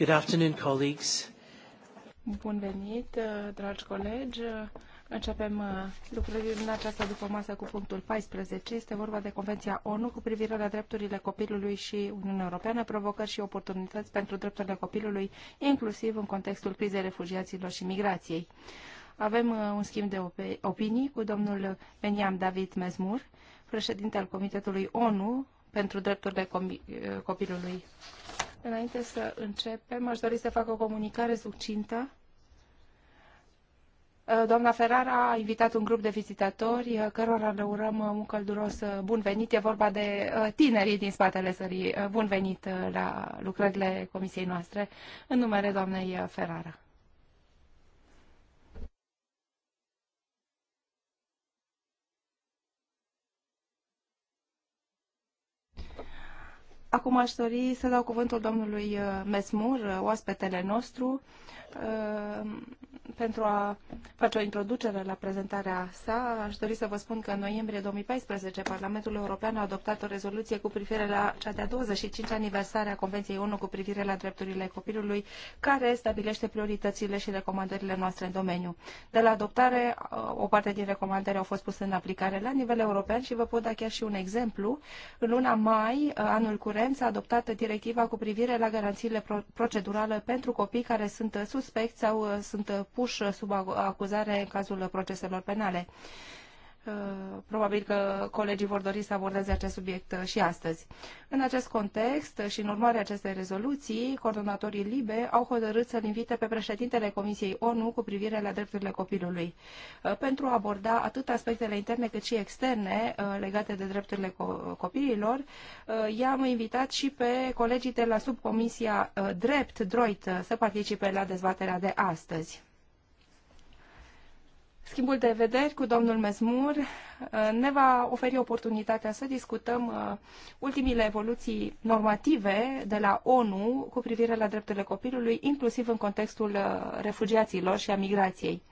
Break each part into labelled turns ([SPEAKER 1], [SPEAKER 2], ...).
[SPEAKER 1] Good afternoon, colleagues.
[SPEAKER 2] Bun venit, uh, dragi colegi. Uh, începem uh, lucrurile din această după masă cu punctul 14. Este vorba de Convenția ONU cu privire la drepturile copilului și Uniunea Europeană, provocări și oportunități pentru drepturile copilului, inclusiv în contextul crizei refugiaților și migrației. Avem un schimb de opinii cu domnul Beniam David Mezmur, președinte al Comitetului ONU pentru drepturile copilului Înainte să începem, aș dori să fac o comunicare succintă. Uh, doamna Ferrara a invitat un grup de vizitatori uh, cărora le urăm uh, un călduros bun venit. E vorba de tinerii din spatele sării. Bun venit la lucrările comisiei noastre în numele doamnei Ferrara. Acum aș dori să dau cuvântul domnului uh, Mesmur, uh, oaspetele nostru, uh, pentru a face o introducere la prezentarea sa. Aș dori să vă spun că în noiembrie 2014 Parlamentul European a adoptat o rezoluție cu privire la cea de-a 25 aniversare a Convenției ONU cu privire la drepturile copilului, care stabilește prioritățile și recomandările noastre în domeniu. De la adoptare, o parte din recomandări au fost puse în aplicare la nivel european și vă pot da chiar și un exemplu. În luna mai, anul curent, vrem s-a adoptat directiva cu privire la garanțiile procedurale pentru copii care sunt suspecți sau uh, sunt puși sub acuzare în cazul proceselor penale. Uh, probabil că colegii vor dori să abordeze acest subiect uh, și astăzi. În acest context uh, și în urmarea acestei rezoluții, coordonatorii LIBE au hotărât să-l invite pe președintele Comisiei ONU cu privire la drepturile copilului pentru a aborda atât aspectele interne cât și externe legate de drepturile copiilor. I-am invitat și pe colegii de la subcomisia Drept, Droit, să participe la dezbaterea de astăzi. Schimbul de vederi cu domnul Mesmur uh, ne va oferi oportunitatea să discutăm uh, ultimile evoluții normative de la ONU cu privire la drepturile copilului, inclusiv în contextul uh, refugiaților și a migrației.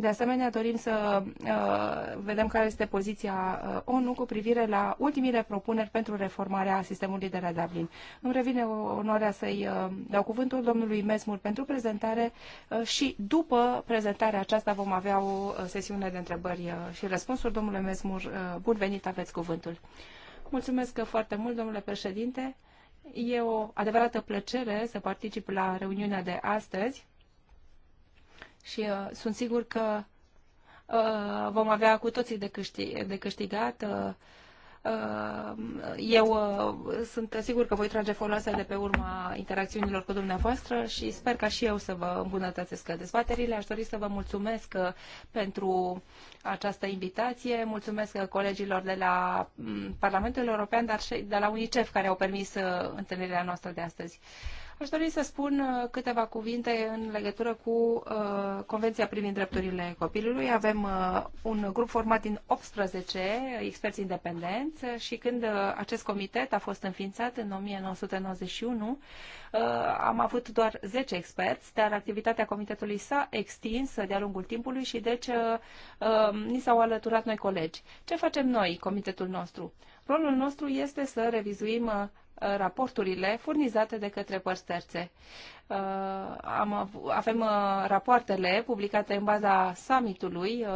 [SPEAKER 2] De asemenea, dorim să uh, vedem care este poziția uh, ONU cu privire la ultimile propuneri pentru reformarea sistemului de la Dublin. Îmi revine onoarea să-i uh, dau cuvântul domnului Mesmur pentru prezentare uh, și după prezentarea aceasta vom avea o uh, sesiune de întrebări uh, și răspunsuri. Domnule Mesmur, bun venit, aveți cuvântul. Mulțumesc foarte mult, domnule președinte. E o adevărată plăcere să particip la reuniunea de astăzi și uh, sunt sigur că uh, vom avea cu toții de, câști, de câștigat. Uh, uh eu uh, sunt sigur că voi trage foloase de pe urma interacțiunilor cu dumneavoastră și sper ca și eu să vă îmbunătățesc dezbaterile. Aș dori să vă mulțumesc uh, pentru această invitație. Mulțumesc colegilor de la mm, Parlamentul European, dar și de la UNICEF care au permis întâlnirea noastră de astăzi. Aș dori să spun uh, câteva cuvinte în legătură cu uh, Convenția privind drepturile copilului. Avem uh, un grup format din 18 experți independenți și când acest comitet a fost înființat în 1991, am avut doar 10 experți, dar activitatea comitetului s-a extins de-a lungul timpului și deci ni s-au alăturat noi colegi. Ce facem noi, comitetul nostru? Rolul nostru este să revizuim Uh, raporturile furnizate de către părți terțe. Uh, avem uh, rapoartele publicate în baza summitului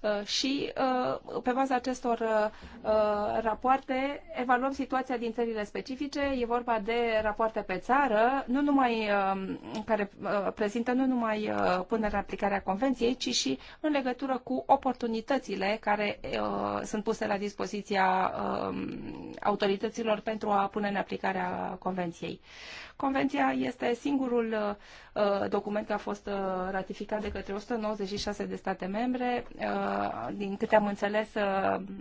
[SPEAKER 2] Uh, și uh, pe baza acestor uh, rapoarte evaluăm situația din țările specifice. E vorba de rapoarte pe țară, nu numai um, care prezintă nu numai punerea în aplicare a convenției, ci și în legătură cu oportunitățile care sunt puse la dispoziția um, autorităților pentru a pune în aplicare a convenției. Convenția este singurul uh, document care a fost uh, ratificat de către 196 de state membre. Uh, din câte am înțeles,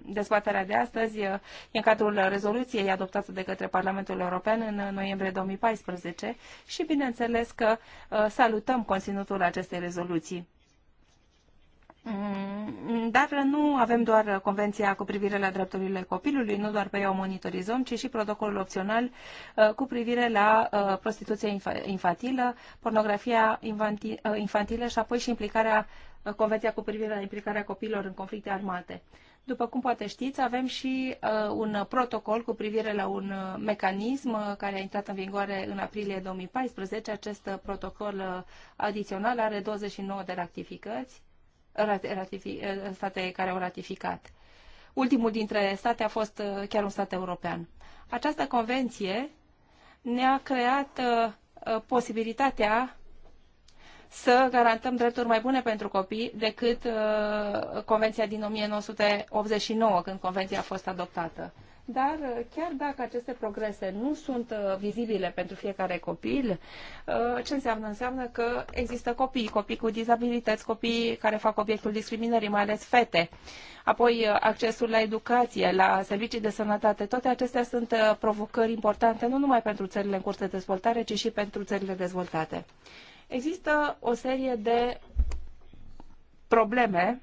[SPEAKER 2] dezbaterea de astăzi e în cadrul rezoluției adoptată de către Parlamentul European în noiembrie 2014 și bineînțeles că salutăm conținutul acestei rezoluții. Mm, dar nu avem doar convenția cu privire la drepturile copilului, nu doar pe ea o monitorizăm, ci și protocolul opțional uh, cu privire la uh, prostituția infantilă, pornografia uh, infantilă și apoi și implicarea, convenția cu privire la implicarea copiilor în conflicte armate. După cum poate știți, avem și uh, un protocol cu privire la un uh, mecanism uh, care a intrat în vigoare în aprilie 2014. Acest uh, protocol uh, adițional are 29 de rectificări, state care au ratificat. Ultimul dintre state a fost uh, chiar un stat european. Această convenție ne-a creat uh, uh, posibilitatea să garantăm drepturi mai bune pentru copii decât uh, Convenția din 1989, când Convenția a fost adoptată dar uh, chiar dacă aceste progrese nu sunt uh, vizibile pentru fiecare copil, uh, ce înseamnă? Înseamnă că există copii, copii cu dizabilități, copii care fac obiectul discriminării, mai ales fete, apoi accesul la educație, la servicii de sănătate, toate acestea sunt provocări importante nu numai pentru țările în curs de dezvoltare, ci și pentru țările dezvoltate. Există o serie de probleme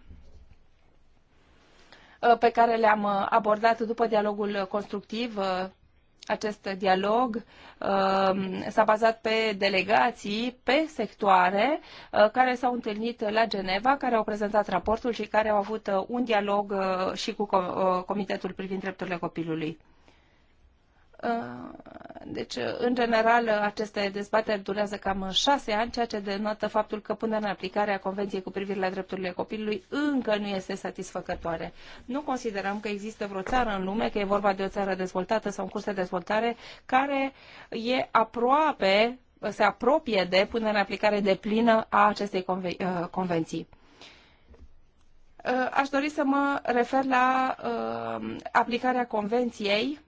[SPEAKER 2] Uh, pe care le-am uh, abordat după dialogul constructiv uh, acest dialog s-a bazat pe delegații, pe sectoare care s-au întâlnit la Geneva, care au prezentat raportul și care au avut un dialog și cu Comitetul privind drepturile copilului. Uh, deci, uh, în general, uh, aceste dezbateri durează cam șase ani, ceea ce denotă faptul că până în aplicare a Convenției cu privire la drepturile copilului încă nu este satisfăcătoare. Nu considerăm că există vreo țară în lume, că e vorba de o țară dezvoltată sau în curs de dezvoltare, care e aproape, se apropie de până în aplicare de plină a acestei conven convenții. Aș dori să mă refer la aplicarea convenției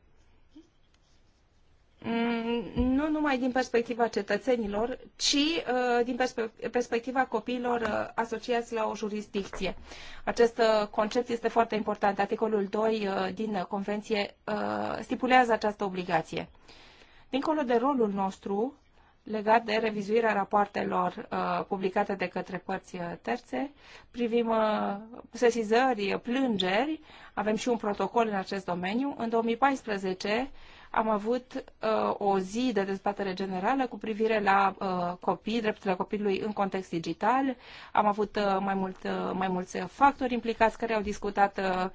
[SPEAKER 2] Mm, nu numai din perspectiva cetățenilor, ci uh, din perspectiva copiilor uh, asociați la o jurisdicție. Acest uh, concept este foarte important. Articolul 2 din Convenție stipulează această obligație. Dincolo de rolul nostru legat de revizuirea rapoartelor publicate de către părți terțe, privim sesizări, plângeri, avem și un protocol în acest domeniu. În 2014, am avut uh, o zi de dezbatere generală cu privire la uh, copii, drepturile copilului în context digital. Am avut uh, mai, mult, uh, mai mulți factori implicați care au discutat uh,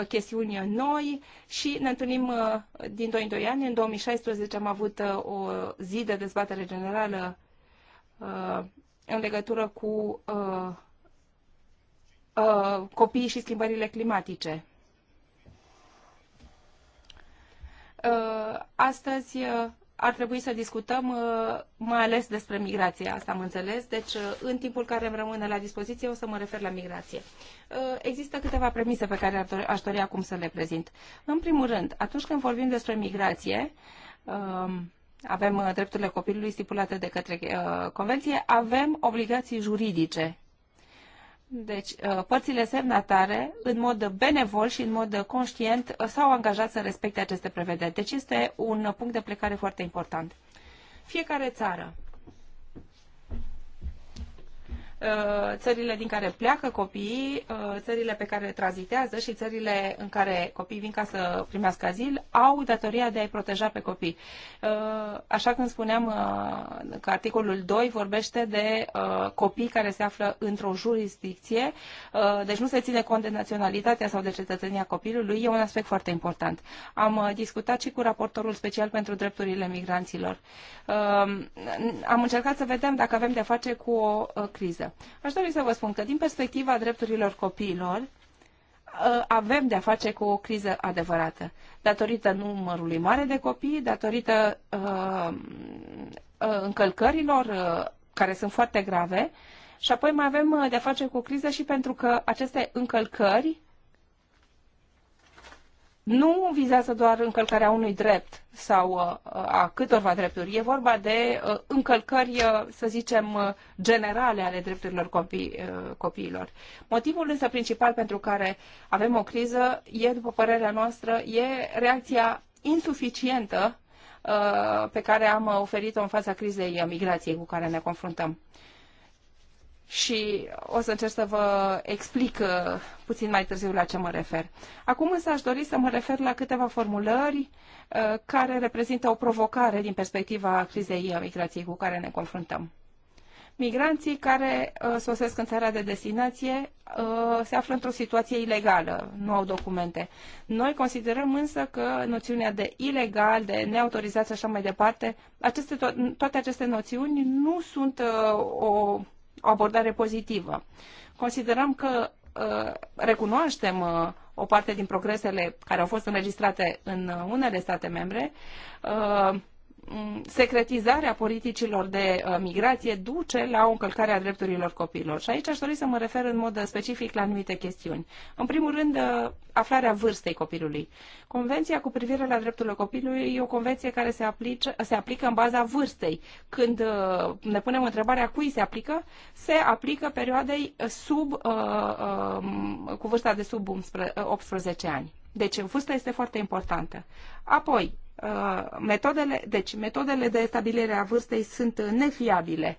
[SPEAKER 2] uh chestiuni noi și ne întâlnim uh, din 2 în 2 ani. În 2016 am avut uh, o zi de dezbatere generală uh, în legătură cu uh, uh, copiii și schimbările climatice. Uh, astăzi uh, ar trebui să discutăm uh, mai ales despre migrație, asta am înțeles, deci în timpul care îmi rămâne la dispoziție o să mă refer la migrație. Există câteva premise pe care aș dori acum să le prezint. În primul rând, atunci când vorbim despre migrație, avem drepturile copilului stipulate de către convenție, avem obligații juridice deci, uh, părțile semnatare, în mod benevol și în mod conștient, uh, s-au angajat să respecte aceste prevederi. Deci este un punct de plecare foarte important. Fiecare țară Uh, țările din care pleacă copiii, uh, țările pe care tranzitează și țările în care copiii vin ca să primească azil, au datoria de a-i proteja pe copii. Uh, așa cum spuneam că articolul 2 vorbește de copii care se află într-o jurisdicție, deci nu se ține cont de naționalitatea sau de cetățenia copilului, e un aspect foarte important. Am discutat și cu raportorul special pentru drepturile migranților. Am încercat să vedem dacă avem de face cu o criză. Aș dori să vă spun că din perspectiva drepturilor copiilor, ă, avem de-a face cu o criză adevărată, datorită numărului mare de copii, datorită uh, încălcărilor uh, care sunt foarte grave și apoi mai avem de-a face cu o criză și pentru că aceste încălcări nu vizează doar încălcarea unui drept sau uh, a câtorva drepturi. E vorba de uh, încălcări, uh, să zicem, generale ale drepturilor copii, copiilor. Motivul însă principal pentru care avem o criză e, după părerea noastră, e reacția insuficientă pe care am oferit-o în fața crizei migrației cu care ne confruntăm și o să încerc să vă explic uh, puțin mai târziu la ce mă refer. Acum însă aș dori să mă refer la câteva formulări uh, care reprezintă o provocare din perspectiva crizei migrației cu care ne confruntăm. Migranții care uh, sosesc în țara de destinație se află într-o situație ilegală, nu au documente. Noi considerăm însă că noțiunea de ilegal, de neautorizat și așa mai departe, aceste, toate aceste noțiuni nu sunt o o abordare pozitivă. Considerăm că uh, recunoaștem uh, o parte din progresele care au fost înregistrate în uh, unele state membre, Mm, secretizarea politicilor de uh, migrație duce la o încălcare a drepturilor copiilor. Și aici aș dori să mă refer în mod specific la anumite chestiuni. În primul rând, uh, aflarea vârstei copilului. Convenția cu privire la drepturile copilului e o convenție care se, aplice, se aplică în baza vârstei. Când uh, ne punem întrebarea cui se aplică, se aplică perioadei sub, um, cu vârsta de sub 18 ani. Deci vârsta este foarte importantă. Apoi, Uh, metodele, deci metodele de stabilire a vârstei sunt nefiabile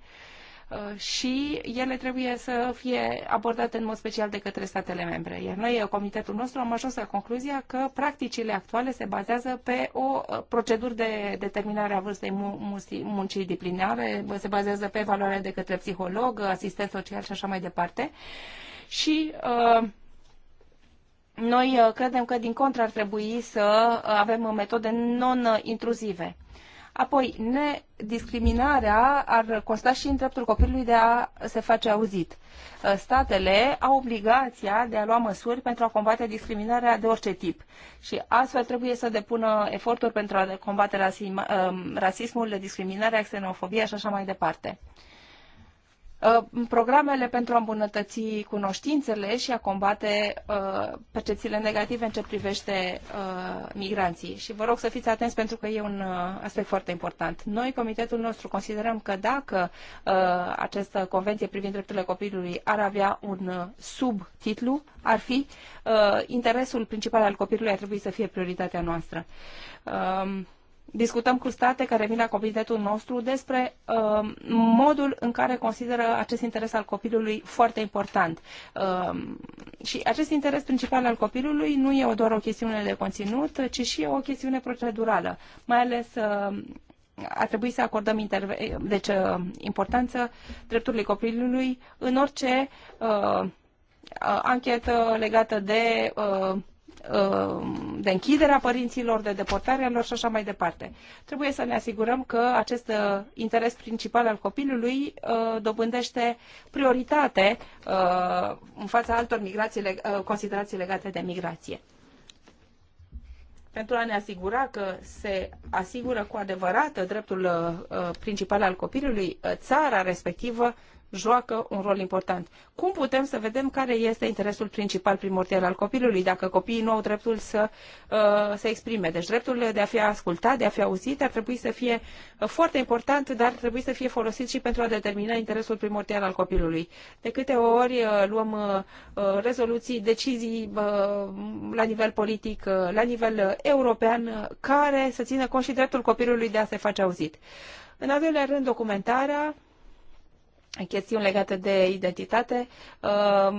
[SPEAKER 2] uh, și ele trebuie să fie abordate în mod special de către statele membre. Iar noi, comitetul nostru, am ajuns la concluzia că practicile actuale se bazează pe o uh, procedură de determinare a vârstei muncii disciplinare, se bazează pe evaluare de către psiholog, asistent social și așa mai departe. Și uh, noi uh, credem că, din contră, ar trebui să uh, avem uh, metode non-intruzive. Apoi, nediscriminarea ar consta și în dreptul copilului de a se face auzit. Statele au obligația de a lua măsuri pentru a combate discriminarea de orice tip și astfel trebuie să depună eforturi pentru a combate rasismul, discriminarea, xenofobia și așa mai departe. Uh, programele pentru a îmbunătăți cunoștințele și a combate uh, percepțiile negative în ce privește uh, migranții. Și vă rog să fiți atenți pentru că e un uh, aspect foarte important. Noi, comitetul nostru, considerăm că dacă uh, această convenție privind drepturile copilului ar avea un uh, subtitlu, ar fi interesul principal al copilului ar trebui să fie prioritatea noastră. Uh, discutăm cu state care vin la comitetul nostru despre uh, modul în care consideră acest interes al copilului foarte important. Uh, și acest interes principal al copilului nu e doar o chestiune de conținut, ci și o chestiune procedurală, mai ales uh, ar trebui să acordăm interve- deci, uh, importanță drepturilor copilului în orice uh, uh anchetă legată de uh, Uh, de închidere a părinților, de deportarea lor și așa mai departe. Trebuie să ne asigurăm că acest uh, interes principal al copilului uh, dobândește prioritate în fața altor migrații, considerații legate de migrație pentru a ne asigura că se asigură cu adevărat dreptul principal al copilului, țara respectivă joacă un rol important. Cum putem să vedem care este interesul principal primordial al copilului, dacă copiii nu au dreptul să uh, se exprime? Deci dreptul de a fi ascultat, de a fi auzit, ar trebui să fie uh, foarte important, dar ar trebui să fie folosit și pentru a determina interesul primordial al copilului. De câte ori uh, luăm uh, uh rezoluții, decizii uh, la nivel politic, uh, la nivel uh, european, uh, care să țină cont și dreptul copilului de a se face auzit. În al doilea rând, documentarea chestiuni legate de identitate, uh,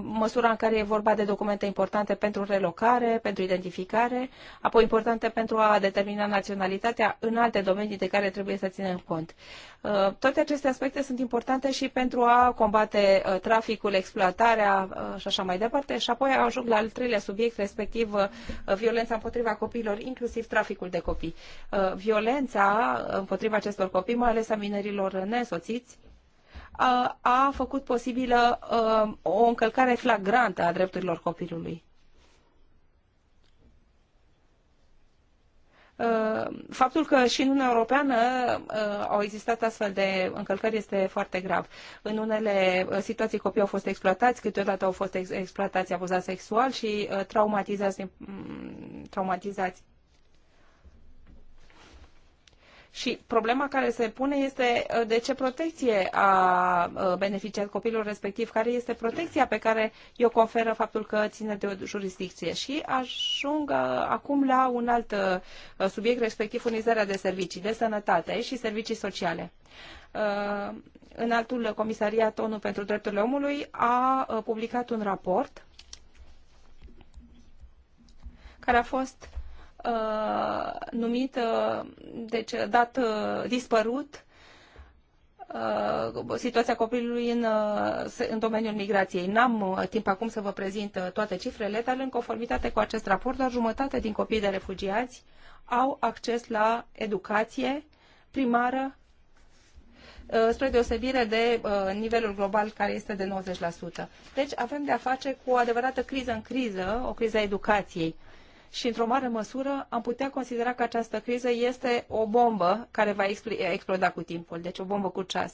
[SPEAKER 2] măsura în care e vorba de documente importante pentru relocare, pentru identificare, apoi importante pentru a determina naționalitatea în alte domenii de care trebuie să ținem cont. Uh, toate aceste aspecte sunt importante și pentru a combate uh, traficul, exploatarea și așa mai departe. Și apoi ajung la al treilea subiect, respectiv violența împotriva copiilor, inclusiv traficul de copii. Violența împotriva acestor copii, mai ales a minerilor nesoțiți, a făcut posibilă o încălcare flagrantă a drepturilor copilului. faptul că și în Uniunea Europeană au existat astfel de încălcări este foarte grav. În unele situații copiii au fost exploatați, câteodată au fost exploatați abuzat sexual și traumatizați, traumatizați și problema care se pune este uh, de ce protecție a uh, beneficiat copilul respectiv, care este protecția pe care i-o conferă faptul că ține de o jurisdicție. Și ajung uh, acum la un alt subiect, respectiv furnizarea de servicii de sănătate și servicii sociale în altul comisariat ONU pentru drepturile omului a publicat un raport care a fost uh, numit, uh, deci uh, dat uh, dispărut uh, situația copilului în, uh, în domeniul migrației. N-am timp acum să vă prezint toate cifrele, dar în conformitate cu acest raport, doar jumătate din copiii de refugiați au acces la educație primară spre deosebire de nivelul global care este de 90%. Deci avem de a face cu o adevărată criză în criză, o criză a educației și, într-o mare măsură, am putea considera că această criză este o bombă care va exploda cu timpul, deci o bombă cu ceas.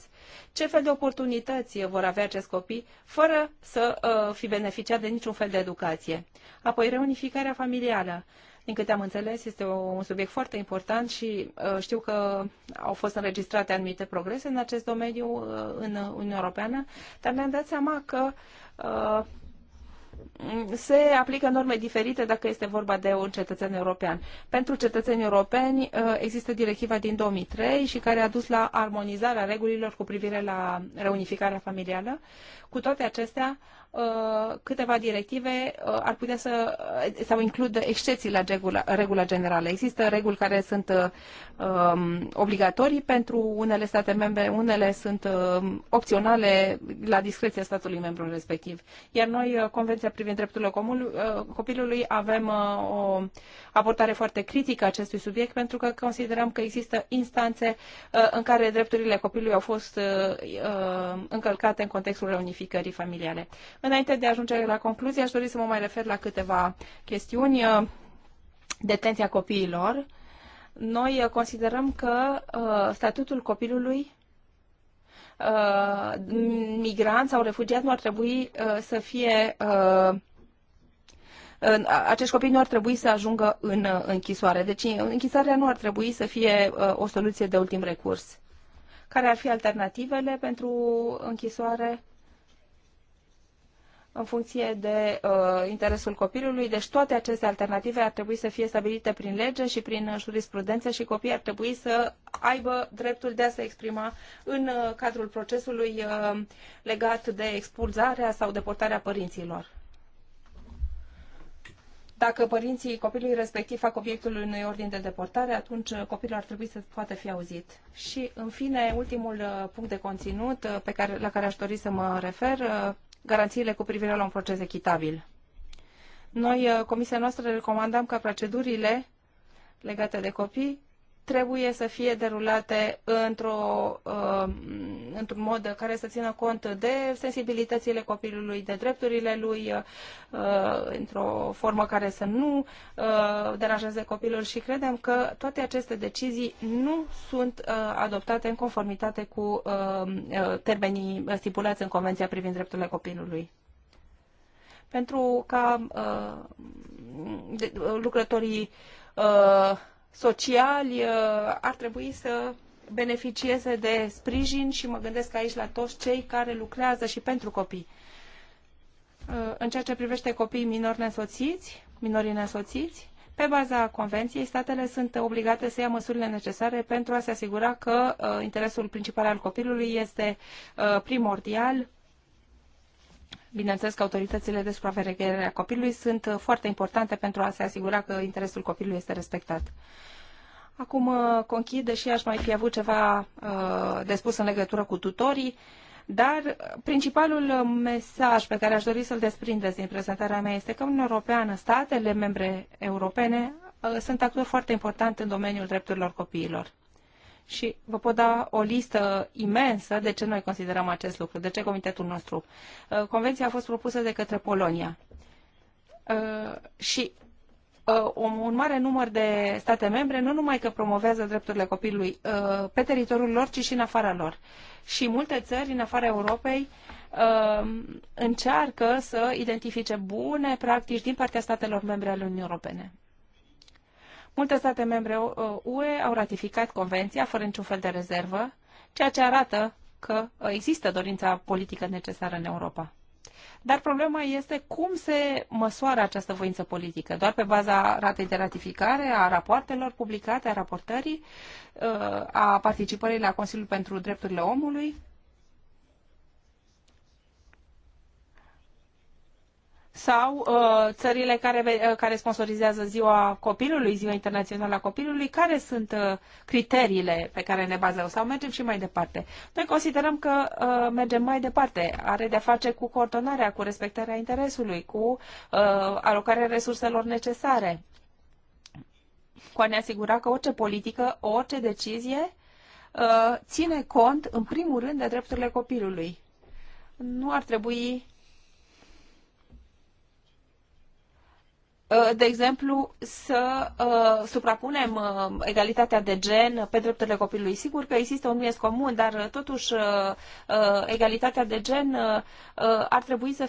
[SPEAKER 2] Ce fel de oportunități vor avea acești copii fără să uh, fi beneficiat de niciun fel de educație? Apoi, reunificarea familială. Din câte am înțeles, este o, un subiect foarte important și uh, știu că au fost înregistrate anumite progrese în acest domeniu uh, în Uniunea Europeană, dar ne-am dat seama că uh, se aplică norme diferite dacă este vorba de un cetățean european. Pentru cetățenii europeni uh, există directiva din 2003 și care a dus la armonizarea regulilor cu privire la reunificarea familială. Cu toate acestea, Uh, câteva directive uh, ar putea să uh, sau includ excepții la regula, regula generală. Există reguli care sunt um, obligatorii pentru unele state membre, unele sunt um, opționale la discreția statului membru respectiv. Iar noi, Convenția privind drepturile copilului, avem o abordare foarte critică acestui subiect pentru că considerăm că există instanțe în care drepturile copilului au fost încălcate în contextul reunificării familiale. Înainte de a ajunge la concluzie, aș dori să mă mai refer la câteva chestiuni. Uh, detenția copiilor. Noi uh, considerăm că uh, statutul copilului migrant sau refugiat nu ar trebui să fie acești copii nu ar trebui să ajungă în închisoare. Deci închisoarea nu ar trebui să fie o soluție de ultim recurs. Care ar fi alternativele pentru închisoare? în funcție de uh, interesul copilului. Deci toate aceste alternative ar trebui să fie stabilite prin lege și prin uh, jurisprudență și copiii ar trebui să aibă dreptul de a se exprima în uh, cadrul procesului uh, legat de expulzarea sau deportarea părinților. Dacă părinții copilului respectiv fac obiectul unui ordin de deportare, atunci uh, copilul ar trebui să poată fi auzit. Și, în fine, ultimul uh, punct de conținut pe care, la care aș dori să mă refer, garanțiile cu privire la un proces echitabil. Noi, uh, comisia noastră, recomandam ca procedurile legate de copii trebuie să fie derulate într-o, uh, într-un mod care să țină cont de sensibilitățile copilului, de drepturile lui, uh, într-o formă care să nu uh, deranjeze copilul și credem că toate aceste decizii nu sunt adoptate în conformitate cu termenii stipulați în Convenția privind drepturile copilului pentru ca uh, de, lucrătorii uh, sociali uh, ar trebui să beneficieze de sprijin și mă gândesc aici la toți cei care lucrează și pentru copii. Uh, în ceea ce privește copiii minori nesoțiți, minorii nesoțiți, pe baza convenției, statele sunt obligate să ia măsurile necesare pentru a se asigura că uh, interesul principal al copilului este primordial Bineînțeles că autoritățile de supraveghere a copilului sunt uh, foarte importante pentru a se asigura că interesul copilului este respectat. Acum uh, conchid, deși aș mai fi avut ceva uh, de spus în legătură cu tutorii, dar principalul mesaj pe care aș dori să-l desprindeți din prezentarea mea este că în Europeană, statele membre europene, sunt actori foarte importanti în domeniul drepturilor copiilor și vă pot da o listă imensă de ce noi considerăm acest lucru, de ce comitetul nostru. Uh, convenția a fost propusă de către Polonia uh, și uh, un mare număr de state membre nu numai că promovează drepturile copilului pe teritoriul lor, ci și în afara lor. Și multe țări în afara Europei încearcă să identifice bune practici din partea statelor membre ale Uniunii Europene. Multe state membre UE uh, au ratificat convenția fără niciun fel de rezervă, ceea ce arată că uh, există dorința politică necesară în Europa. Dar problema este cum se măsoară această voință politică. Doar pe baza ratei de ratificare, a rapoartelor publicate, a raportării, uh, a participării la Consiliul pentru Drepturile Omului? sau uh, țările care, uh, care sponsorizează ziua copilului, ziua internațională a copilului, care sunt uh, criteriile pe care ne bazăm sau mergem și mai departe. Noi considerăm că uh, mergem mai departe, are de-a face cu coordonarea, cu respectarea interesului, cu uh, alocarea resurselor necesare, cu a ne asigura că orice politică, orice decizie uh, ține cont, în primul rând, de drepturile copilului. Nu ar trebui Uh, de exemplu, să uh, suprapunem uh, egalitatea de gen pe drepturile copilului. Sigur că există un bies comun, dar totuși egalitatea de gen ar trebui să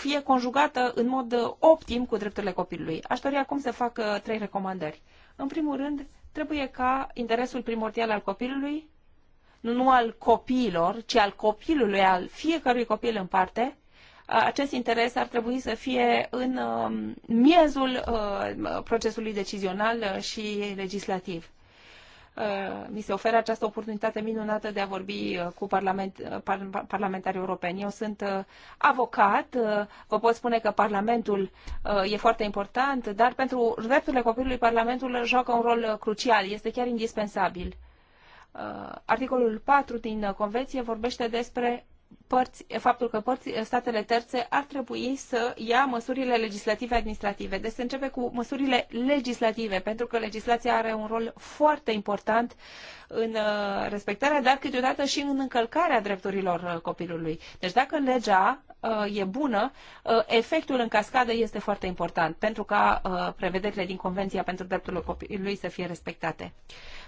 [SPEAKER 2] fie conjugată în mod optim cu drepturile copilului. Aș dori acum să fac trei recomandări. În primul rând, trebuie ca interesul primordial al copilului, nu al copiilor, ci al copilului, al fiecărui copil în parte, acest interes ar trebui să fie în um, miezul uh, procesului decizional uh, și legislativ uh, mi se oferă această oportunitate minunată de a vorbi cu parlament, par, parlamentari europeni. Eu sunt avocat, vă pot spune că Parlamentul e foarte important, dar pentru drepturile copilului Parlamentul joacă un rol crucial, este chiar indispensabil. Articolul 4 din Convenție vorbește despre părți, faptul că părți, statele terțe ar trebui să ia măsurile legislative administrative. Deci se începe cu măsurile legislative, pentru că legislația are un rol foarte important în uh, respectarea, dar câteodată și în încălcarea drepturilor uh, copilului. Deci dacă legea uh, e bună, efectul în cascadă este foarte important, pentru ca prevederile din Convenția pentru drepturile copilului să fie respectate.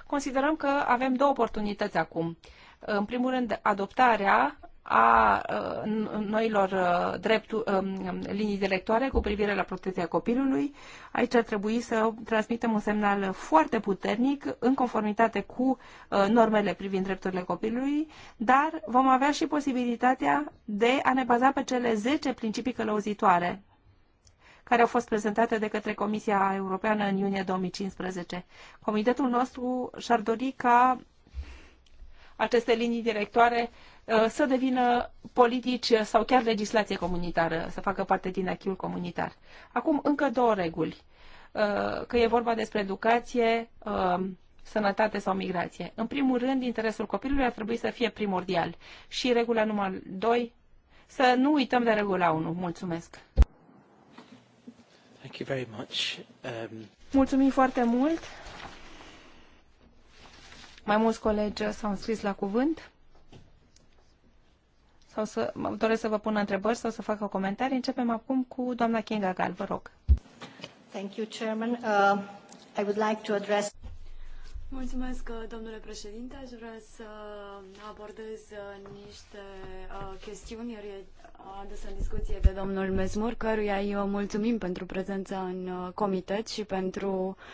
[SPEAKER 2] Considerăm că avem două oportunități acum. În primul rând, adoptarea a uh, noilor uh, dreptu, um, linii directoare cu privire la protecția copilului. Aici ar trebui să transmitem un semnal foarte puternic în conformitate cu uh, normele privind drepturile copilului, dar vom avea și posibilitatea de a ne baza pe cele 10 principii călăuzitoare care au fost prezentate de către Comisia Europeană în iunie 2015. Comitetul nostru și-ar dori ca aceste linii directoare uh, Uh, să devină politici sau chiar legislație comunitară, să facă parte din achiul comunitar. Acum, încă două reguli, uh, că e vorba despre educație, uh, sănătate sau migrație. În primul rând, interesul copilului ar trebui să fie primordial. Și regula numărul 2, să nu uităm de regula 1. Mulțumesc!
[SPEAKER 1] Thank you very much. Um...
[SPEAKER 2] Mulțumim foarte mult! Mai mulți colegi s-au înscris la cuvânt sau să doresc să vă pună întrebări sau să facă comentarii. Începem acum cu doamna Kinga Gal, vă rog. Thank you, Chairman. Uh, I would like to address...
[SPEAKER 1] Mulțumesc, uh, domnule președinte. Aș vrea să abordez uh, niște uh, chestiuni aduse în discuție de domnul Mesmur, căruia îi mulțumim pentru prezența în comitet și pentru uh,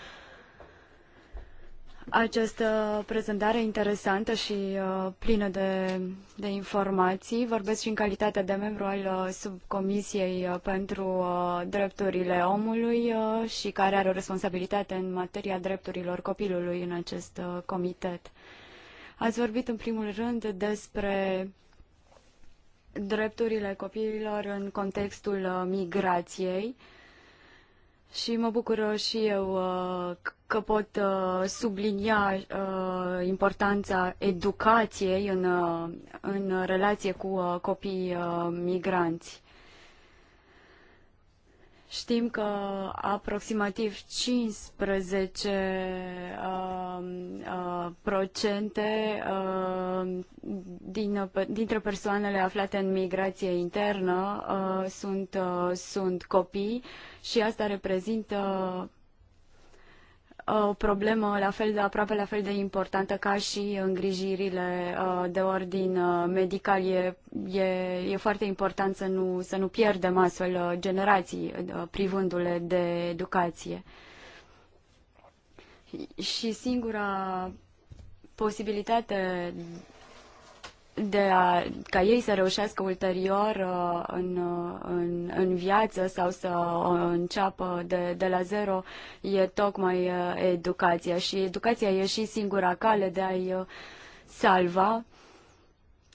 [SPEAKER 1] această prezentare interesantă și uh, plină de, de informații. Vorbesc și în calitate de membru al uh, subcomisiei uh, pentru drepturile omului și care are o responsabilitate în materia drepturilor copilului în acest comitet. Ați vorbit în primul rând despre drepturile copiilor în contextul migrației. Uh, și mă bucur uh, și eu uh, că pot uh, sublinia importanța educației în, în relație cu copiii migranți. Știm că aproximativ 15 uh, um, uh, procente uh, din, dintre persoanele aflate în migrație internă uh, sunt, uh, sunt copii și asta reprezintă o problemă la fel de aproape la fel de importantă ca și îngrijirile uh, de ordin uh, medical. E, e, e foarte important să nu, să nu pierdem astfel uh, generații privându-le de educație. Și singura posibilitate de a, ca ei să reușească ulterior uh, în, uh, în, în viață sau să uh, înceapă de, de la zero e tocmai educația și educația e și singura cale de a-i salva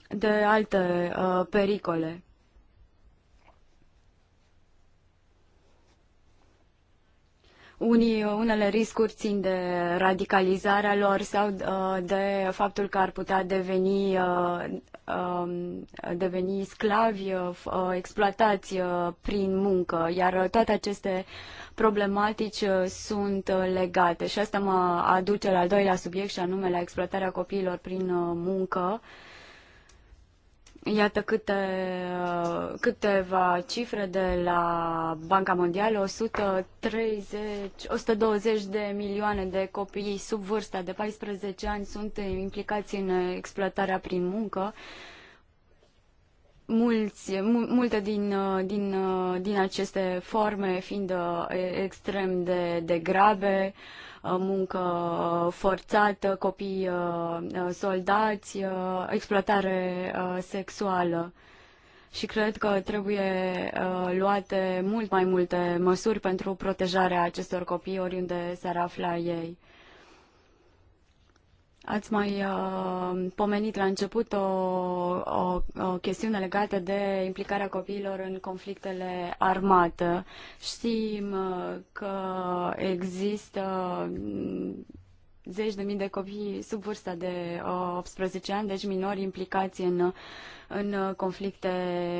[SPEAKER 1] de alte uh, pericole. Unii, unele riscuri țin de radicalizarea lor sau uh, de faptul că ar putea deveni, uh, um, deveni sclavi, uh, exploatați prin muncă, iar toate aceste problematici sunt legate. Și asta mă aduce la al doilea subiect și anume la exploatarea copiilor prin muncă. Uh, Iată câte, câteva cifre de la Banca Mondială, 130, 120 de milioane de copii sub vârsta de 14 ani sunt implicați în exploatarea prin muncă. Mulți, multe din, din, din aceste forme fiind extrem de, de grave, uh, Uh, muncă uh, forțată, copii uh, soldați, exploatare sexuală. Și cred că trebuie luate mult mai multe măsuri pentru protejarea acestor copii oriunde s-ar afla ei. Ați mai uh, pomenit la început o, o, o chestiune legată de implicarea copiilor în conflictele armate. Știm uh, că există mm, zeci de mii de copii sub vârsta de uh, 18 ani, deci minori implicați în, în conflicte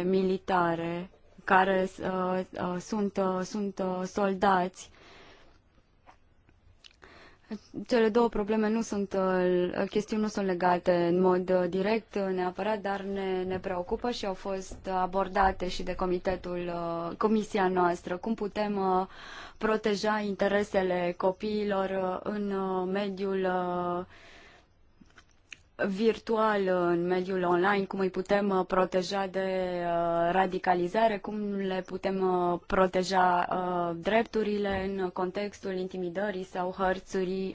[SPEAKER 1] militare care uh, uh, sunt, uh, sunt uh, soldați cele două probleme nu sunt, uh, chestiuni nu sunt legate în mod uh, direct uh, neapărat, dar ne, ne preocupă și au fost abordate și de comitetul, comisia noastră. Cum putem proteja interesele copiilor în mediul virtual în mediul online, cum îi putem uh, proteja de uh, radicalizare, cum le putem uh, proteja drepturile în contextul intimidării sau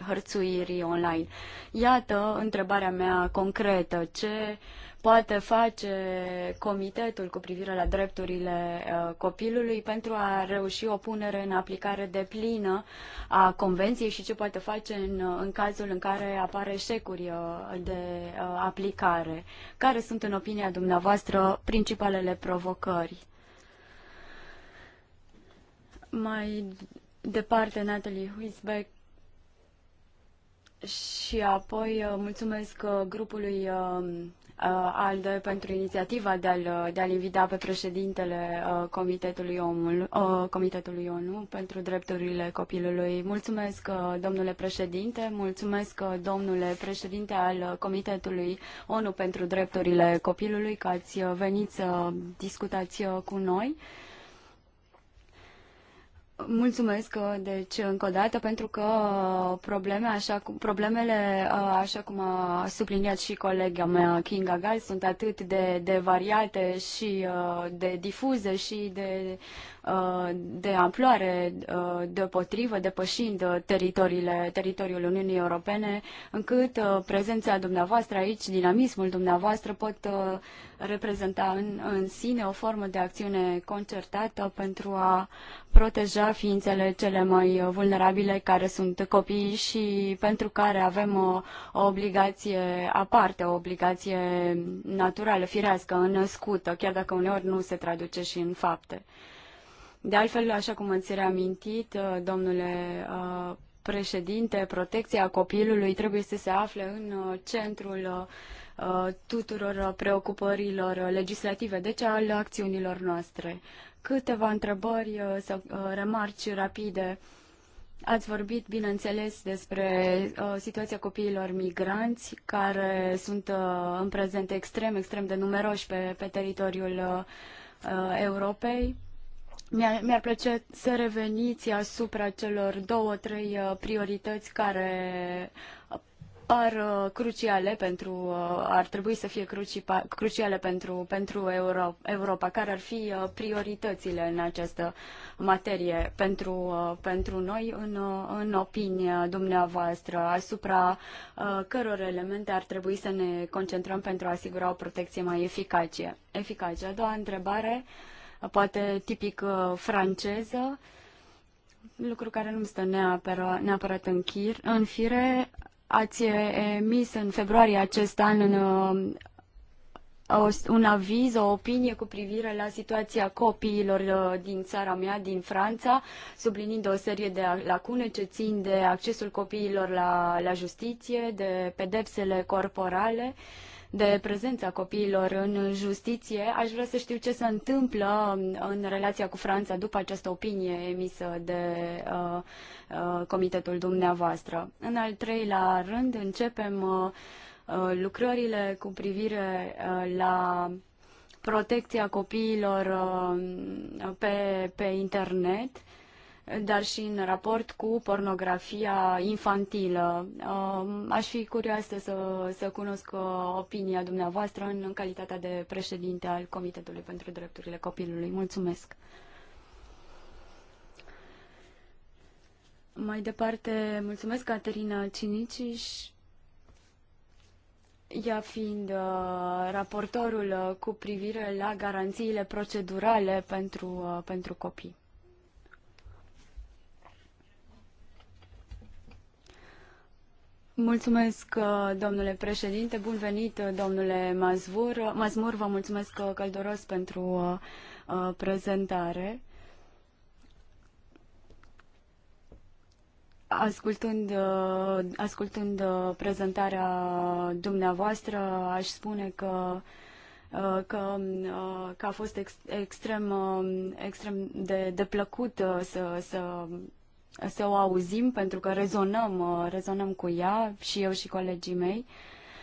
[SPEAKER 1] hărțuirii, online. Iată întrebarea mea concretă. Ce poate face comitetul cu privire la drepturile uh, copilului pentru a reuși o punere în aplicare de plină a convenției și ce poate face în, uh, în cazul în care apare eșecuri uh, de aplicare. Care sunt, în opinia dumneavoastră, principalele provocări? Mai departe, Natalie Huisbeck și apoi mulțumesc grupului Uh, ALDE pentru inițiativa de a-l, de a invita pe președintele uh, Comitetului, Omul, uh, Comitetului ONU pentru drepturile copilului. Mulțumesc, domnule președinte, mulțumesc, domnule președinte al Comitetului ONU pentru drepturile copilului, că ați venit să discutați cu noi. Mulțumesc, uh, deci, încă o dată, pentru că uh, probleme, așa cum, problemele, uh, așa cum a subliniat și colega mea, Kinga Gal, sunt atât de, de variate și de difuze și de Uh, de amploare uh, deopotrivă, depășind uh, teritoriile, teritoriul Uniunii Europene, încât prezența dumneavoastră aici, dinamismul dumneavoastră pot reprezenta în, în sine o formă de acțiune concertată pentru a proteja ființele cele mai vulnerabile care sunt copiii și pentru care avem o, o obligație aparte, o obligație naturală, firească, născută, chiar dacă uneori nu se traduce și în fapte. De altfel, așa cum ați reamintit, uh, domnule uh, președinte, protecția copilului trebuie să se afle în uh, centrul tuturor preocupărilor legislative, deci al acțiunilor noastre. Câteva întrebări sau remarci rapide. Ați vorbit, bineînțeles, despre situația copiilor migranți, care sunt în prezent extrem, extrem de numeroși pe, pe teritoriul Europei. Mi-ar, plăcea să reveniți asupra celor două, trei uh, priorități care par uh, cruciale pentru, uh, ar trebui să fie cruciale pentru, pentru Europa, Europa. Care ar fi prioritățile în această materie pentru, pentru noi, în, în opinia dumneavoastră, asupra căror elemente ar trebui să ne concentrăm pentru a asigura o protecție mai eficace? eficace. A doua întrebare poate tipic uh, franceză, lucru care nu stă neapărat, neapărat în, chir, în fire. Ați emis în februarie acest an în, uh, un aviz, o opinie cu privire la situația copiilor uh, din țara mea, din Franța, sublinind o serie de lacune ce țin de accesul copiilor la, la justiție, de pedepsele corporale. Uh, de prezența copiilor în justiție. Aș vrea să știu ce se întâmplă în relația cu Franța după această opinie emisă de uh, uh, comitetul dumneavoastră. În al treilea rând, începem uh, uh lucrările cu privire uh, la protecția copiilor uh, pe, pe internet dar și în raport cu pornografia infantilă. Um, aș fi curioasă să, să cunosc uh, opinia dumneavoastră în calitatea de președinte al Comitetului pentru Drepturile Copilului. Mulțumesc! Mai departe, mulțumesc Caterina Ciniciș, ea fiind uh, raportorul uh, cu privire la garanțiile procedurale pentru, uh, pentru copii. Mulțumesc, uh, domnule președinte. Bun venit, uh, domnule Mazvur. Uh, Mazmur, vă mulțumesc călduros pentru prezentare. Ascultând, ascultând prezentarea dumneavoastră, aș spune că că, că a fost ex, extrem, extrem de, de plăcut să, să să o auzim pentru că rezonăm, uh, rezonăm cu ea și eu și colegii mei.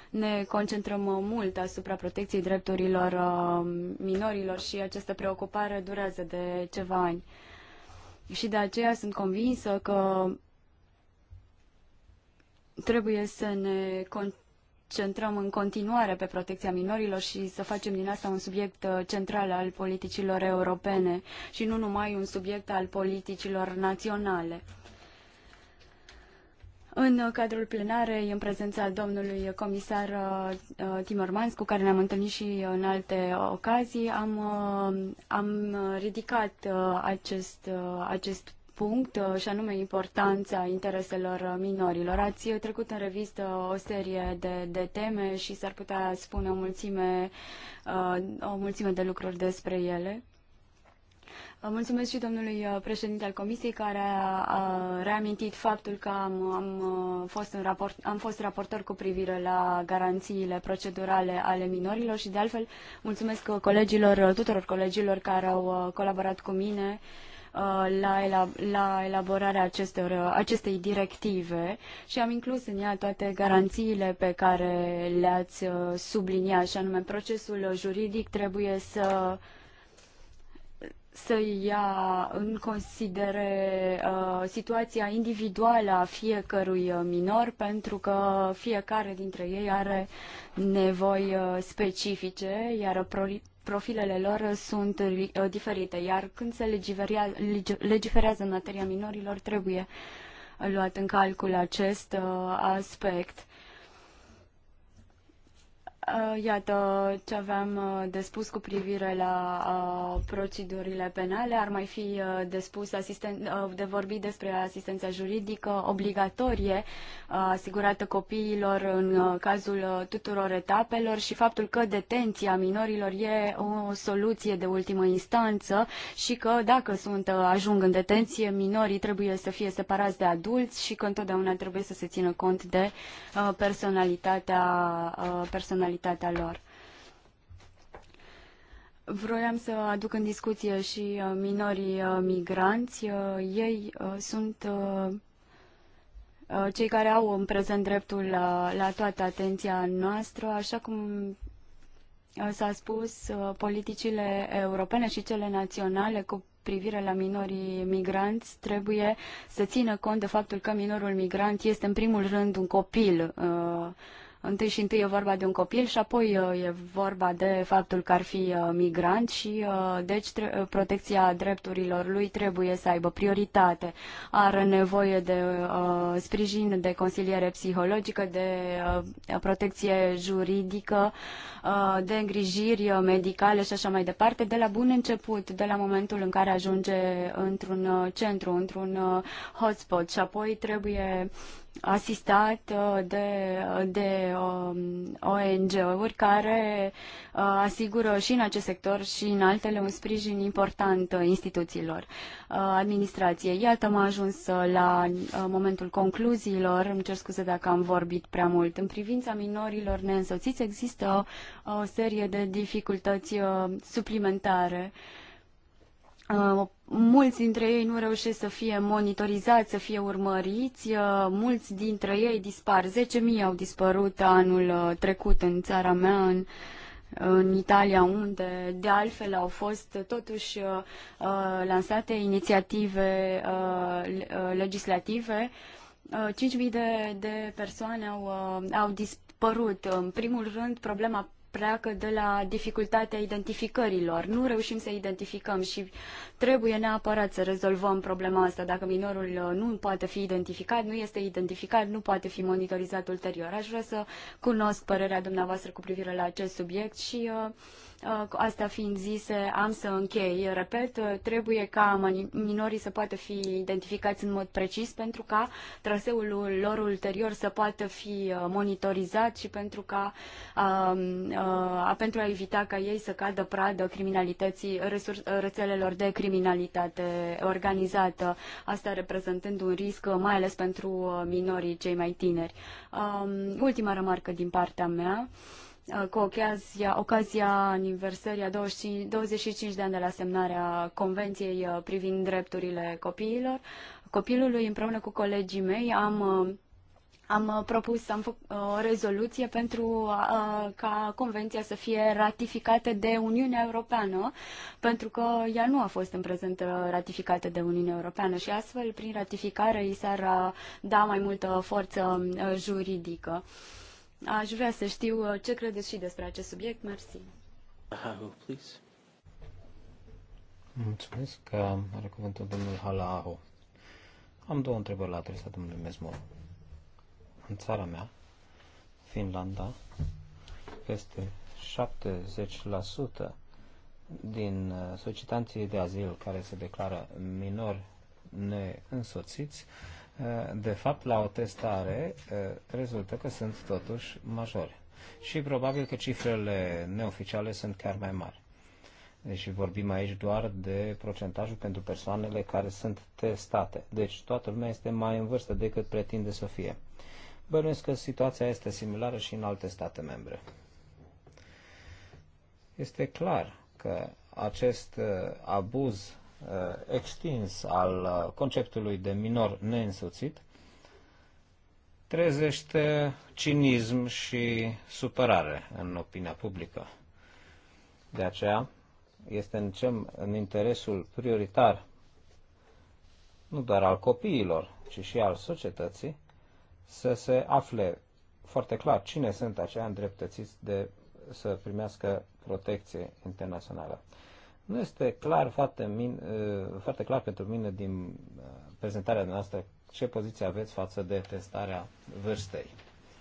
[SPEAKER 1] Ne concentrăm uh, mult asupra protecției drepturilor uh, minorilor și această preocupare durează de ceva ani. Și de aceea sunt convinsă că trebuie să ne concentrăm concentrăm în continuare pe protecția minorilor și să facem din asta un subiect uh, central al politicilor europene și nu numai un subiect al politicilor naționale. În cadrul plenarei, în prezența domnului comisar uh, uh, Timmermans, cu care ne-am întâlnit și în alte ocazii, am, am ridicat acest, acest punct, uh, și anume importanța intereselor uh, minorilor. Ați trecut în revistă o serie de, de teme și s-ar putea spune o mulțime, uh, o mulțime de lucruri despre ele. Mulțumesc și domnului președinte al Comisiei care a, a reamintit faptul că am, am, fost în raport, am fost raportor cu privire la garanțiile procedurale ale minorilor și de altfel mulțumesc colegilor, tuturor colegilor care au colaborat cu mine uh, Uh, la, la elaborarea acestor, uh, acestei directive și am inclus în ea toate garanțiile pe care le-ați uh, subliniat, și anume procesul juridic trebuie să să ia în considerare uh, situația individuală a fiecărui minor, pentru că fiecare dintre ei are nevoi uh, specifice, iar profilele lor sunt uh, diferite, iar când se legiferează în materia minorilor, trebuie uh, luat în calcul acest uh, aspect. Uh, iată ce aveam uh, de spus cu privire la uh, procedurile penale. Ar mai fi de spus asisten... de vorbi despre asistența juridică obligatorie asigurată copiilor în cazul tuturor etapelor și faptul că detenția minorilor e o soluție de ultimă instanță și că dacă sunt ajung în detenție, minorii trebuie să fie separați de adulți și că întotdeauna trebuie să se țină cont de personalitatea personalitatea activitatea lor. Vroiam să aduc în discuție și uh, minorii uh, migranți. Uh, ei sunt cei care au în prezent dreptul la, la toată atenția noastră, așa cum s-a spus, politicile europene și cele naționale cu privire la minorii migranți trebuie să țină cont de faptul că minorul migrant este în primul rând un copil Întâi și întâi e vorba de un copil și apoi uh, e vorba de faptul că ar fi uh, migrant și uh, deci protecția drepturilor lui trebuie să aibă prioritate. Are nevoie de sprijin, de consiliere psihologică, de protecție juridică, de îngrijiri medicale și așa mai departe, de la bun început, de la momentul în care ajunge într-un centru, într-un hotspot și apoi trebuie asistat uh, de, de um, ONG-uri care uh, asigură și în acest sector și în altele un sprijin important uh, instituțiilor administrației. Iată, am ajuns la momentul concluziilor. Îmi cer scuze dacă am vorbit prea mult. În privința minorilor neînsoțiți există o serie de dificultăți suplimentare uh, Uh, mulți dintre ei nu reușesc să fie monitorizați, să fie urmăriți, uh, mulți dintre ei dispar. 10.000 au dispărut anul uh, trecut în țara mea, în, în Italia, unde de altfel au fost totuși lansate inițiative legislative. 5.000 de, de persoane au, au dispărut. În primul rând, problema pleacă de la dificultatea identificărilor. Nu reușim să identificăm și trebuie neapărat să rezolvăm problema asta. Dacă minorul uh, nu poate fi identificat, nu este identificat, nu poate fi monitorizat ulterior. Aș vrea să cunosc părerea dumneavoastră cu privire la acest subiect și uh, Asta fiind zise, am să închei. Repet, trebuie ca minorii să poată fi identificați în mod precis pentru ca traseul lor ulterior să poată fi uh, monitorizat și pentru, ca, a, um, uh, a, pentru a evita ca ei să cadă pradă criminalității, rețelelor de criminalitate organizată, asta reprezentând un risc uh, mai ales pentru minorii cei mai tineri. A, um, ultima remarcă din partea mea. Uh, cu ocazia, ocazia aniversării a 25, 25 de ani de la semnarea Convenției uh, privind drepturile copiilor, copilului, împreună cu colegii mei, am uh, am propus, am făcut o rezoluție pentru a, ca convenția să fie ratificată de Uniunea Europeană, pentru că ea nu a fost în prezent ratificată de Uniunea Europeană și astfel, prin ratificare, i s-ar da mai multă forță juridică. Aș vrea să știu uh, ce credeți și despre acest subiect. Mersi.
[SPEAKER 2] Uh, please.
[SPEAKER 3] Mulțumesc că are cuvântul domnul Halaho. Am două întrebări la adresa domnului Mesmor. În țara mea, Finlanda, peste 70% din uh, solicitanții de azil care se declară minori neînsoțiți Eh, de fapt, la o testare eh, rezultă că sunt totuși majori. Și probabil că cifrele neoficiale sunt chiar mai mari. Deci vorbim aici doar de procentajul pentru persoanele care sunt testate. Deci toată lumea este mai în vârstă decât pretinde să fie. Bănuiesc că situația este similară și în alte state membre. Este clar că acest eh, abuz Uh, extins al uh, conceptului de minor neînsuțit trezește cinism și supărare în opinia publică. De aceea este în, ce, în interesul prioritar nu doar al copiilor, ci și al societății, să se afle foarte clar cine sunt aceia îndreptățiți de să primească protecție internațională. Nu este clar foarte, min, uh, foarte clar pentru mine din uh, prezentarea noastră ce poziție aveți față de testarea vârstei,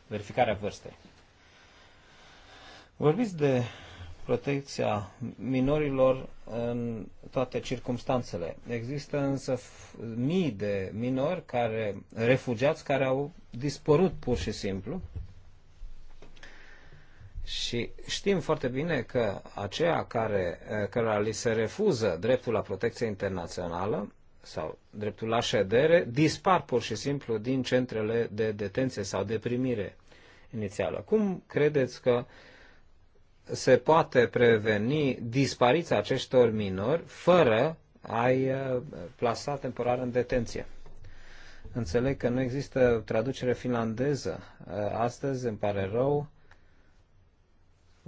[SPEAKER 3] verificarea vârstei. Vorbiți de protecția minorilor în toate circumstanțele. Există însă mii de minori care, refugiați care au dispărut pur și simplu și știm foarte bine că aceea care, eh, care li se refuză dreptul la protecție internațională sau dreptul la ședere dispar pur și simplu din centrele de detenție sau de primire inițială. Cum credeți că se poate preveni dispariția acestor minori fără a-i eh, plasa temporar în detenție? Înțeleg că nu există traducere finlandeză. Eh, astăzi îmi pare rău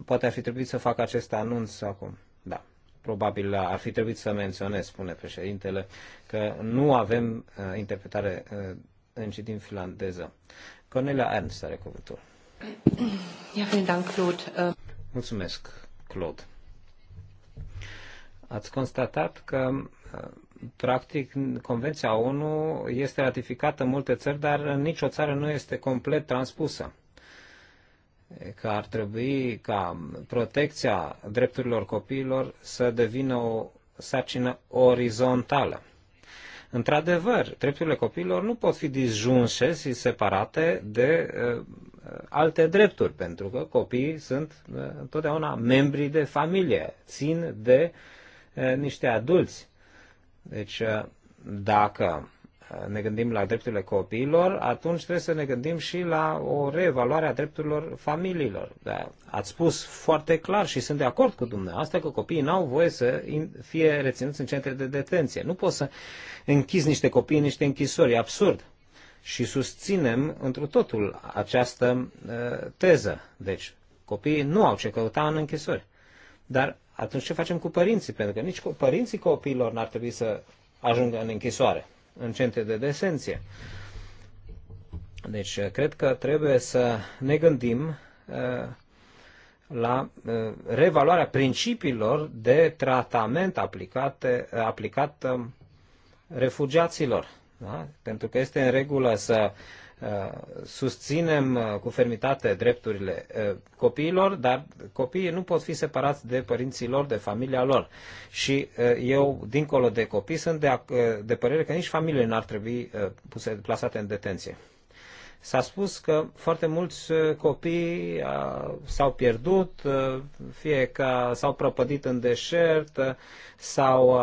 [SPEAKER 3] Poate ar fi trebuit să fac acest anunț acum. Da, probabil ar fi trebuit să menționez, spune președintele, că nu avem uh, interpretare uh, în din finlandeză. Cornelia Ernst are cuvântul.
[SPEAKER 2] Äh,
[SPEAKER 3] Mulțumesc, Claude. Ați constatat că uh, practic, Convenția ONU este ratificată în multe țări, dar nicio țară nu este complet transpusă că ar trebui ca protecția drepturilor copiilor să devină o sarcină orizontală. Într-adevăr, drepturile copiilor nu pot fi disjunse și separate de uh, alte drepturi, pentru că copiii sunt uh, întotdeauna membri de familie, țin de uh, niște adulți. Deci, uh, dacă ne gândim la drepturile copiilor, atunci trebuie să ne gândim și la o reevaluare a drepturilor familiilor. Da, ați spus foarte clar și sunt de acord cu dumneavoastră că copiii n-au voie să fie reținuți în centre de detenție. Nu poți să închizi niște copii în niște închisori, e absurd. Și susținem întru totul această uh, teză. Deci, copiii nu au ce căuta în închisori. Dar atunci ce facem cu părinții? Pentru că nici părinții copiilor n-ar trebui să ajungă în închisoare în centre de desenție. Deci, uh, cred că trebuie să ne gândim uh, la uh, revaloarea principiilor de tratament aplicate, aplicat um, refugiaților. Da? Pentru că este în regulă să Uh, susținem uh, cu fermitate drepturile uh, copiilor, dar copiii nu pot fi separați de părinții lor, de familia lor. Și eu, dincolo de copii, sunt de, de părere că nici familiile n-ar trebui puse, plasate în detenție. S-a spus că foarte mulți copii s-au pierdut, fie că s-au prăpădit în deșert sau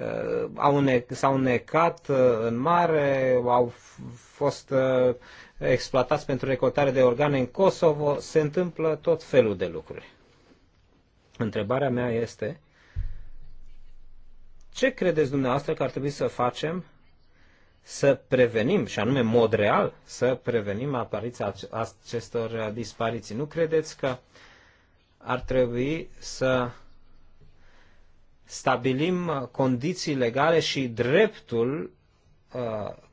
[SPEAKER 3] Uh, au ne- s-au necat uh, în mare, au fost uh, exploatați pentru recoltare de organe în Kosovo, se întâmplă tot felul de lucruri. Întrebarea mea este, ce credeți dumneavoastră că ar trebui să facem să prevenim, și anume mod real, să prevenim apariția acestor dispariții? Nu credeți că ar trebui să stabilim condiții legale și dreptul uh,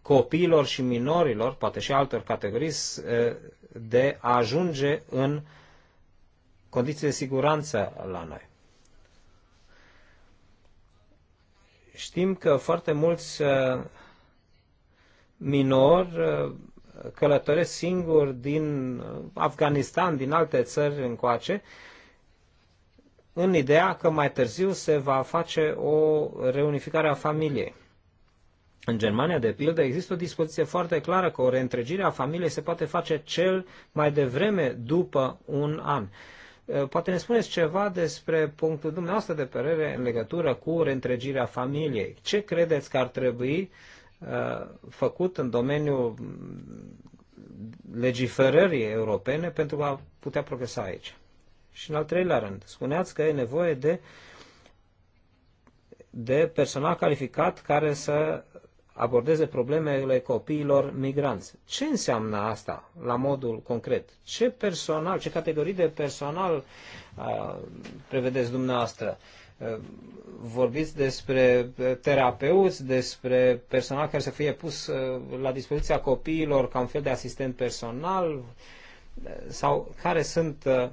[SPEAKER 3] copiilor și minorilor, poate și altor categorii, uh, de a ajunge în condiții de siguranță la noi. Știm că foarte mulți uh, minori călătoresc singuri din Afganistan, din alte țări încoace în ideea că mai târziu se va face o reunificare a familiei. În Germania, de pildă, există o dispoziție foarte clară că o reîntregire a familiei se poate face cel mai devreme după un an. Eh, poate ne spuneți ceva despre punctul dumneavoastră de părere în legătură cu reîntregirea familiei. Ce credeți că ar trebui eh, făcut în domeniul mm, legiferării europene pentru a putea progresa aici? Și în al treilea rând, spuneați că e nevoie de, de personal calificat care să abordeze problemele copiilor migranți. Ce înseamnă asta la modul concret? Ce personal, ce categorii de personal uh, prevedeți dumneavoastră? vorbiți despre terapeuți, despre personal care să fie pus la dispoziția copiilor ca un fel de asistent personal? Sau care sunt uh,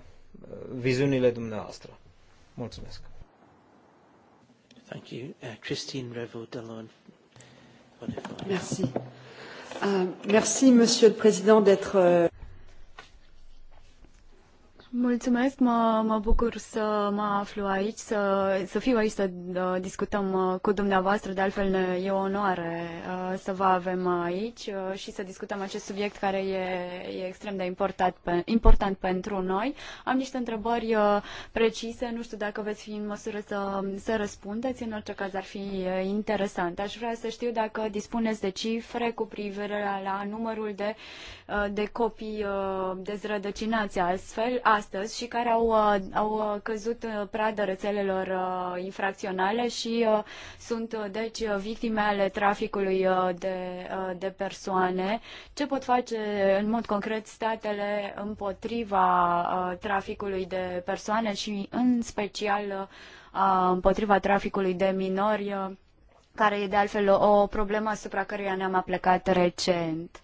[SPEAKER 3] viziunile dumneavoastră. Mulțumesc.
[SPEAKER 2] Thank you. Uh, Christine Revo Dallon.
[SPEAKER 1] Merci. Uh, merci, Monsieur le Président, d'être. Uh... Mulțumesc, mă, mă bucur să mă aflu aici, să, să fiu aici să discutăm uh, cu dumneavoastră, de altfel e o onoare uh, să vă avem aici uh, și să discutăm acest subiect care e, e extrem de important, important pentru noi. Am niște întrebări precise, nu știu dacă veți fi în măsură să, să răspundeți, în orice caz ar fi interesant. Aș vrea să știu dacă dispuneți de cifre cu privire la numărul de Uh, de copii uh, dezrădăcinați astfel astăzi și care au, uh, au căzut pradă rețelelor infracționale și sunt deci victime ale traficului de, de persoane. Ce pot face în mod concret statele împotriva traficului de persoane și în special împotriva traficului de minori, care e de altfel o problemă asupra căreia ne-am aplecat recent.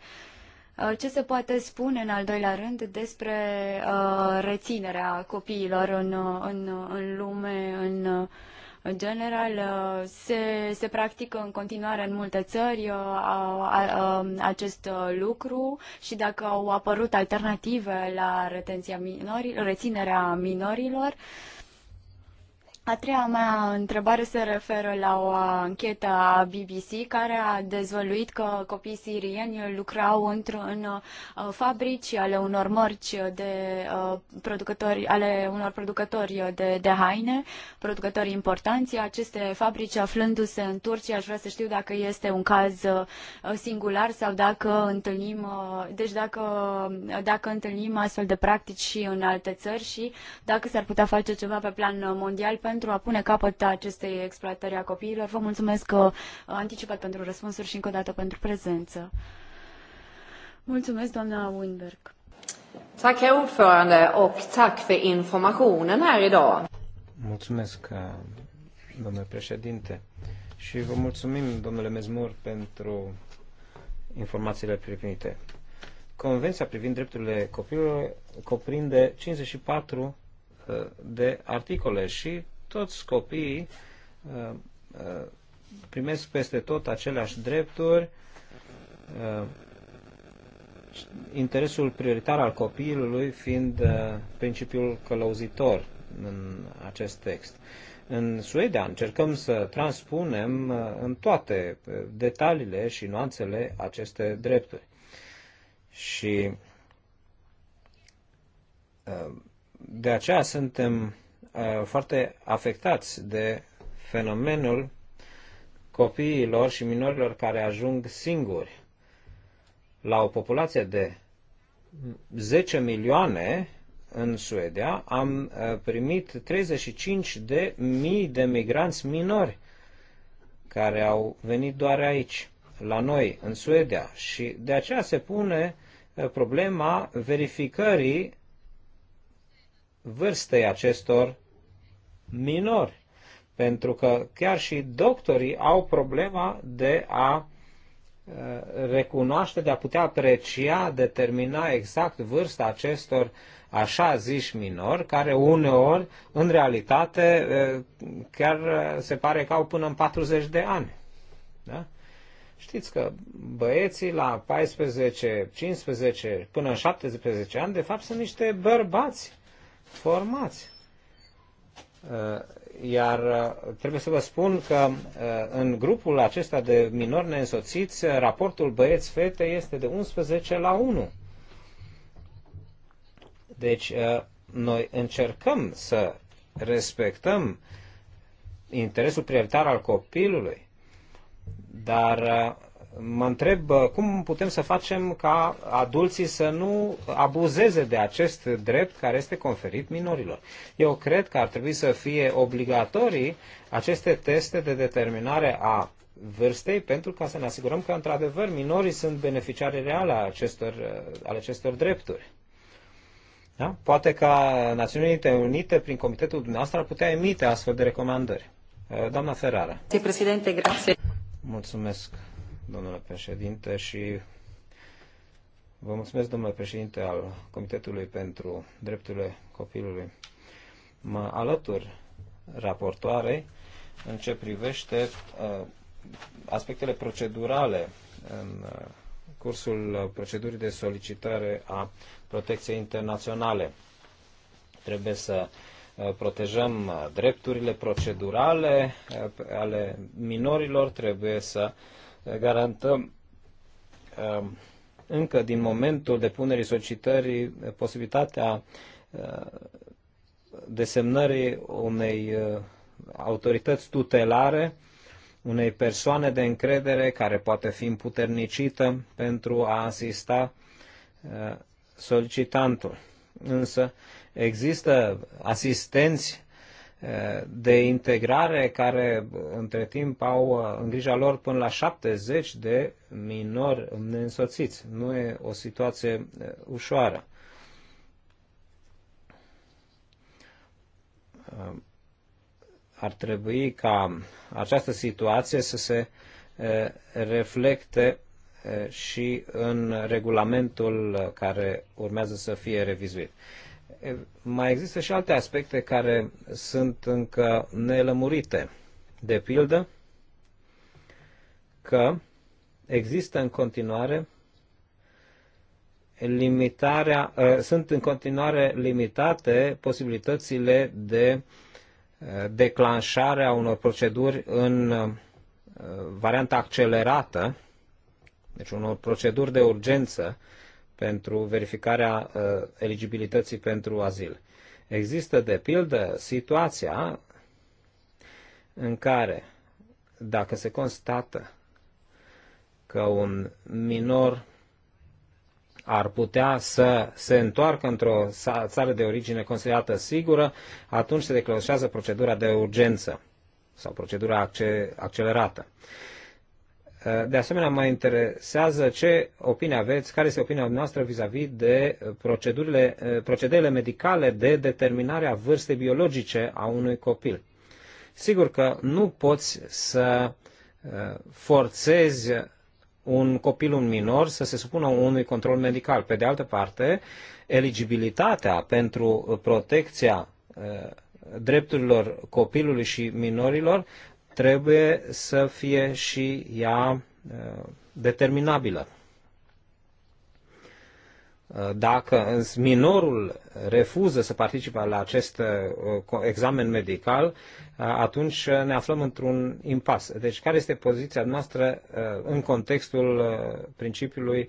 [SPEAKER 1] Uh, ce se poate spune în al doilea rând despre uh, reținerea copiilor în, uh, în, în lume, în, în general? se, se practică în continuare în multe țări acest lucru și dacă au apărut alternative la retenția minori, reținerea minorilor, uh, a treia mea întrebare se referă la o anchetă a BBC care a dezvăluit că copiii sirieni lucrau într-un uh, fabrici ale unor mărci de uh, producători, ale unor producători de, de haine, producători importanți. Aceste fabrici aflându-se în Turcia, aș vrea să știu dacă este un caz uh, singular sau dacă întâlnim, deci dacă, dacă întâlnim astfel de practici și în alte țări și dacă s-ar putea face ceva pe plan mondial pentru pentru a pune capăt acestei exploatări a copiilor. Vă mulțumesc că uh, anticipat pentru răspunsuri și încă o dată pentru prezență. Mulțumesc, doamna Winberg.
[SPEAKER 2] Tack, herr ordförande, och tack för informationen här idag.
[SPEAKER 3] Mulțumesc, uh, domnule președinte. Și vă mulțumim, domnule Mezmur, pentru informațiile primite. Convenția privind drepturile copilului cuprinde 54 uh, de articole și toți copiii uh, uh, primesc peste tot aceleași drepturi, uh, interesul prioritar al copilului fiind principiul călăuzitor în acest text. În Suedia încercăm să transpunem în toate detaliile și nuanțele aceste drepturi. Și de aceea suntem Uh, foarte afectați de fenomenul copiilor și minorilor care ajung singuri. La o populație de 10 milioane în Suedia am uh, primit 35 de mii de migranți minori care au venit doar aici, la noi, în Suedia. Și de aceea se pune uh, problema verificării vârstei acestor minori. Pentru că chiar și doctorii au problema de a uh, recunoaște, de a putea aprecia, determina exact vârsta acestor așa ziși minori, care uneori, în realitate, uh, chiar uh, se pare că au până în 40 de ani. Da? Știți că băieții la 14, 15, până în 17 ani, de fapt, sunt niște bărbați formați. Uh, iar uh, trebuie să vă spun că uh, în grupul acesta de minori neînsoțiți, raportul băieți-fete este de 11 la 1. Deci, noi încercăm să respectăm interesul prioritar al copilului, dar mă întreb uh, cum putem să facem ca adulții să nu abuzeze de acest drept care este conferit minorilor. Eu cred că ar trebui să fie obligatorii aceste teste de determinare a vârstei pentru ca să ne asigurăm că, într-adevăr, minorii sunt beneficiari reale ale acestor, uh, ale acestor drepturi. Da? Poate ca Națiunile Unite, prin comitetul dumneavoastră, ar putea emite astfel de recomandări. Uh, doamna Ferrara.
[SPEAKER 2] Președinte, grație.
[SPEAKER 3] Mulțumesc domnule președinte, și vă mulțumesc, domnule președinte, al Comitetului pentru Drepturile Copilului. Mă alătur raportoarei în ce privește uh, aspectele procedurale în uh, cursul procedurii de solicitare a protecției internaționale. Trebuie să uh, protejăm drepturile procedurale ale minorilor, trebuie să garantăm um, încă din momentul depunerii solicitării posibilitatea uh, desemnării unei uh, autorități tutelare, unei persoane de încredere care poate fi împuternicită pentru a asista uh, solicitantul. Însă există asistenți de integrare care între timp au uh, în grija lor până la 70 de minori neînsoțiți. Nu e o situație uh, ușoară. Uh, ar trebui ca această situație să se reflecte și în regulamentul care urmează să fie revizuit mai există și alte aspecte care sunt încă nelămurite. De pildă, că există în continuare limitarea, sunt în continuare limitate posibilitățile de declanșare a unor proceduri în varianta accelerată, deci unor proceduri de urgență pentru verificarea uh, eligibilității pentru azil. Există, de pildă, situația în care, dacă se constată că un minor ar putea să se întoarcă într-o țară de origine considerată sigură, atunci se declanșează procedura de urgență sau procedura accelerată. De asemenea, mă interesează ce opinie aveți, care este opinia noastră vis-a-vis -vis de uh, procedurile, uh, procedele medicale de determinare a vârstei biologice a unui copil. Sigur că nu poți să uh, forțezi un copil, un minor, să se supună unui control medical. Pe de altă parte, eligibilitatea pentru protecția drepturilor copilului și minorilor trebuie să fie și ea uh, determinabilă. Uh, dacă minorul refuză să participe la acest uh, examen medical, atunci ne aflăm într-un impas. Deci care este poziția noastră în contextul principiului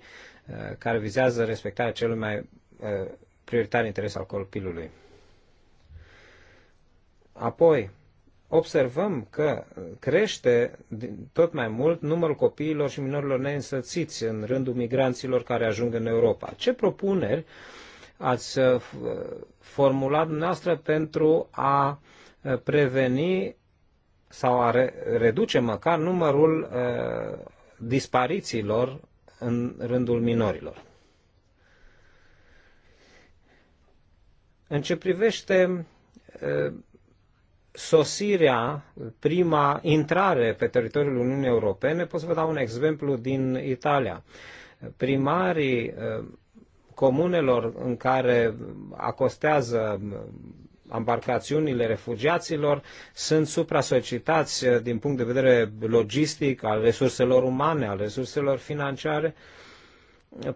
[SPEAKER 3] care vizează respectarea celui mai prioritar interes al copilului? Apoi, observăm că crește tot mai mult numărul copiilor și minorilor neînsățiți în rândul migranților care ajung în Europa. Ce propuneri ați uh, uh, formulat dumneavoastră pentru a uh, preveni sau a reduce măcar numărul disparițiilor în rândul minorilor? În ce privește sosirea, prima intrare pe teritoriul Uniunii Europene, pot să vă dau un exemplu din Italia. Primarii uh, comunelor în care acostează ambarcațiunile uh, refugiaților sunt supra-solicitați uh, din punct de vedere logistic, al resurselor umane, al resurselor financiare.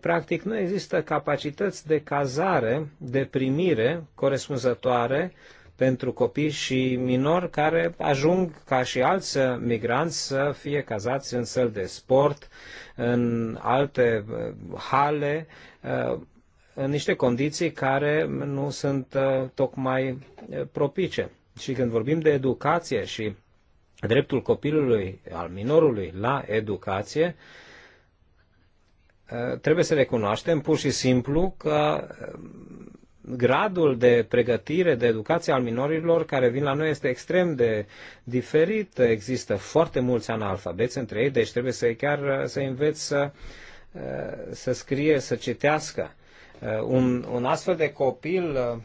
[SPEAKER 3] Practic nu există capacități de cazare, de primire corespunzătoare uh, pentru copii și minori care ajung ca și alți migranți să fie cazați în săl de sport, în alte uh, hale, uh, în niște condiții care nu sunt uh, tocmai propice. Și când vorbim de educație și dreptul copilului, al minorului la educație, trebuie să recunoaștem pur și simplu că gradul de pregătire, de educație al minorilor care vin la noi este extrem de diferit. Există foarte mulți analfabeți între ei, deci trebuie să-i chiar să înveți să, uh, să scrie, să citească. Uh, un, un astfel de copil uh,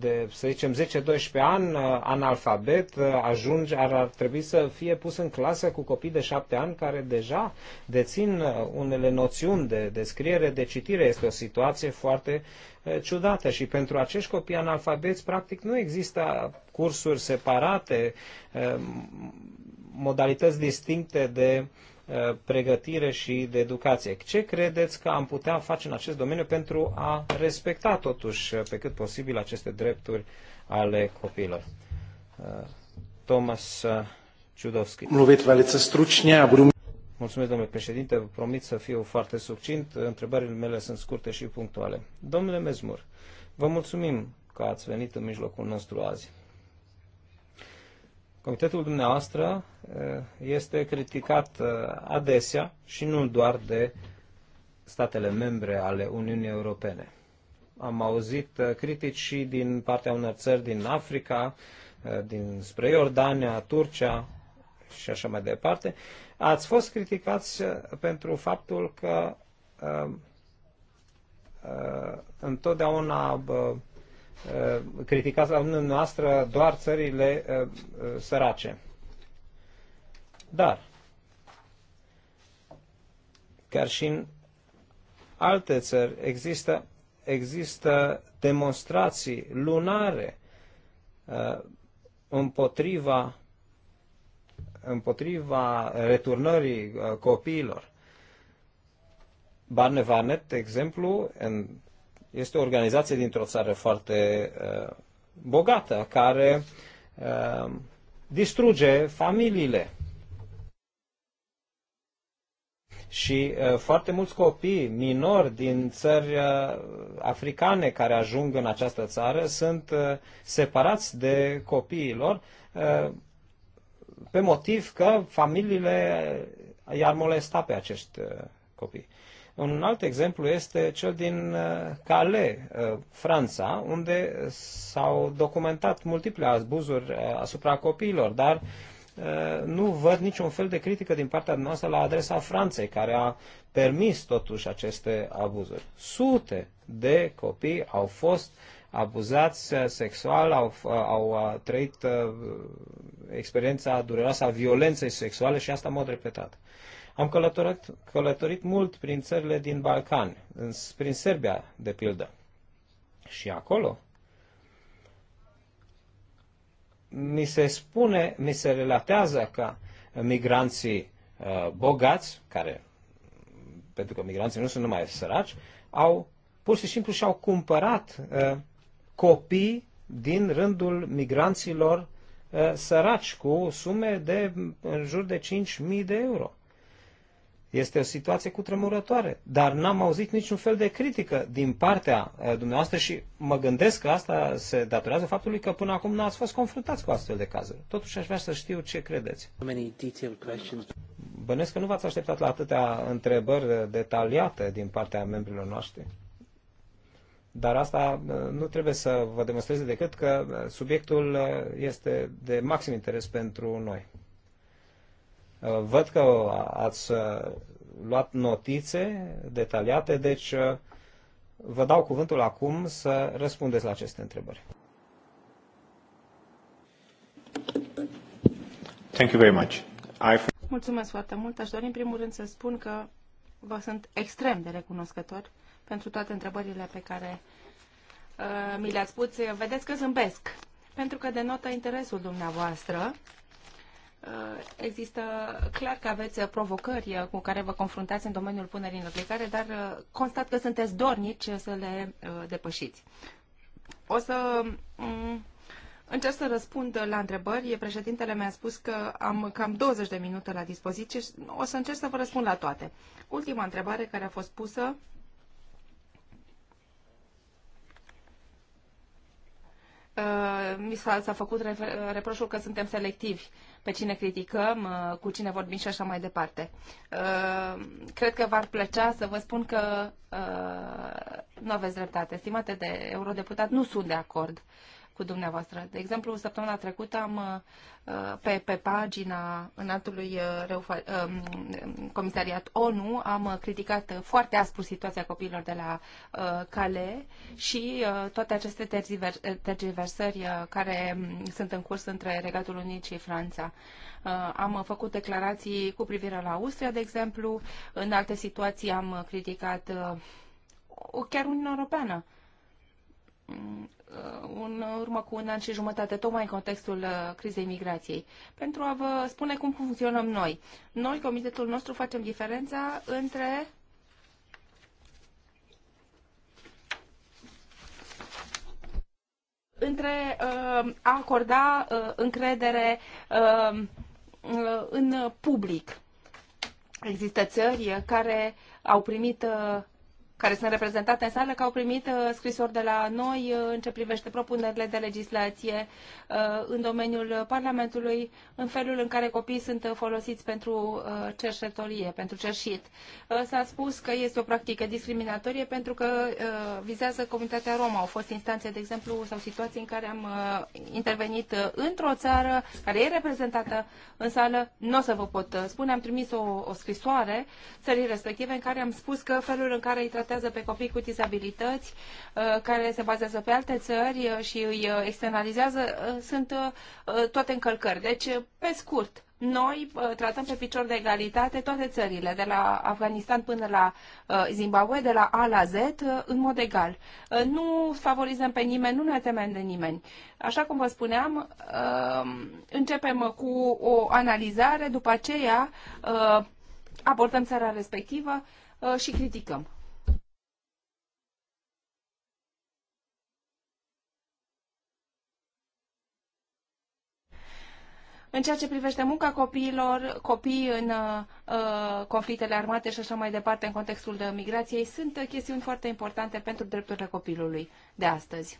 [SPEAKER 3] de, să zicem, 10-12 ani, uh, analfabet, uh, ajunge, ar, ar trebui să fie pus în clasă cu copii de 7 ani care deja dețin uh, unele noțiuni de, de scriere, de citire. Este o situație foarte ciudată și pentru acești copii analfabeți, practic, nu există cursuri separate, modalități distincte de uh, Uh, pregătire și de educație. Ce credeți că am putea face în acest domeniu pentru a respecta totuși uh, pe cât posibil aceste drepturi ale copiilor? Uh, Thomas Ciudovski. Mluvit velice stručně a budu... Mulțumesc, domnule președinte. Vă promit să fiu foarte succint. Întrebările mele sunt scurte și punctuale. Domnule Mezmur, vă mulțumim că ați venit în mijlocul nostru azi. Comitetul dumneavoastră eh, este criticat eh, adesea și nu doar de statele membre ale Uniunii Europene. Am auzit eh, critici și din partea unor țări din Africa, din spre Iordania, Turcia și așa mai departe. Ați fost criticați pentru faptul că întotdeauna Uh, criticați la noastră doar țările uh, uh, sărace. Dar, chiar și în alte țări există, există demonstrații lunare împotriva, împotriva returnării copiilor. Barne Varnet, de exemplu, în este o organizație dintr-o țară foarte uh, bogată, care uh, distruge familiile. Și uh, foarte mulți copii minori din țări uh, africane care ajung în această țară sunt uh, separați de copiilor uh, pe motiv că familiile i-ar molesta pe acești uh, copii. Un alt exemplu este cel din uh, Calais, uh, Franța, unde s-au documentat multiple abuzuri uh, asupra copiilor, dar nu văd niciun fel de critică din partea noastră la adresa Franței, care a permis totuși aceste abuzuri. Sute de copii au fost abuzați sexual, au, au trăit experiența dureroasă a violenței sexuale și asta în mod repetat. Am călătorit, călătorit mult prin țările din Balcani, prin Serbia, de pildă. Și acolo mi se spune, mi se relatează că migranții uh, bogați, care, pentru că migranții nu sunt numai săraci, au pur și simplu și-au cumpărat uh, copii din rândul migranților uh, săraci cu sume de în jur de 5.000 de euro. Este o situație cutremurătoare, dar n-am auzit niciun fel de critică din partea uh, dumneavoastră și mă gândesc că asta se datorează faptului că până acum n-ați fost confruntați cu astfel de cazuri. Totuși aș vrea să știu ce credeți. Bănesc că nu v-ați așteptat la atâtea întrebări uh, detaliate din partea membrilor noștri. Dar asta uh, nu trebuie să vă demonstreze decât că subiectul este de maxim interes pentru noi. Uh, văd că ați uh, luat notițe detaliate, deci uh, vă dau cuvântul acum să răspundeți la aceste întrebări.
[SPEAKER 2] Thank you very much. I've... Mulțumesc foarte mult. Aș dori în primul rând să spun că vă sunt extrem de recunoscător pentru toate întrebările pe care uh, mi le-ați spus. Vedeți că zâmbesc, pentru că denotă interesul dumneavoastră Uh, există clar că aveți uh, provocări uh, cu care vă confruntați în domeniul punerii în aplicare, dar constat că sunteți dornici să le depășiți. O să mm, Încerc să răspund la întrebări. Președintele mi-a spus că am cam 20 de minute la dispoziție și o să încerc să vă răspund la toate. Ultima întrebare care a fost pusă Uh, mi s-a, făcut uh, reproșul că suntem selectivi pe cine criticăm, uh, cu cine vorbim și așa mai departe. Cred că v-ar plăcea să vă spun că nu aveți dreptate. Stimate de eurodeputat, nu sunt de acord cu dumneavoastră. De exemplu, săptămâna trecută am uh, pe, pe pagina înaltului uh, Reufa, um, comisariat ONU am uh, criticat foarte aspru situația copiilor de la Cale și toate aceste tergiversări care um, sunt în curs între Regatul Unit și Franța. Am făcut declarații cu privire la Austria, de exemplu, în alte situații am criticat chiar Uniunea Europeană mm, Uh, în urmă cu un an și jumătate, tocmai în contextul uh, crizei migrației, pentru a vă spune cum funcționăm noi. Noi, comitetul nostru, facem diferența între între uh, a acorda uh, încredere uh, uh în public. Există țări care au primit uh, care sunt reprezentate în sală, că au primit uh, scrisori de la noi uh, în ce privește propunerile de legislație uh, în domeniul Parlamentului, în felul în care copiii sunt folosiți pentru cerșetorie, pentru cerșit. S-a spus că este o practică discriminatorie pentru că vizează comunitatea Roma. Au fost instanțe, de exemplu, sau situații în care am intervenit într-o țară care e reprezentată în sală. Nu o să vă pot spune, am trimis o, o scrisoare țării respective în care am spus că felul în care îi tratăm exploatează pe copii cu dizabilități uh, care se bazează pe alte țări uh, și îi uh, externalizează, sunt toate încălcări. Deci, pe scurt, noi tratăm pe picior de egalitate toate țările, de la Afganistan până la Zimbabwe, de la A la Z, în mod egal. Nu favorizăm pe nimeni, nu ne temem de nimeni. Așa cum vă spuneam, începem cu o analizare, după aceea abordăm țara respectivă și criticăm. În ceea ce privește munca copiilor, copii în uh, uh, conflictele armate și așa mai departe, în contextul de migrației, sunt chestiuni foarte importante pentru drepturile copilului de astăzi.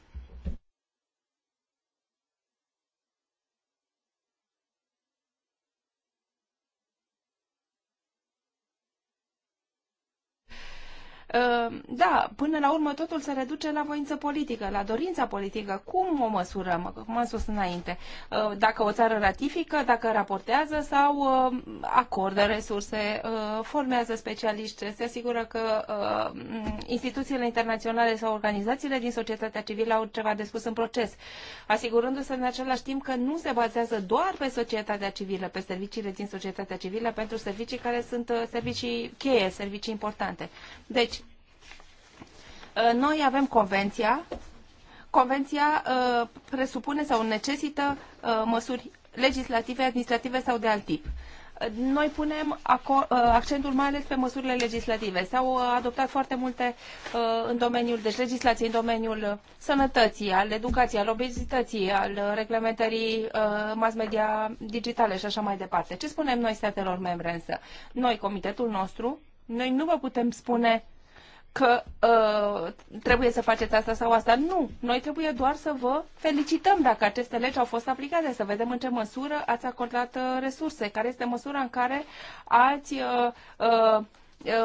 [SPEAKER 2] Ehm, da, până la urmă totul se reduce la voință politică, la dorința politică. Cum o măsurăm? Cum am spus înainte? Ehm, dacă o țară ratifică, dacă raportează sau ehm, acordă resurse, formează specialiști, se asigură că instituțiile internaționale sau organizațiile din societatea civilă au ceva de spus în proces, asigurându-se în același timp că nu se bazează doar pe societatea civilă, pe serviciile din societatea civilă, pentru servicii care sunt servicii cheie, servicii importante. Deci, Uh, noi avem convenția. Convenția uh, presupune sau necesită uh, măsuri legislative, administrative sau de alt tip noi punem accentul mai ales pe măsurile legislative. S-au adoptat foarte multe în domeniul, deci legislație în domeniul sănătății, al educației, al obezității, al reglementării mass media digitale și așa mai departe. Ce spunem noi statelor membre însă? Noi, comitetul nostru, noi nu vă putem spune că uh, trebuie să faceți asta sau asta. Nu, noi trebuie doar să vă felicităm dacă aceste legi au fost aplicate, să vedem în ce măsură ați acordat uh, resurse, care este măsura în care ați uh, uh, uh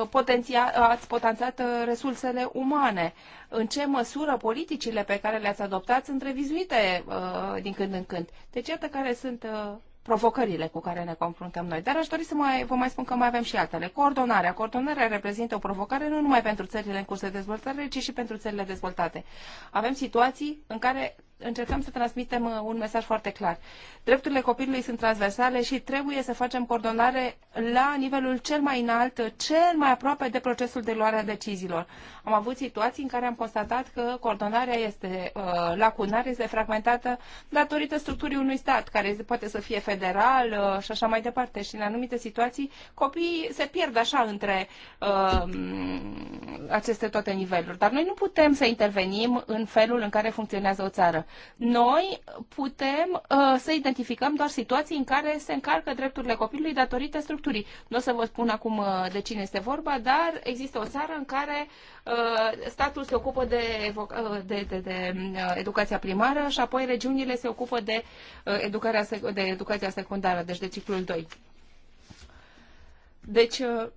[SPEAKER 2] potenția, ați potențat uh, resursele umane. În ce măsură politicile pe care le-ați adoptat sunt revizuite uh, din când în când. Deci iată care sunt uh, provocările cu care ne confruntăm noi. Dar aș dori să mai, vă mai spun că mai avem și altele. Coordonarea. Coordonarea reprezintă o provocare nu numai pentru țările în curs de dezvoltare, ci și pentru țările dezvoltate. Avem situații în care încercăm să transmitem uh, un mesaj foarte clar. Drepturile copilului sunt transversale și trebuie să facem coordonare la nivelul cel mai înalt, uh, cel mai aproape de procesul de luare a deciziilor. Am avut situații în care am constatat că coordonarea este uh, lacunară, este fragmentată datorită structurii unui stat, care poate să fie federal uh, și așa mai departe. Și în anumite situații copiii se pierd așa între uh, aceste toate niveluri. Dar noi nu putem să intervenim în felul în care funcționează o țară. Noi putem uh, să identificăm doar situații în care se încarcă drepturile copilului datorită structurii. Nu o să vă spun acum uh, de cine este vorba, dar există o țară în care uh, statul se ocupă de, uh, de, de, de uh, educația primară și apoi regiunile se ocupă de, uh, educarea, de educația secundară, deci de ciclul 2. Deci, uh,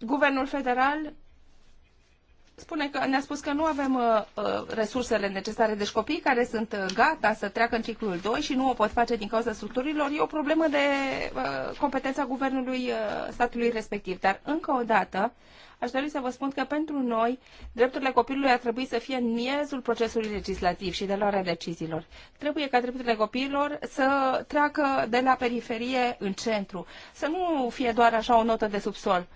[SPEAKER 2] Guvernul federal spune că ne-a spus că nu avem uh, uh, resursele necesare, deci copiii care sunt uh, gata să treacă în ciclul 2 și nu o pot face din cauza structurilor, e o problemă de uh, competența guvernului uh, statului respectiv. Dar încă o dată, aș dori să vă spun că pentru noi drepturile copilului ar trebui să fie în miezul procesului legislativ și de luarea deciziilor. Trebuie ca drepturile copiilor să treacă de la periferie în centru, să nu fie doar așa o notă de subsol.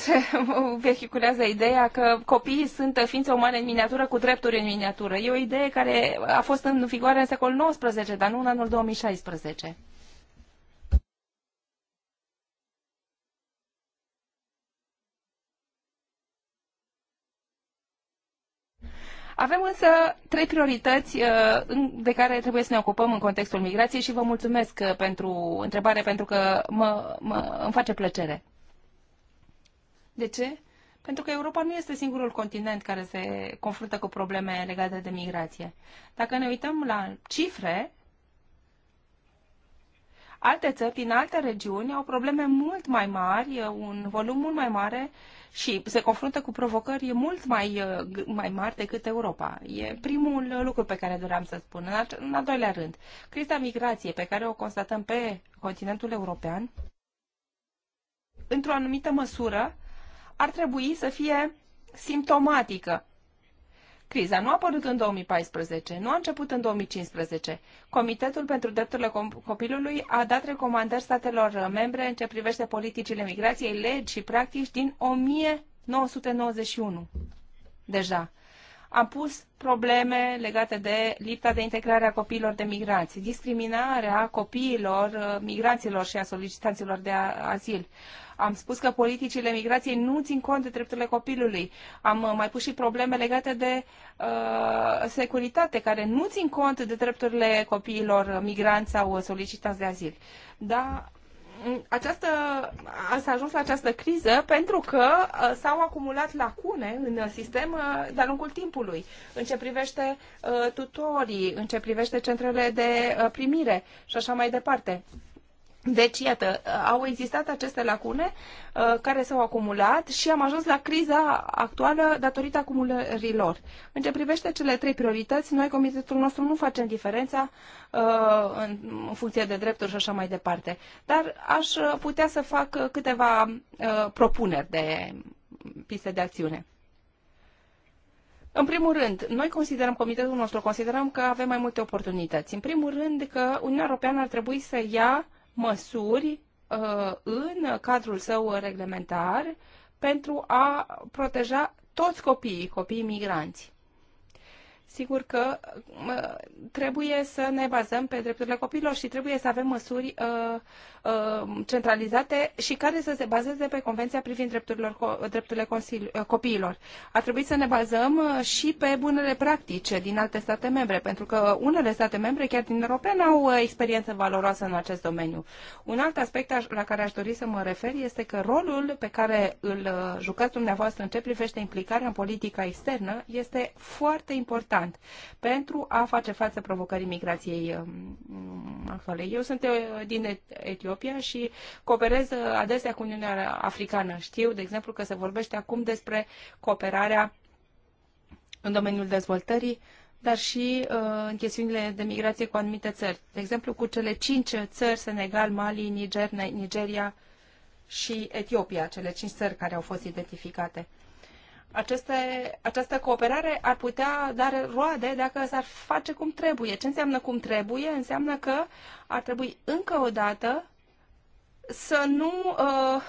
[SPEAKER 2] se vehiculează ideea că copiii sunt ființe umane în miniatură cu drepturi în miniatură. E o idee care a fost în vigoare în secolul XIX, dar nu în anul 2016. Avem însă trei priorități uh, de care trebuie să ne ocupăm în contextul migrației și vă mulțumesc uh, pentru întrebare, pentru că mă, mă, îmi face plăcere. De ce? Pentru că Europa nu este singurul continent care se confruntă cu probleme legate de migrație. Dacă ne uităm la cifre, alte țări din alte regiuni au probleme mult mai mari, un volum mult mai mare și se confruntă cu provocări mult mai, mai mari decât Europa. E primul lucru pe care doream să spun. În al doilea rând, criza migrației pe care o constatăm pe continentul european, într-o anumită măsură, ar trebui să fie simptomatică. Criza nu a apărut în 2014, nu a început în 2015. Comitetul pentru Drepturile Copilului a dat recomandări statelor membre în ce privește politicile migrației, legi și practici din 1991. Deja. Am pus probleme legate de lipsa de integrare a copiilor de migrați, discriminarea copiilor, uh, migranților și a solicitanților de azil, am spus că politicile migrației nu țin cont de drepturile copilului. Am uh, mai pus și probleme legate de uh, securitate, care nu țin cont de drepturile copiilor migranți sau uh, solicitați de azil. Da, mm, această, s-a ajuns la această criză pentru că uh, s-au acumulat lacune în sistem de-a lungul timpului, în ce privește tutorii, în ce privește centrele de primire și așa mai departe. Deci, iată, au existat aceste lacune uh, care s-au acumulat și am ajuns la criza actuală datorită acumulărilor. În ce privește cele trei priorități, noi, comitetul nostru, nu facem diferența uh, în, în funcție de drepturi și așa mai departe. Dar aș uh, putea să fac uh, câteva uh, propuneri de piste de acțiune. În primul rând, noi considerăm, comitetul nostru considerăm că avem mai multe oportunități. În primul rând că Uniunea Europeană ar trebui să ia măsuri uh, în cadrul său reglementar pentru a proteja toți copiii, copiii migranți sigur că trebuie să ne bazăm pe drepturile copiilor și trebuie să avem măsuri uh, uh, centralizate și care să se bazeze pe Convenția privind drepturile uh, copiilor. Ar trebui să ne bazăm și pe bunele practici din alte state membre, pentru că unele state membre, chiar din europene, au experiență valoroasă în acest domeniu. Un alt aspect la care aș dori să mă refer este că rolul pe care îl jucați dumneavoastră în ce privește implicarea în politica externă este foarte important relevant pentru a face față provocării migrației um, actuale. Eu sunt uh, din Etiopia și cooperez uh, adesea cu Uniunea Africană. Știu, de exemplu, că se vorbește acum despre cooperarea în domeniul dezvoltării, dar și uh, în chestiunile de migrație cu anumite țări. De exemplu, cu cele cinci țări, Senegal, Mali, Niger, Nigeria și Etiopia, cele cinci țări care au fost identificate. Aceste, această cooperare ar putea da roade dacă s-ar face cum trebuie. Ce înseamnă cum trebuie? Înseamnă că ar trebui încă o dată să nu uh,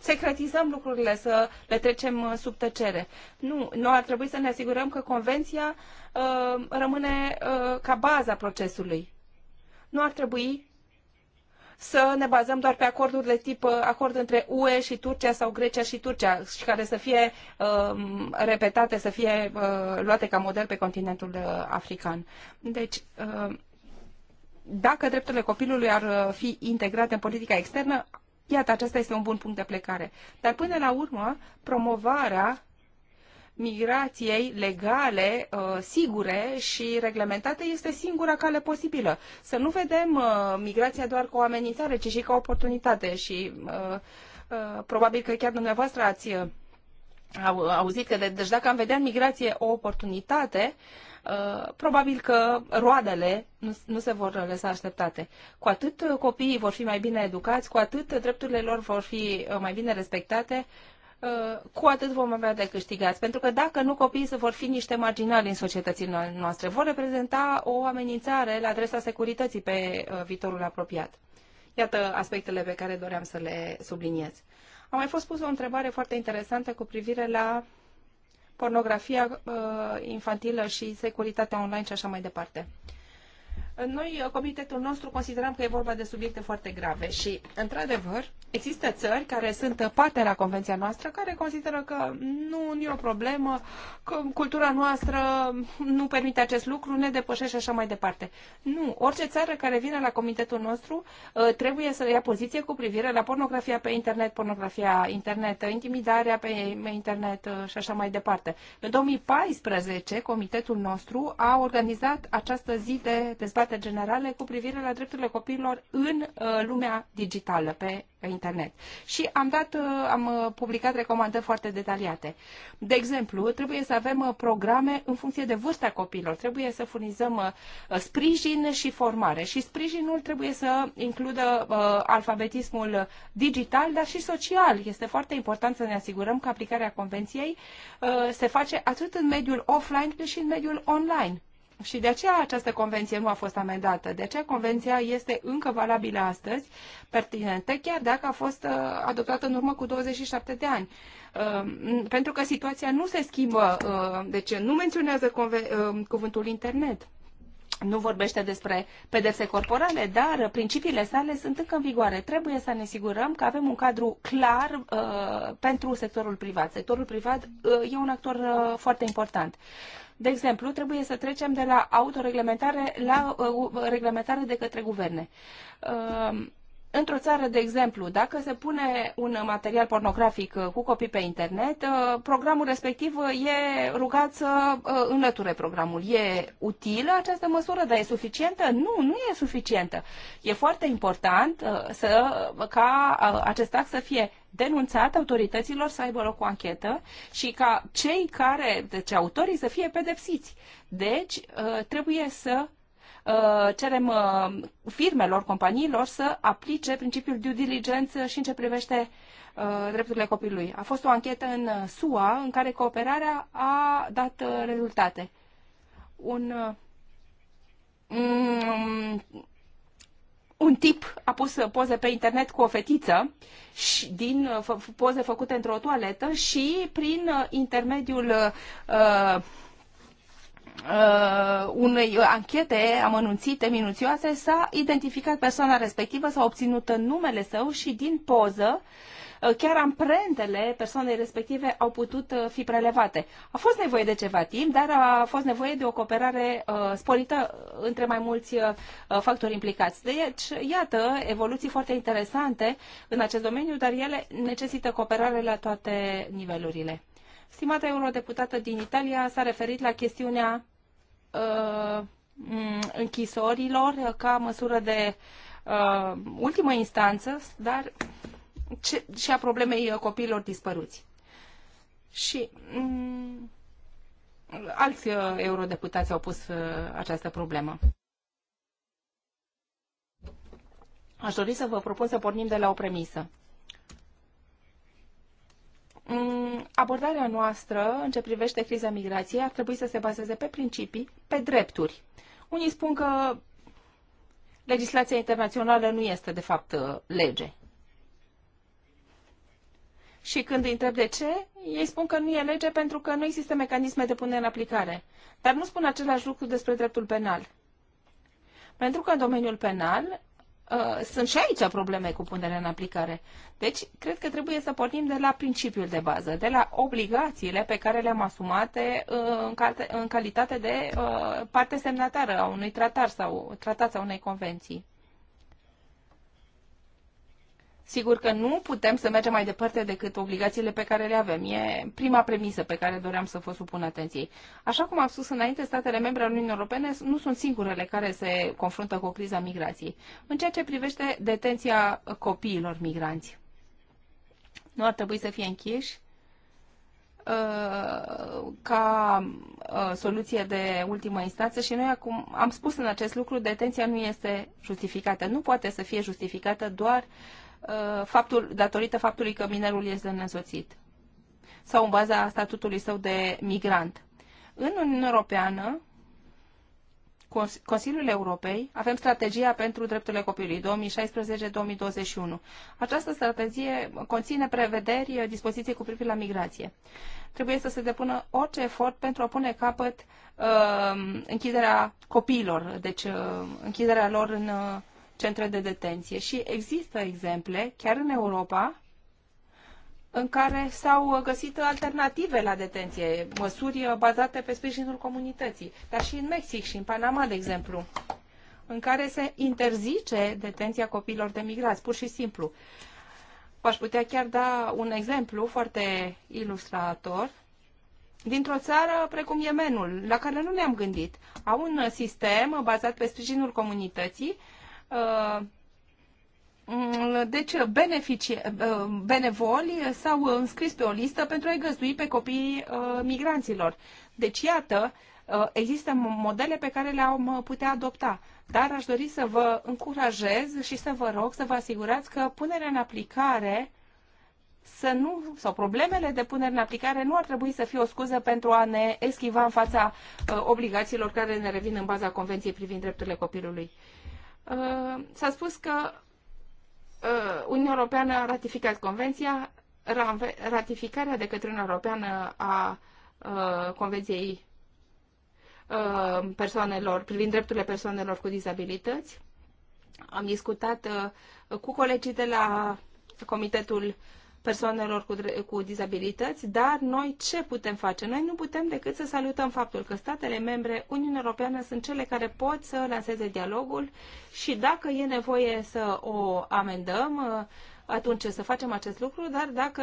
[SPEAKER 2] secretizăm lucrurile, să le trecem uh, sub tăcere. Nu, nu ar trebui să ne asigurăm că convenția uh, rămâne uh, ca baza procesului. Nu ar trebui să ne bazăm doar pe acorduri de tip uh, acord între UE și Turcia sau Grecia și Turcia și care să fie um, repetate, să fie uh, luate ca model pe continentul uh, african. Deci, dacă drepturile copilului ar fi integrate în politica externă, iată, acesta este un bun punct de plecare. Dar până la urmă, promovarea migrației legale, uh, sigure și reglementate este singura cale posibilă. Să nu vedem uh, migrația doar ca o amenințare, ci și ca oportunitate și uh, probabil că chiar dumneavoastră ați auzit că de, deci dacă am vedea în migrație o oportunitate, probabil că roadele nu, nu se vor lăsa așteptate. Cu atât copiii vor fi mai bine educați, cu atât drepturile lor vor fi mai bine respectate, Uh, cu atât vom avea de câștigați. Pentru că dacă nu, copiii vor fi niște marginali în societățile noastre. Vor reprezenta o amenințare la adresa securității pe uh, viitorul apropiat. Iată aspectele pe care doream să le subliniez. A mai fost pusă o întrebare foarte interesantă cu privire la pornografia uh, infantilă și securitatea online și așa mai departe. Noi, uh, comitetul nostru, considerăm că e vorba de subiecte foarte grave și, într-adevăr, există țări care sunt parte la convenția noastră, care consideră că nu, nu e o problemă, că cultura noastră nu permite acest lucru, ne depășește și așa mai departe. Nu, orice țară care vine la comitetul nostru uh, trebuie să ia poziție cu privire la pornografia pe internet, pornografia internet, intimidarea pe internet uh, și așa mai departe. În 2014, comitetul nostru a organizat această zi de dezbatere date generale cu privire la drepturile copiilor în uh, lumea digitală, pe internet. Și am dat, uh, am uh, publicat recomandări foarte detaliate. De exemplu, trebuie să avem programe în funcție de vârsta copiilor. Trebuie să furnizăm sprijin și formare. Și sprijinul trebuie să includă alfabetismul digital, dar și social. Este foarte important să ne asigurăm că aplicarea convenției se face atât în mediul offline cât și în mediul online și de aceea această convenție nu a fost amendată. De aceea convenția este încă valabilă astăzi, pertinentă, chiar dacă a fost uh, adoptată în urmă cu 27 de ani. Uh, pentru că situația nu se schimbă, uh, De deci ce nu menționează cuvântul internet nu vorbește despre pedepse corporale, dar principiile sale sunt încă în vigoare. Trebuie să ne asigurăm că avem un cadru clar uh, pentru sectorul privat. Sectorul privat uh, e un actor uh, foarte important. De exemplu, trebuie să trecem de la autoreglementare la uh, reglementare de către guverne. Uh, într-o țară, de exemplu, dacă se pune un material pornografic uh, cu copii pe internet, programul respectiv e rugat să înlăture programul. E utilă această măsură, dar e suficientă? Nu, nu e suficientă. E foarte important să, ca acest act să fie denunțat autorităților să aibă loc o anchetă și ca cei care, deci autorii, să fie pedepsiți. Deci uh, trebuie să uh, cerem uh, firmelor, companiilor să aplice principiul due diligence și în ce privește drepturile copilului. A fost o anchetă în SUA în care cooperarea a dat rezultate. Un mm, un tip a pus poze pe internet cu o fetiță și din poze făcute într-o toaletă și prin uh, intermediul uh, uh, unei anchete amănunțite, minuțioase, s-a identificat persoana respectivă, s-a obținut numele său și din poză uh, Uh, chiar amprentele persoanei respective au putut uh, fi prelevate. A fost nevoie de ceva timp, dar a fost nevoie de o cooperare uh, sporită între mai mulți factori implicați. Deci, iată, evoluții foarte interesante în acest domeniu, dar ele necesită cooperare la toate nivelurile. Stimata eurodeputată din Italia s-a referit la chestiunea uh, închisorilor ca măsură de uh, ultimă instanță, dar și a problemei uh, copiilor dispăruți. Și mm, alți uh, eurodeputați au pus uh, această problemă. Aș dori să vă propun să pornim de la o premisă. Mm, abordarea noastră în ce privește criza migrației ar trebui să se bazeze pe principii, pe drepturi. Unii spun că legislația internațională nu este de fapt lege. Și când îi întreb de ce, ei spun că nu e lege pentru că nu există mecanisme de punere în aplicare. Dar nu spun același lucru despre dreptul penal. Pentru că în domeniul penal uh, sunt și aici probleme cu punerea în aplicare. Deci, cred că trebuie să pornim de la principiul de bază, de la obligațiile pe care le-am asumate uh, în, carte, în calitate de uh, parte semnatară a unui tratat sau, tratat sau unei convenții. Sigur că nu putem să mergem mai departe decât obligațiile pe care le avem. E prima premisă pe care doream să vă supun atenției. Așa cum am spus înainte, statele membre ale Uniunii Europene nu sunt singurele care se confruntă cu criza migrației. În ceea ce privește detenția copiilor migranți, nu ar trebui să fie închiși uh, ca uh, soluție de ultimă instanță și noi acum am spus în acest lucru, detenția nu este justificată. Nu poate să fie justificată doar uh, Uh, faptul, datorită faptului că minerul este nesoțit sau în baza statutului său de migrant. În Uniunea Europeană, Consiliul Europei, avem strategia pentru drepturile copilului 2016-2021. Această strategie conține prevederi, uh, dispoziții cu privire la migrație. Trebuie să se depună orice efort pentru a pune capăt uh, închiderea copiilor, deci uh, închiderea lor în uh, centre de detenție și există exemple, chiar în Europa, în care s-au găsit alternative la detenție, măsuri bazate pe sprijinul comunității, dar și în Mexic și în Panama, de exemplu, în care se interzice detenția copiilor de migrați, pur și simplu. V-aș putea chiar da un exemplu foarte ilustrator dintr-o țară precum Yemenul, la care nu ne-am gândit. Au un sistem bazat pe sprijinul comunității Uh, mm, deci beneficie, uh, benevoli s-au înscris pe o listă pentru a-i găzdui pe copiii uh, migranților. Deci, iată, există modele pe care le-am putea adopta, dar aș dori să vă încurajez și să vă rog să vă asigurați că punerea în aplicare să nu, sau problemele de punere în aplicare nu ar trebui să fie o scuză pentru a ne eschiva în fața obligațiilor care ne revin în baza Convenției privind drepturile copilului. Uh, s-a spus că uh, Uniunea Europeană a ratificat convenția, ratificarea de către Uniunea Europeană a uh, Convenției persoanelor, privind drepturile persoanelor cu dizabilități. Am discutat cu colegii de la Comitetul persoanelor cu, cu dizabilități, dar noi ce putem face? Noi nu putem decât să salutăm faptul că statele membre, Uniunea Europeană, sunt cele care pot să lanseze dialogul și dacă e nevoie să o amendăm, uh, atunci să facem acest lucru, dar dacă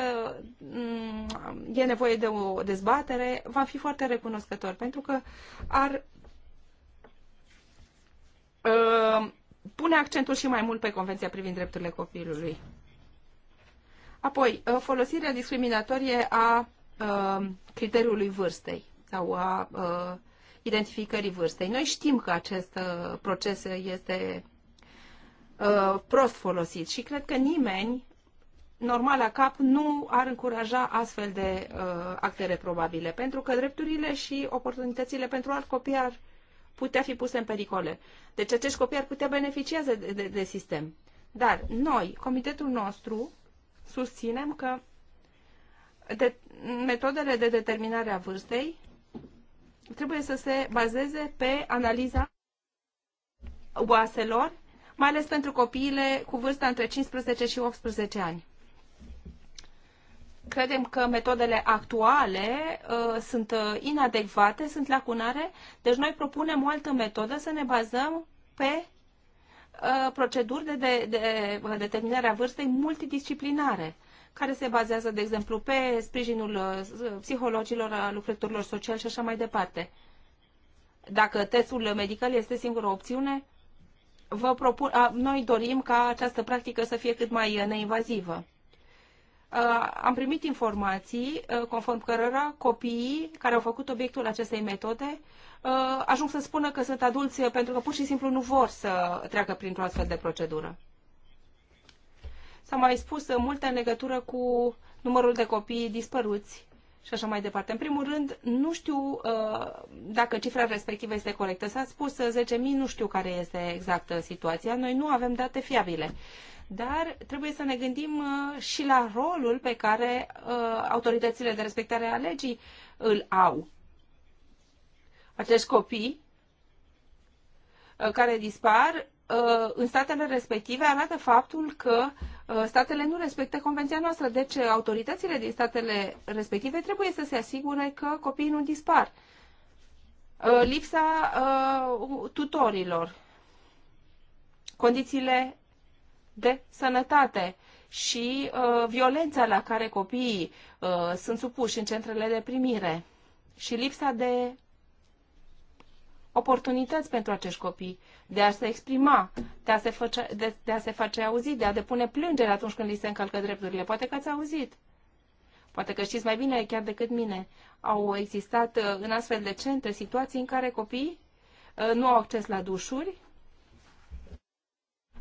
[SPEAKER 2] mm, e nevoie de o dezbatere, va fi foarte recunoscător, pentru că ar uh, pune accentul și mai mult pe Convenția privind drepturile copilului. Apoi, uh, folosirea discriminatorie a uh, criteriului vârstei sau a uh, identificării vârstei. Noi știm că acest proces este prost folosit și cred că nimeni normal la cap nu ar încuraja astfel de uh, acte reprobabile, pentru că drepturile și oportunitățile pentru alt copii ar putea fi puse în pericole. Deci acești copii ar putea beneficia de, de, de sistem. Dar noi, comitetul nostru, susținem că de, metodele de determinare a vârstei trebuie să se bazeze pe analiza oaselor, mai ales pentru copiile cu vârsta între 15 și 18 ani. Credem că metodele actuale uh, sunt uh, inadecvate, sunt lacunare, deci noi propunem o altă metodă să ne bazăm pe Uh, proceduri de, de, de uh, determinare a vârstei multidisciplinare care se bazează, de exemplu, pe sprijinul uh, psihologilor, a lucrătorilor sociali și așa mai departe. Dacă testul medical este singura opțiune, vă propun, noi dorim ca această practică să fie cât mai neinvazivă. Am primit informații conform cărora copiii care au făcut obiectul acestei metode Uh, ajung să spună că sunt adulți uh, pentru că pur și simplu nu vor să treacă printr-o astfel de procedură. S-a mai spus uh, multe în legătură cu numărul de copii dispăruți și așa mai departe. În primul rând, nu știu uh, dacă cifra respectivă este corectă. S-a spus 10.000, nu știu care este exactă situația. Noi nu avem date fiabile. Dar trebuie să ne gândim uh, și la rolul pe care uh, autoritățile de respectare a legii îl au acești copii uh, care dispar uh, în statele respective arată faptul că uh, statele nu respectă convenția noastră. Deci autoritățile din statele respective trebuie să se asigure că copiii nu dispar. Lipsa tutorilor, condițiile de sănătate și violența la care copiii sunt supuși în centrele de primire și lipsa de oportunități pentru acești copii de a se exprima, de a se, face, de, de a se face auzit, de a depune plângere atunci când li se încalcă drepturile. Poate că ați auzit. Poate că știți mai bine chiar decât mine. Au existat uh, în astfel de centre situații în care copiii uh, nu au acces la dușuri,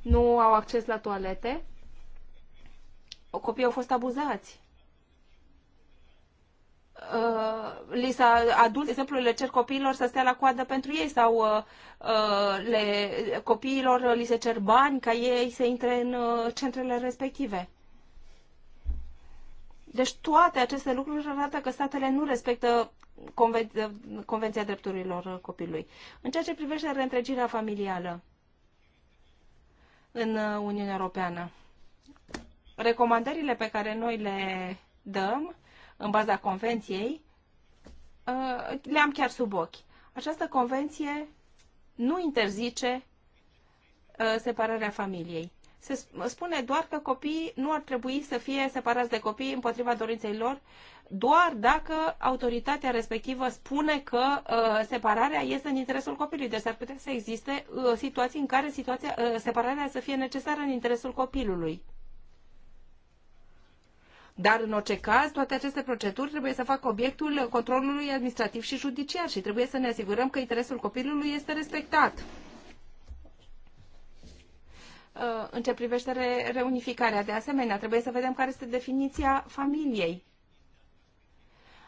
[SPEAKER 2] nu au acces la toalete, copiii au fost abuzați Uh, li s-a adus, de exemplu, le cer copiilor să stea la coadă pentru ei sau uh, uh, le, copiilor li se cer bani ca ei să intre în uh, centrele respective. Deci toate aceste lucruri arată că statele nu respectă conven Convenția Drepturilor Copilului. În ceea ce privește reîntregirea familială în uh, Uniunea Europeană, recomandările pe care noi le dăm uh, în baza convenției, uh, le-am chiar sub ochi. Această convenție nu interzice uh, separarea familiei. Se spune doar că copiii nu ar trebui să fie separați de copii împotriva dorinței lor, doar dacă autoritatea respectivă spune că uh, separarea este în interesul copilului. Deci ar putea să existe uh, situații în care situația, uh, separarea să fie necesară în interesul copilului. Dar, în orice caz, toate aceste proceduri trebuie să facă obiectul controlului administrativ și judiciar și trebuie să ne asigurăm că interesul copilului este respectat uh, în ce privește re reunificarea. De asemenea, trebuie să vedem care este definiția familiei.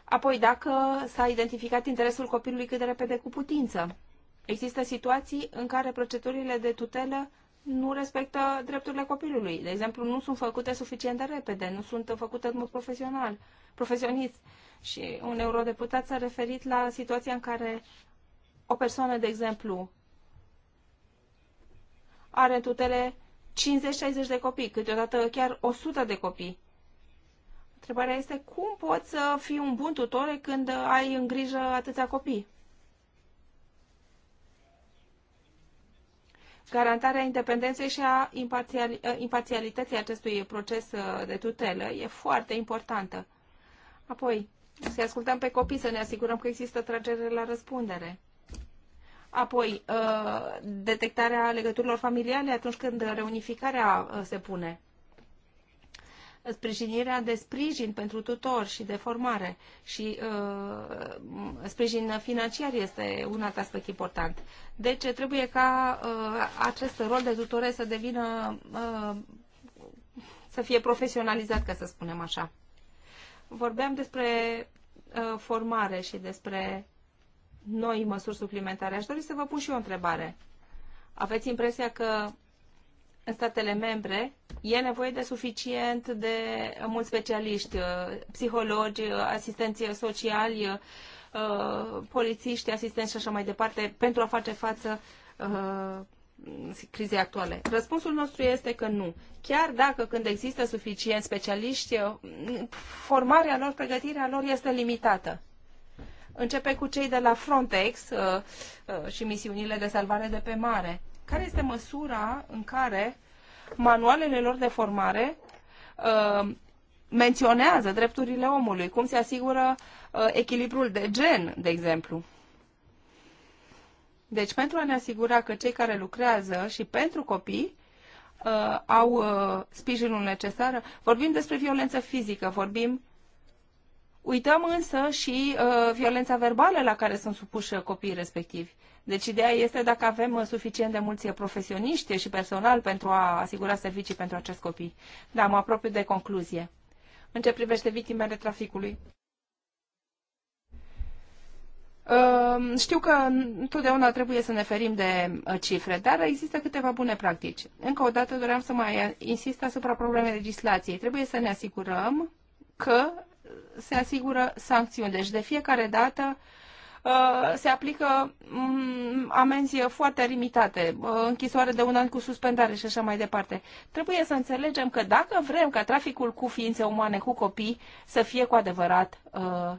[SPEAKER 2] Apoi, dacă s-a identificat interesul copilului cât de repede cu putință. Există situații în care procedurile de tutelă nu respectă drepturile copilului. De exemplu, nu sunt făcute suficient de repede, nu sunt făcute în mod profesional, profesionist. Și un eurodeputat s-a referit la situația în care o persoană, de exemplu, are în tutele 50-60 de copii, câteodată chiar 100 de copii. Întrebarea este cum poți să fii un bun tutore când ai în grijă atâția copii? garantarea independenței și a ă, imparțialității acestui proces ă, de tutelă e foarte importantă. Apoi, să ascultăm pe copii, să ne asigurăm că există tragere la răspundere. Apoi, ă, detectarea legăturilor familiale atunci când reunificarea se pune sprijinirea de sprijin pentru tutor și de formare și uh, sprijin financiar este un alt aspect important. Deci trebuie ca uh, acest rol de tutore să devină, uh, să fie profesionalizat, ca să spunem așa. Vorbeam despre uh, formare și despre noi măsuri suplimentare. Aș dori să vă pun și o întrebare. Aveți impresia că în statele membre e nevoie de suficient de mulți specialiști, uh, psihologi, uh, asistenți sociali, uh, polițiști, asistenți și așa mai departe, pentru a face față crizei actuale? Răspunsul nostru este că nu. Chiar dacă când există suficient specialiști, formarea lor, pregătirea lor este limitată. Începe cu cei de la Frontex uh, uh, și misiunile de salvare de pe mare care este măsura în care manualele lor de formare uh, menționează drepturile omului, cum se asigură uh, echilibrul de gen, de exemplu. Deci, pentru a ne asigura că cei care lucrează și pentru copii uh, au uh, sprijinul necesar, vorbim despre violență fizică, vorbim. Uităm însă și uh, violența verbală la care sunt supuși copiii respectivi. Deci ideea este dacă avem uh, suficient de mulți profesioniști și personal pentru a asigura servicii pentru acest copii. Da, mă apropiu de concluzie. În ce privește victimele traficului? Um, știu că întotdeauna trebuie să ne ferim de uh, cifre, dar există câteva bune practici. Încă o dată doream să mai uh, insist asupra problemei legislației. Trebuie să ne asigurăm că se asigură sancțiuni. Deci de fiecare dată Uh, se aplică mm, amenzi foarte limitate, uh, închisoare de un an cu suspendare și așa mai departe. Trebuie să înțelegem că dacă vrem ca traficul cu ființe umane, cu copii, să fie cu adevărat uh,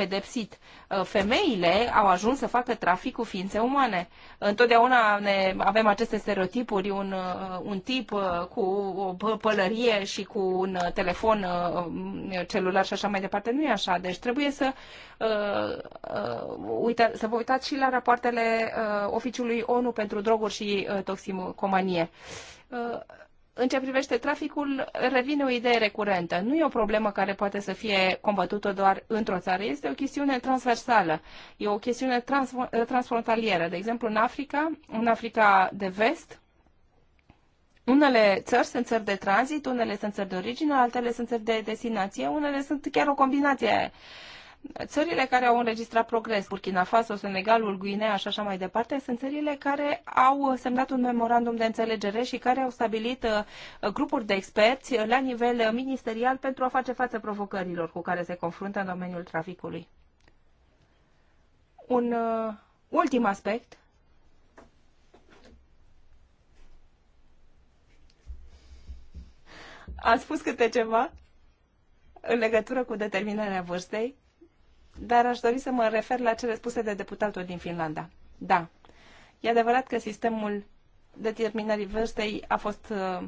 [SPEAKER 2] pedepsit. Uh, femeile au ajuns să facă trafic cu ființe umane. Întotdeauna ne avem aceste stereotipuri, un, uh, un tip uh, cu o pălărie și cu un telefon um, celular și așa mai departe. Nu e așa. Deci trebuie să, uh, uita, să vă uitați și la rapoartele uh, oficiului ONU pentru droguri și uh, toxicomanie. Uh, în ce privește traficul, revine o idee recurentă. Nu e o problemă care poate să fie combătută doar într-o țară, este o chestiune transversală, e o chestiune trans, transfrontalieră. De exemplu, în Africa, în Africa de vest, unele țări sunt țări de tranzit, unele sunt țări de origine, altele sunt țări de destinație, unele sunt chiar o combinație uh, Țările care au înregistrat progres, Burkina Faso, Senegalul, Guinea și așa mai departe, sunt țările care au semnat un memorandum de înțelegere și care au stabilit uh, grupuri de experți la nivel ministerial pentru a face față provocărilor cu care se confruntă în domeniul traficului. Un uh, ultim aspect A spus câte ceva în legătură cu determinarea vârstei? dar aș dori să mă refer la cele spuse de deputatul din Finlanda. Da, e adevărat că sistemul determinării vârstei a fost uh,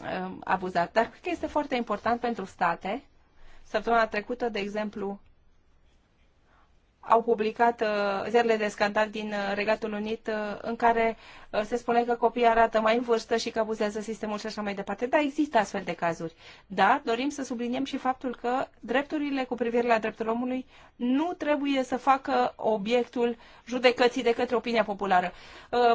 [SPEAKER 2] uh abuzat, dar cred că este foarte important pentru state. Săptămâna trecută, de exemplu, au publicat uh, zerele de scandal din uh, Regatul Unit uh, în care se spune că copiii arată mai în vârstă și că abuzează sistemul și așa mai departe. Da, există astfel de cazuri. Da, dorim să subliniem și faptul că drepturile cu privire la dreptul omului nu trebuie să facă obiectul judecății de către opinia populară.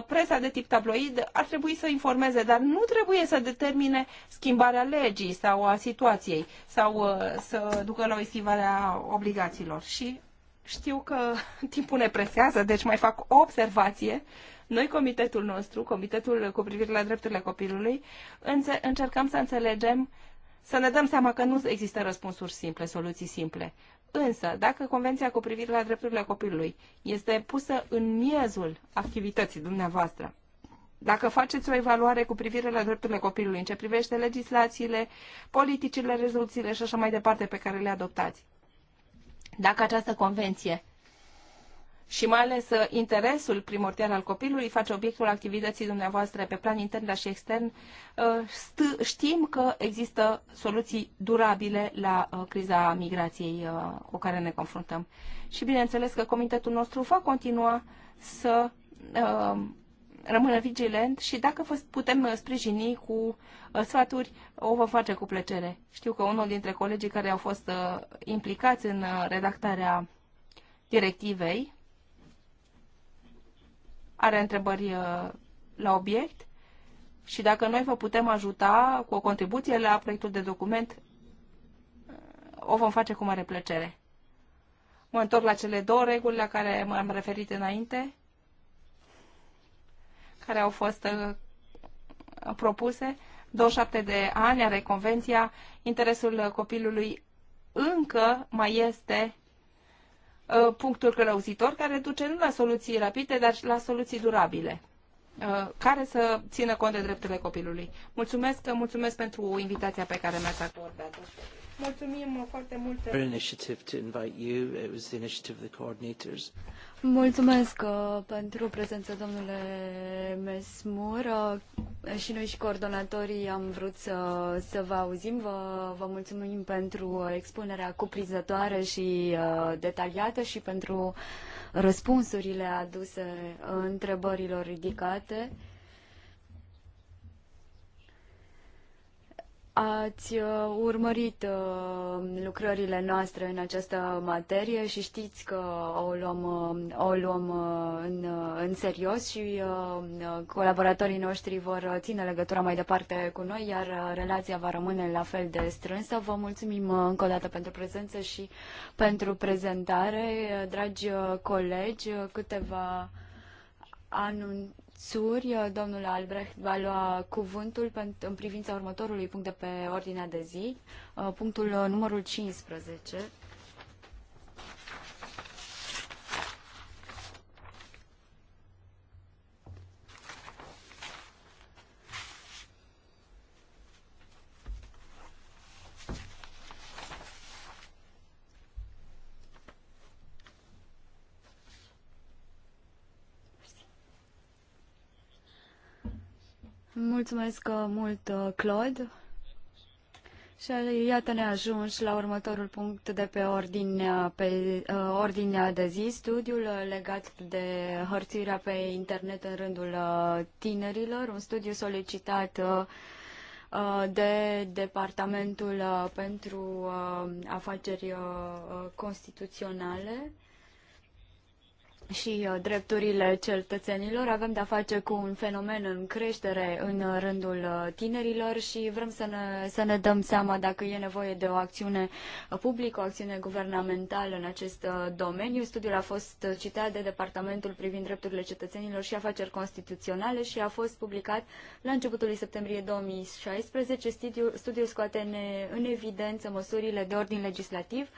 [SPEAKER 2] Presa de tip tabloid ar trebui să informeze, dar nu trebuie să determine schimbarea legii sau a situației sau să ducă la o estivare a obligațiilor. Și știu că timpul ne presează, deci mai fac o observație. Noi, comitetul nostru, comitetul cu privire la drepturile copilului, încercăm să înțelegem, să ne dăm seama că nu există răspunsuri simple, soluții simple. Însă, dacă Convenția cu privire la drepturile copilului este pusă în miezul activității dumneavoastră, dacă faceți o evaluare cu privire la drepturile copilului în ce privește legislațiile, politicile, rezoluțiile și așa mai departe pe care le adoptați, dacă această convenție și mai ales uh, interesul primordial al copilului face obiectul activității dumneavoastră pe plan intern, dar și extern, uh, știm că există soluții durabile la uh, criza migrației cu care ne confruntăm. Și bineînțeles că comitetul nostru va continua să rămână vigilent și dacă putem uh, sprijini cu uh, sfaturi, o vom face cu plăcere. Știu că unul dintre colegii care au fost uh, implicați în redactarea directivei are întrebări la obiect și dacă noi vă putem ajuta cu o contribuție la proiectul de document, o vom face cu mare plăcere. Mă întorc la cele două reguli la care m-am referit înainte care au fost uh, propuse. 27 de ani are convenția, interesul uh, copilului încă mai este uh, punctul călăuzitor care duce nu la soluții rapide, dar la soluții durabile care să țină cont de drepturile copilului. Mulțumesc, mulțumesc pentru invitația pe care mi-ați acordat
[SPEAKER 1] Mulțumim foarte mult. Mulțumesc uh, pentru prezență, domnule Mesmur. Uh, și noi și coordonatorii am vrut să, să vă auzim. Vă, vă mulțumim pentru expunerea cuprinzătoare și uh, detaliată și pentru răspunsurile aduse întrebărilor ridicate. Ați uh, urmărit uh, lucrările noastre în această materie și știți că o luăm, uh, o luăm în, în serios și colaboratorii noștri vor ține legătura mai departe cu noi, iar relația va rămâne la fel de strânsă. Vă mulțumim încă o dată pentru prezență și pentru prezentare. Dragi colegi, câteva anunțuri țuri, uh, domnul Albrecht va lua cuvântul în privința următorului punct de pe ordinea de zi, uh, punctul uh, numărul 15. Mulțumesc uh, mult, uh, Claude. Și uh, iată ne ajungi la următorul punct de pe ordinea, pe ordinea de zi, studiul legat de hărțirea pe internet în rândul tinerilor, un studiu solicitat de Departamentul pentru Afaceri Constituționale și uh, drepturile cetățenilor. Avem de-a face cu un fenomen în creștere în uh, rândul uh, tinerilor și vrem să ne, să ne dăm seama dacă e nevoie de o acțiune publică, o acțiune guvernamentală în acest domeniu. Studiul a fost citat de Departamentul privind drepturile cetățenilor și afaceri constituționale și a fost publicat la începutul septembrie 2016. Studiul, scoate în, în evidență măsurile de ordin legislativ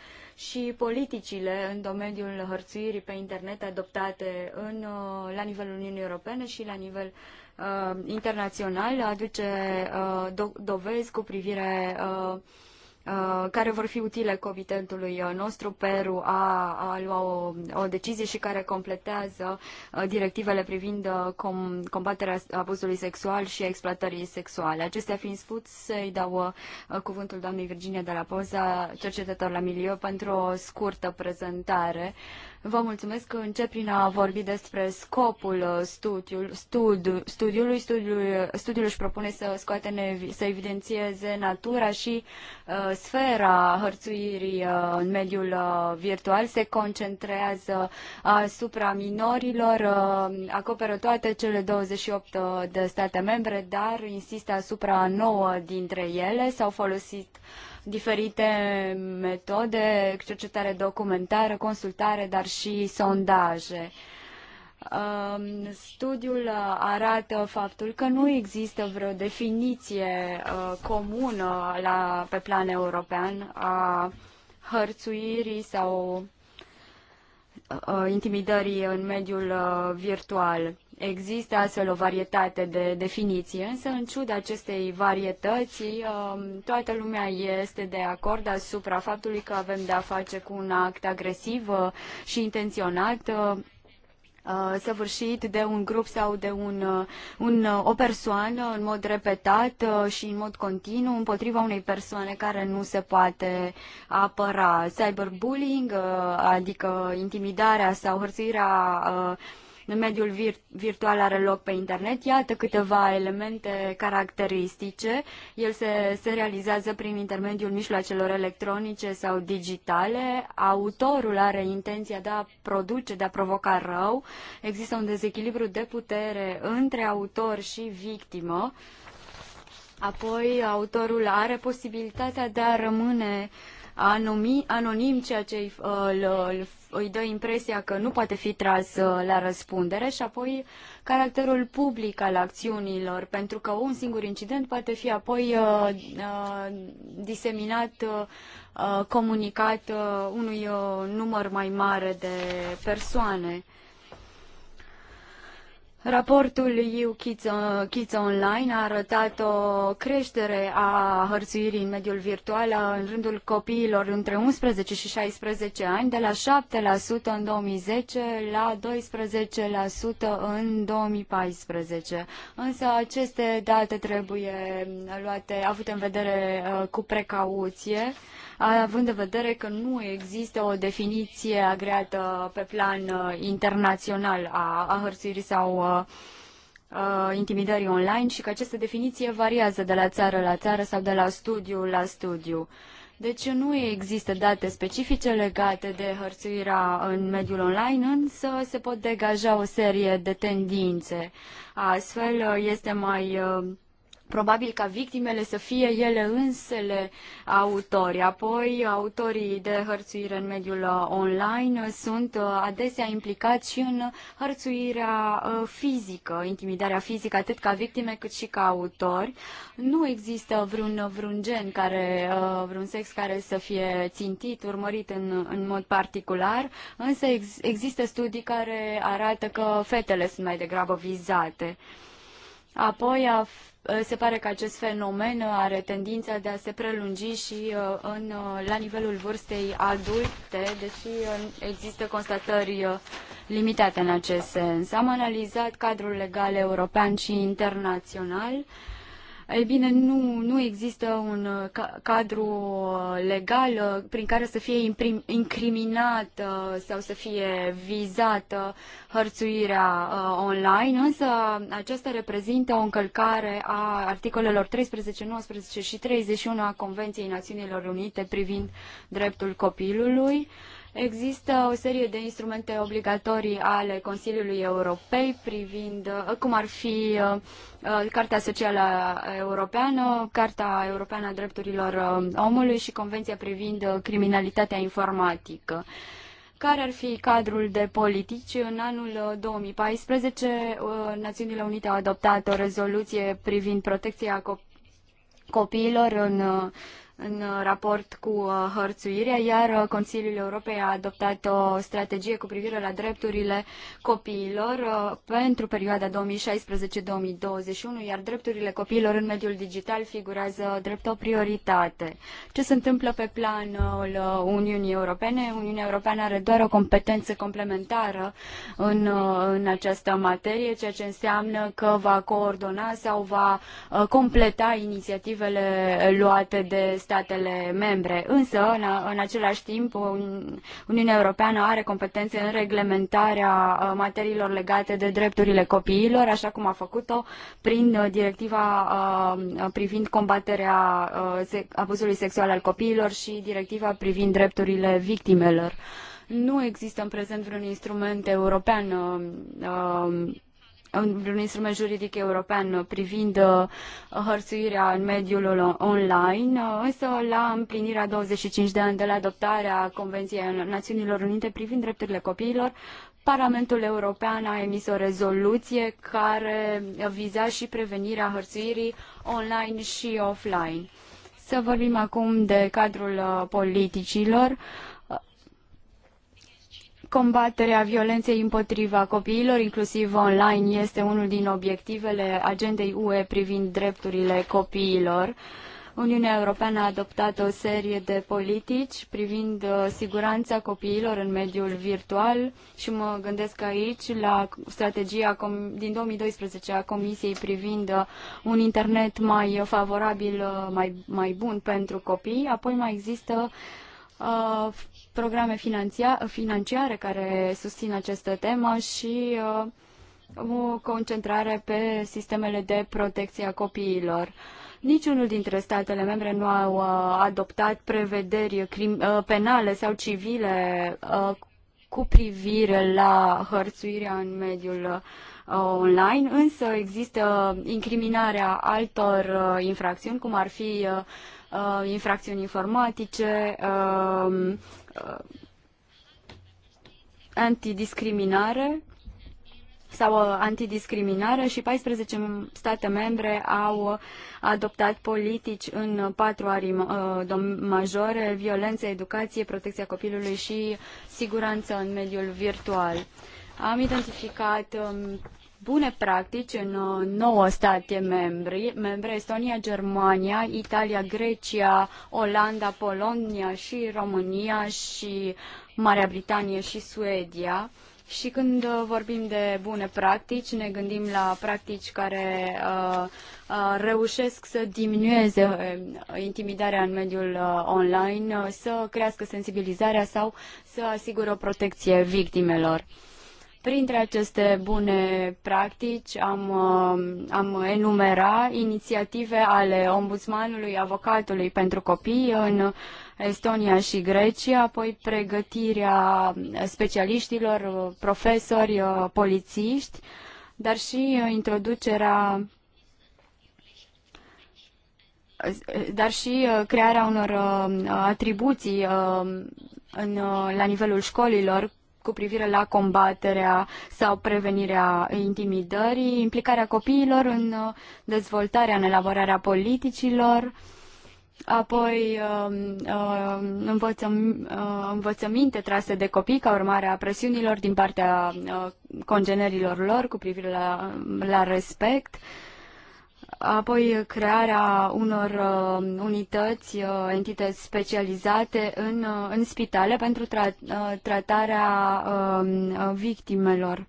[SPEAKER 1] și politicile în domeniul hărțuirii pe internet adoptate în, uh, la nivelul Uniunii Europene și la nivel uh, internațional aduce uh, do- dovezi cu privire uh, Uh, care vor fi utile comitentului uh, nostru pentru a, a lua o, o decizie și care completează uh, directivele privind com, combaterea abuzului sexual și exploatării sexuale. Acestea fiind spuse, îi dau cuvântul doamnei Virginia de la Poza, cercetător la milieu, pentru o scurtă prezentare Vă mulțumesc că încep prin a vorbi despre scopul uh, studiul, studiul, studiului. Studiul, studiul își propune să scoate, să evidențieze natura și uh, sfera hărțuirii uh, în mediul uh, virtual. Se concentrează asupra minorilor, uh, acoperă toate cele 28 uh, de state membre, dar insistă asupra nouă dintre ele. S-au folosit uh, diferite metode, cercetare documentară, consultare, dar și sondaje. Um, studiul arată faptul că nu există vreo definiție uh, comună la, pe plan european a hărțuirii sau uh, intimidării în mediul uh, virtual. Există astfel o varietate de definiții, însă în ciuda acestei varietăți, um, toată lumea este de acord asupra faptului că avem de a face cu un act agresiv uh, și intenționat uh, uh, săvârșit de un grup sau de un, un, o persoană în mod repetat și în mod continuu împotriva unei persoane care nu se poate apăra. Cyberbullying, adică intimidarea sau hărțuirea mediul vir- virtual are loc pe internet. Iată câteva elemente caracteristice. El se, se realizează prin intermediul mijloacelor electronice sau digitale. Autorul are intenția de a produce, de a provoca rău. Există un dezechilibru de putere între autor și victimă. Apoi, autorul are posibilitatea de a rămâne uh, anomi, anonim, ceea ce îi dă impresia că nu poate fi tras uh, la răspundere și apoi caracterul public al acțiunilor, pentru că un singur incident poate fi apoi uh, uh, diseminat, comunicat unui număr mai mare de persoane. Raportul EU Kids, Kids Online a arătat o creștere a hărțuirii în mediul virtual în rândul copiilor între 11 și 16 ani, de la 7% în 2010 la 12% în 2014. Însă aceste date trebuie luate, avute în vedere uh, cu precauție având în vedere că nu există o definiție agreată pe plan uh, internațional a, a hărțuirii sau uh, uh, intimidării online și că această definiție variază de la țară la țară sau de la studiu la studiu. Deci nu există date specifice legate de hărțuirea în mediul online, însă se pot degaja o serie de tendințe. Astfel este mai probabil ca victimele să fie ele însele autori. Apoi, autorii de hărțuire în mediul uh, online sunt uh, adesea implicați și în hărțuirea uh, fizică, intimidarea fizică, atât ca victime cât și ca autori. Nu există vreun, vreun gen, care, vreun sex care să fie țintit, urmărit în, în mod particular, însă ex, există studii care arată că fetele sunt mai degrabă vizate. Uh, Apoi a, eh, se pare că acest fenomen eh, are tendința de a se prelungi și eh, în, la nivelul vârstei adulte, deși există constatări limitate în acest sens. Am analizat cadrul legal european și internațional ei bine, nu, nu există un uh, cadru uh, legal uh, prin care să fie incriminat sau să fie vizată hărțuirea online, însă aceasta reprezintă o încălcare a articolelor 13, 19 și 31 a Convenției Națiunilor Unite privind dreptul copilului. Uh, Există o serie de instrumente obligatorii ale Consiliului Europei privind uh, cum ar fi uh, uh, Carta Socială Europeană, Carta Europeană a Drepturilor Omului și Convenția privind criminalitatea informatică. Care ar fi cadrul de politici? În anul 2014, Națiunile Unite au adoptat o rezoluție privind protecția copiilor în în uh, raport cu uh, hărțuirea, iar uh, Consiliul Europei a adoptat o strategie cu privire la drepturile copiilor pentru perioada 2016-2021, iar drepturile copiilor în mediul digital figurează drept o prioritate. Ce se întâmplă pe planul Uniunii Europene? Uniunea Europeană are doar o competență complementară în, în această materie, ceea ce înseamnă că va coordona sau va completa inițiativele luate de statele membre. Însă, în, în același timp, Uniunea Europeană are competențe în reglementarea materiilor legate de drepturile copiilor, așa cum a făcut-o prin uh, directiva privind combaterea abuzului sexual al copiilor și directiva privind drepturile victimelor. Nu există în prezent vreun instrument european un instrument juridic european privind uh, hărțuirea în mediul online, uh, însă la împlinirea 25 de ani de la adoptarea Convenției Națiunilor Unite privind drepturile copiilor, Parlamentul European a emis o rezoluție care viza și prevenirea hărțuirii online și offline. Să vorbim acum de cadrul uh, politicilor. Uh, Combaterea violenței împotriva copiilor, inclusiv online, este unul din obiectivele agendei UE privind drepturile copiilor. Uniunea Europeană a adoptat o serie de politici privind uh, siguranța copiilor în mediul virtual și mă gândesc aici la strategia din 2012 a Comisiei privind uh, un internet mai favorabil, uh, mai, mai bun pentru copii. Apoi mai există programe financiare care susțin această temă și uh, o concentrare pe sistemele de protecție a copiilor. Niciunul dintre statele membre nu au uh, adoptat prevederi uh, penale sau civile cu privire la hărțuirea în mediul online, însă există incriminarea altor infracțiuni, cum ar fi infracțiuni informatice, um, Uh, antidiscriminare sau uh, antidiscriminare și 14 state membre au adoptat politici în patru arii uh, majore, violență, educație, protecția copilului și siguranță în mediul virtual. Am identificat um, bune practici în uh, nouă state membre, membre Estonia, Germania, Italia, Grecia, Olanda, Polonia și România și Marea Britanie și Suedia. Și când uh, vorbim de bune practici, ne gândim la practici care uh, uh, reușesc să diminueze uh, intimidarea în mediul uh, online, să crească sensibilizarea sau să asigură o protecție victimelor. Printre aceste bune practici am, um, am enumera inițiative ale ombudsmanului, avocatului pentru copii în Estonia și Grecia, apoi pregătirea specialiștilor, profesori, uh, polițiști, dar și introducerea dar și uh, crearea unor uh, atribuții în, la nivelul școlilor cu privire la combaterea sau prevenirea intimidării, implicarea copiilor în uh, dezvoltarea, în elaborarea politicilor, apoi um, um, învățăm, uh, învățăminte trase de copii ca urmare a presiunilor din partea uh, congenerilor lor cu privire la, la respect. Uh, apoi crearea unor uh, unități, uh, entități specializate în, uh, în spitale pentru tra tratarea um, victimelor.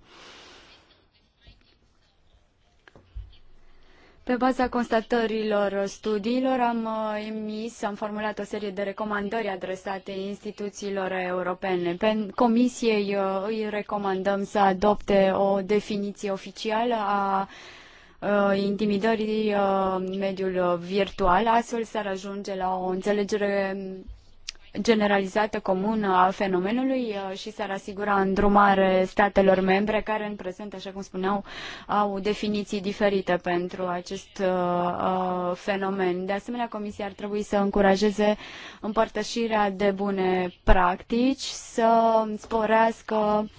[SPEAKER 1] Pe baza constatărilor studiilor am emis, am formulat o serie de recomandări adresate instituțiilor europene. Pe comisiei îi recomandăm să adopte o definiție oficială a uh, Uh, intimidării uh, mediul virtual. Astfel s-ar ajunge la o înțelegere generalizată comună a fenomenului uh, și s-ar asigura îndrumare statelor membre care în prezent, așa cum spuneau, au definiții diferite pentru acest uh, fenomen. De asemenea, Comisia ar trebui să încurajeze împărtășirea de bune practici, să sporească uh,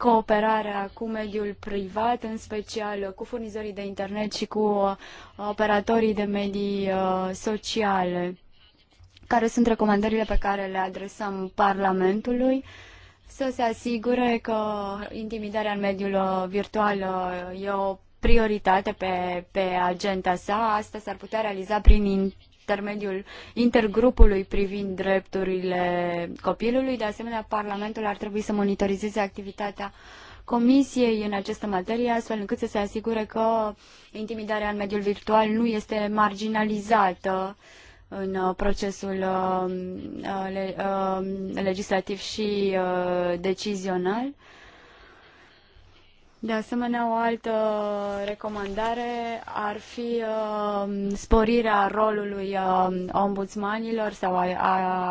[SPEAKER 1] cooperarea cu mediul privat, în special cu furnizorii de internet și cu uh, operatorii de medii uh, sociale. Care sunt recomandările pe care le adresăm Parlamentului? Să se asigure că intimidarea în mediul uh, virtual e o prioritate pe, pe agenda sa. Asta s-ar putea realiza prin intermediul intergrupului privind drepturile copilului. De asemenea, Parlamentul ar trebui să monitorizeze activitatea Comisiei în această materie, astfel încât să se asigure că intimidarea în mediul virtual nu este marginalizată în uh, procesul uh, uh, legislativ și decizional. De asemenea, o altă recomandare ar fi uh, sporirea rolului uh, ombudsmanilor sau a,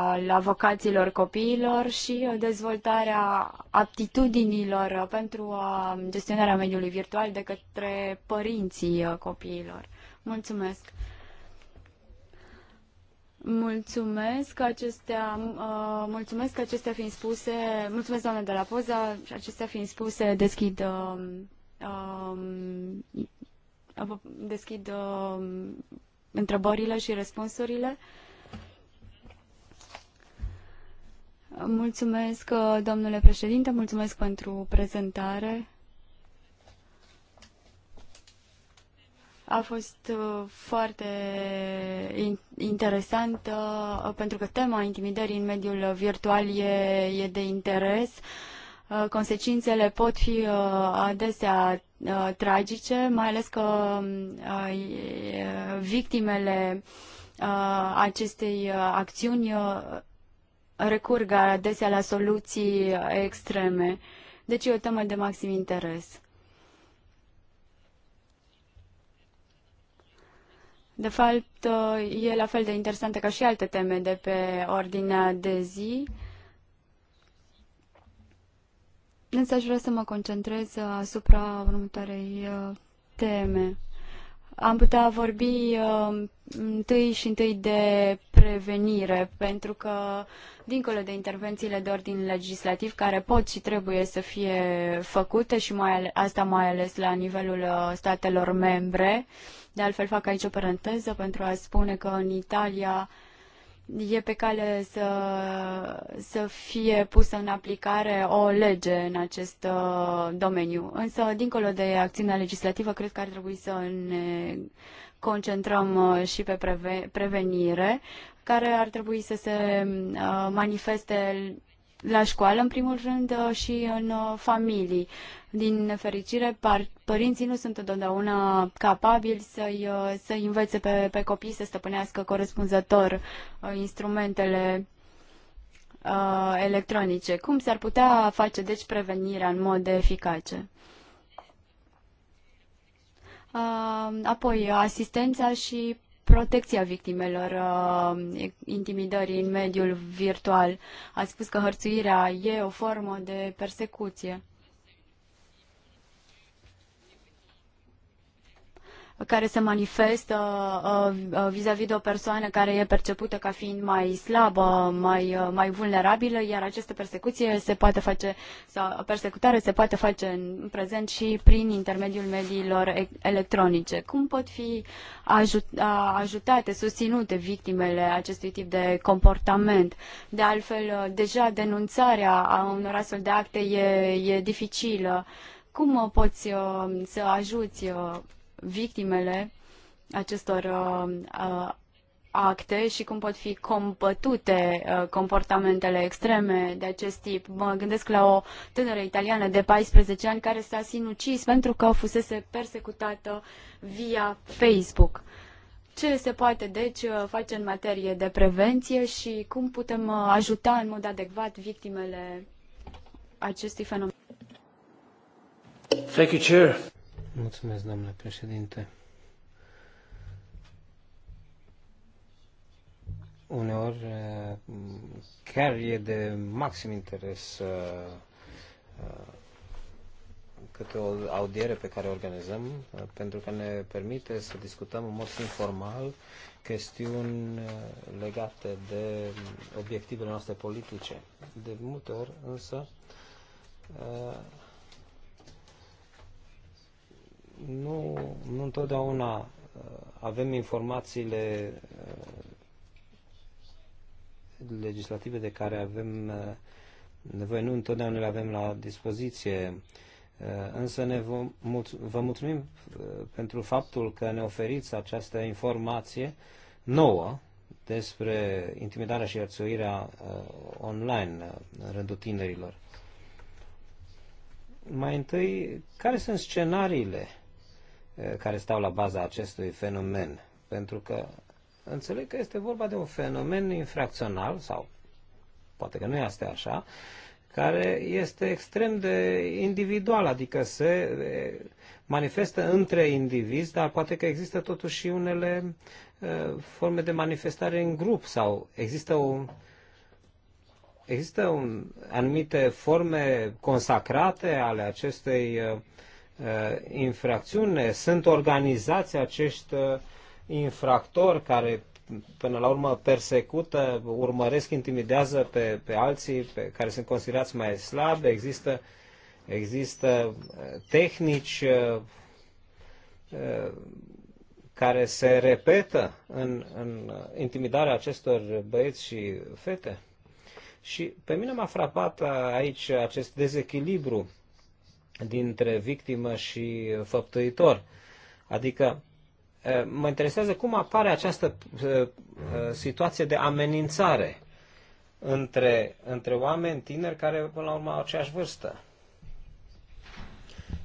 [SPEAKER 1] al avocaților copiilor și uh, dezvoltarea aptitudinilor uh, pentru uh, gestionarea mediului virtual de către părinții uh, copiilor. Mulțumesc! Mulțumesc acestea, uh, mulțumesc acestea fiind spuse, mulțumesc doamne de la poza, acestea fiind spuse, deschid uh, uh, deschid uh, întrebările și răspunsurile. Mulțumesc, uh, domnule președinte, mulțumesc pentru prezentare. a fost uh, foarte interesantă uh, pentru că tema intimidării în mediul virtual e, e de interes. Uh, consecințele pot fi adesea tragice, mai ales că um, victimele acestei acțiuni recurg adesea la soluții extreme. Deci e o temă de maxim interes. De fapt, uh, e la fel de interesantă ca și alte teme de pe ordinea de zi. Însă aș vrea să mă concentrez uh, asupra următoarei uh, teme. Am putea vorbi întâi și întâi de prevenire, pentru că, dincolo de intervențiile de ordin legislativ, care pot și trebuie să fie făcute, și mai ale, asta mai ales la nivelul uh, statelor membre, de altfel fac aici o paranteză pentru a spune că în Italia e pe cale să, să fie pusă în aplicare o lege în acest uh, domeniu. Însă, dincolo de acțiunea legislativă, cred că ar trebui să ne concentrăm uh, și pe prevenire, care ar trebui să se uh, manifeste la școală, în primul rând, uh, și în uh, familii. Din nefericire, părinții nu sunt întotdeauna capabili să-i, să învețe pe, pe copii să stăpânească corespunzător instrumentele uh, electronice. Cum s-ar putea face, deci, prevenirea în mod eficace? Uh, apoi, asistența și protecția victimelor uh, intimidării în mediul virtual. Ați spus că hărțuirea e o formă de persecuție. care se manifestă uh, uh, vis-a-vis -vis de o persoană care e percepută ca fiind mai slabă, mai, uh, mai vulnerabilă, iar această persecuție se poate face, sau persecutare se poate face în prezent și prin intermediul mediilor electronice. Cum pot fi ajut, ajutate, susținute victimele acestui tip de comportament? De altfel, deja denunțarea a unor astfel de acte e, e dificilă. Cum poți să ajuți victimele acestor uh, uh, acte și cum pot fi combătute uh, comportamentele extreme de acest tip. Mă gândesc la o tânără italiană de 14 ani care s-a sinucis pentru că fusese persecutată via Facebook. Ce se poate, deci, uh, face în materie de prevenție și cum putem uh, ajuta în mod adecvat victimele acestui fenomen? Thank you, Chair.
[SPEAKER 3] Mulțumesc, domnule președinte. Uneori eh, chiar e de maxim interes eh, câte o audiere pe care o organizăm, eh, pentru că ne permite să discutăm în mod informal chestiuni legate de obiectivele noastre politice. De multe ori, însă, nu, nu întotdeauna uh, avem informațiile uh, legislative de care avem uh, nevoie, nu întotdeauna le avem la dispoziție. Însă ne vom, vă mulțumim pentru faptul că ne oferiți această informație nouă despre intimidarea și hărțuirea online în rândul tinerilor. Mai întâi, care sunt scenariile care stau la baza acestui fenomen. Pentru că înțeleg că este vorba de un fenomen infracțional, sau poate că nu este așa, care este extrem de individual, adică se manifestă între indivizi, dar poate că există totuși și unele forme de manifestare în grup sau există o există un, anumite forme consacrate ale acestei uh, Uh, infracțiune, sunt organizați acești uh, infractori care până la urmă persecută, urmăresc, intimidează pe, pe alții pe care sunt considerați mai slabi, există, există uh, tehnici care se repetă în, în intimidarea acestor băieți și fete. Și pe mine m-a frapat aici acest dezechilibru dintre victimă și făptuitor. Adică mă interesează cum apare această situație de amenințare între, între oameni tineri care până la urmă au aceeași vârstă.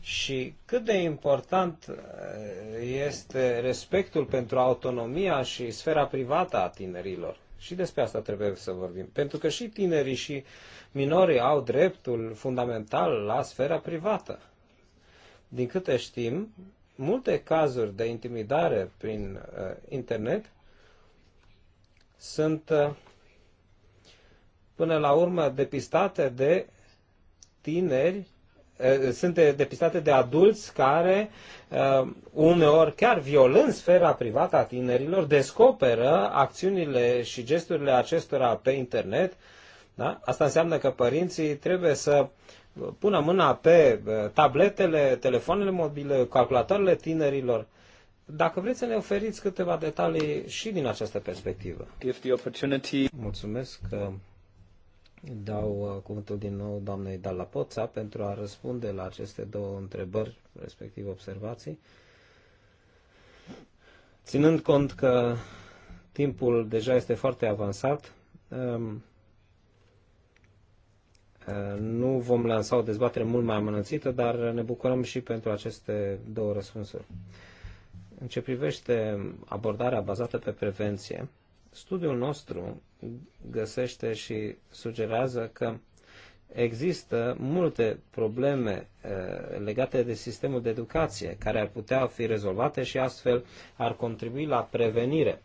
[SPEAKER 3] Și cât de important este respectul pentru autonomia și sfera privată a tinerilor. Și despre asta trebuie să vorbim. Pentru că și tinerii și uh, minorii au dreptul fundamental la sfera privată. Din câte știm, multe cazuri de intimidare prin uh, internet sunt uh, până la urmă depistate de tineri, uh, sunt depistate de adulți care uh, uneori chiar violând sfera privată a tinerilor descoperă acțiunile și gesturile acestora pe internet da? Asta înseamnă că părinții trebuie să pună mâna pe eh, tabletele, telefoanele mobile, calculatoarele tinerilor. Dacă vreți să ne oferiți câteva detalii și din această perspectivă. Give the opportunity. Mulțumesc că dau eh, cuvântul din nou doamnei Dalla Poța pentru a răspunde la aceste două întrebări, respectiv observații. Ținând cont că timpul deja este foarte avansat, ehm, nu vom lansa o dezbatere mult mai amănânțită, dar ne bucurăm și pentru aceste două răspunsuri. În ce privește abordarea bazată pe prevenție, studiul nostru găsește și sugerează că există multe probleme eh, legate de sistemul de educație care ar putea fi rezolvate și astfel ar contribui la prevenire.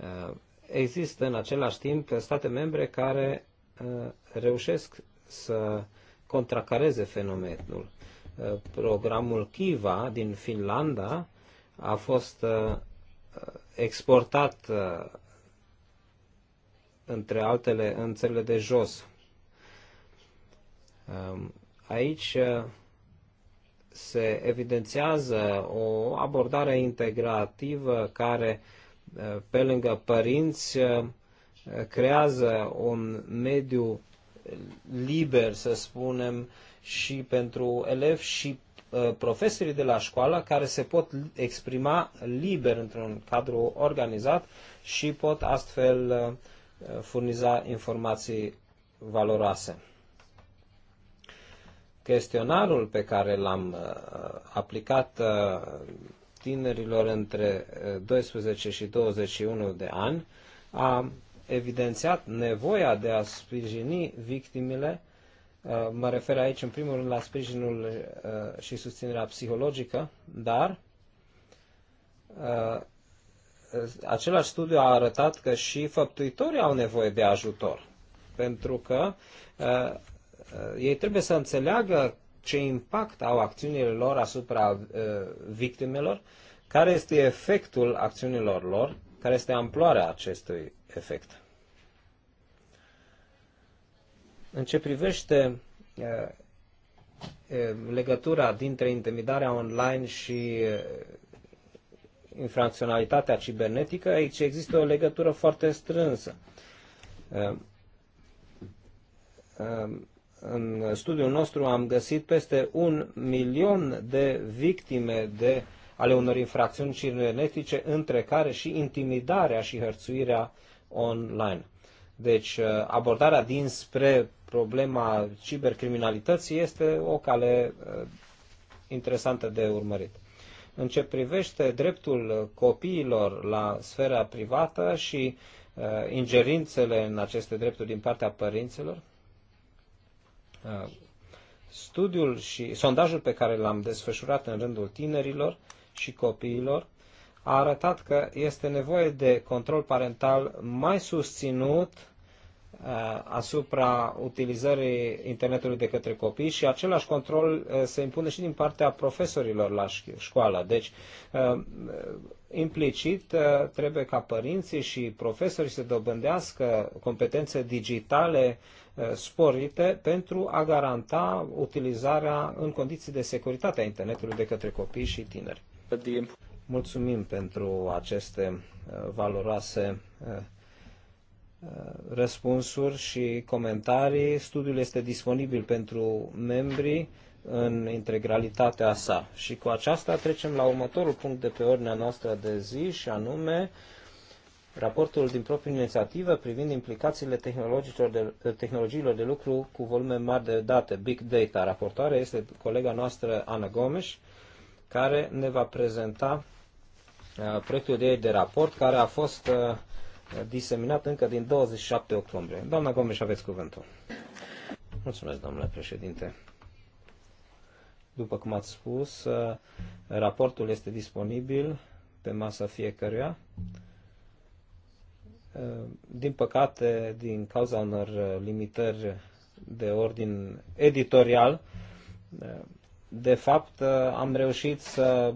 [SPEAKER 3] Eh, există în același timp state membre care Uh, reușesc să contracareze fenomenul. Uh, programul Kiva din Finlanda a fost uh, exportat între altele în țările de jos. Um, aici se evidențiază o abordare integrativă care, pe lângă părinți, creează un mediu liber, să spunem, și pentru elevi și uh, profesorii de la școală care se pot exprima liber într-un cadru organizat și pot astfel uh, furniza informații valoroase. Chestionarul pe care l-am uh, aplicat tinerilor între 12 și 21 de ani a evidențiat nevoia de a sprijini victimele. Uh, mă refer aici în primul rând la sprijinul uh, și susținerea psihologică, dar uh, același studiu a arătat că și făptuitorii au nevoie de ajutor, pentru că ei trebuie să înțeleagă ce impact au acțiunile lor asupra victimelor, care este efectul acțiunilor lor care este amploarea acestui efect. În ce privește eh, eh, legătura dintre intimidarea online și eh, infracționalitatea cibernetică, aici există o legătură foarte strânsă. În studiul nostru am găsit peste un milion de victime de ale unor infracțiuni cibernetice, între care și intimidarea și hărțuirea online. Deci uh, abordarea dinspre problema cibercriminalității este o cale uh, interesantă de urmărit. În ce privește dreptul copiilor la sfera privată și uh, ingerințele în aceste drepturi din partea părinților, uh, studiul și sondajul pe care l-am desfășurat în rândul tinerilor și copiilor, a arătat că este nevoie de control parental mai susținut uh, asupra utilizării internetului de către copii și același control uh, se impune și din partea profesorilor la școală. Deci, uh, implicit, trebuie ca părinții și profesorii să dobândească competențe digitale sporite pentru a garanta utilizarea în condiții de securitate a internetului de către copii și tineri. Mulțumim pentru aceste uh, valoroase uh, uh, răspunsuri și comentarii. Studiul este disponibil pentru membrii în integralitatea sa. Și cu aceasta trecem la următorul punct de pe ordinea noastră de zi și anume raportul din proprie inițiativă privind implicațiile tehnologiilor de, tehnologiilor de lucru cu volume mari de date, Big Data. Raportoarea este colega noastră Ana Gomes care ne va prezenta uh, proiectul de ei de raport care a fost uh, diseminat încă din 27 octombrie. Doamna Gomes, aveți cuvântul. Mulțumesc, domnule președinte. După cum ați spus, uh, raportul este disponibil pe masa fiecăruia. Din păcate, din cauza unor limitări de ordin editorial, de fapt, uh, am reușit să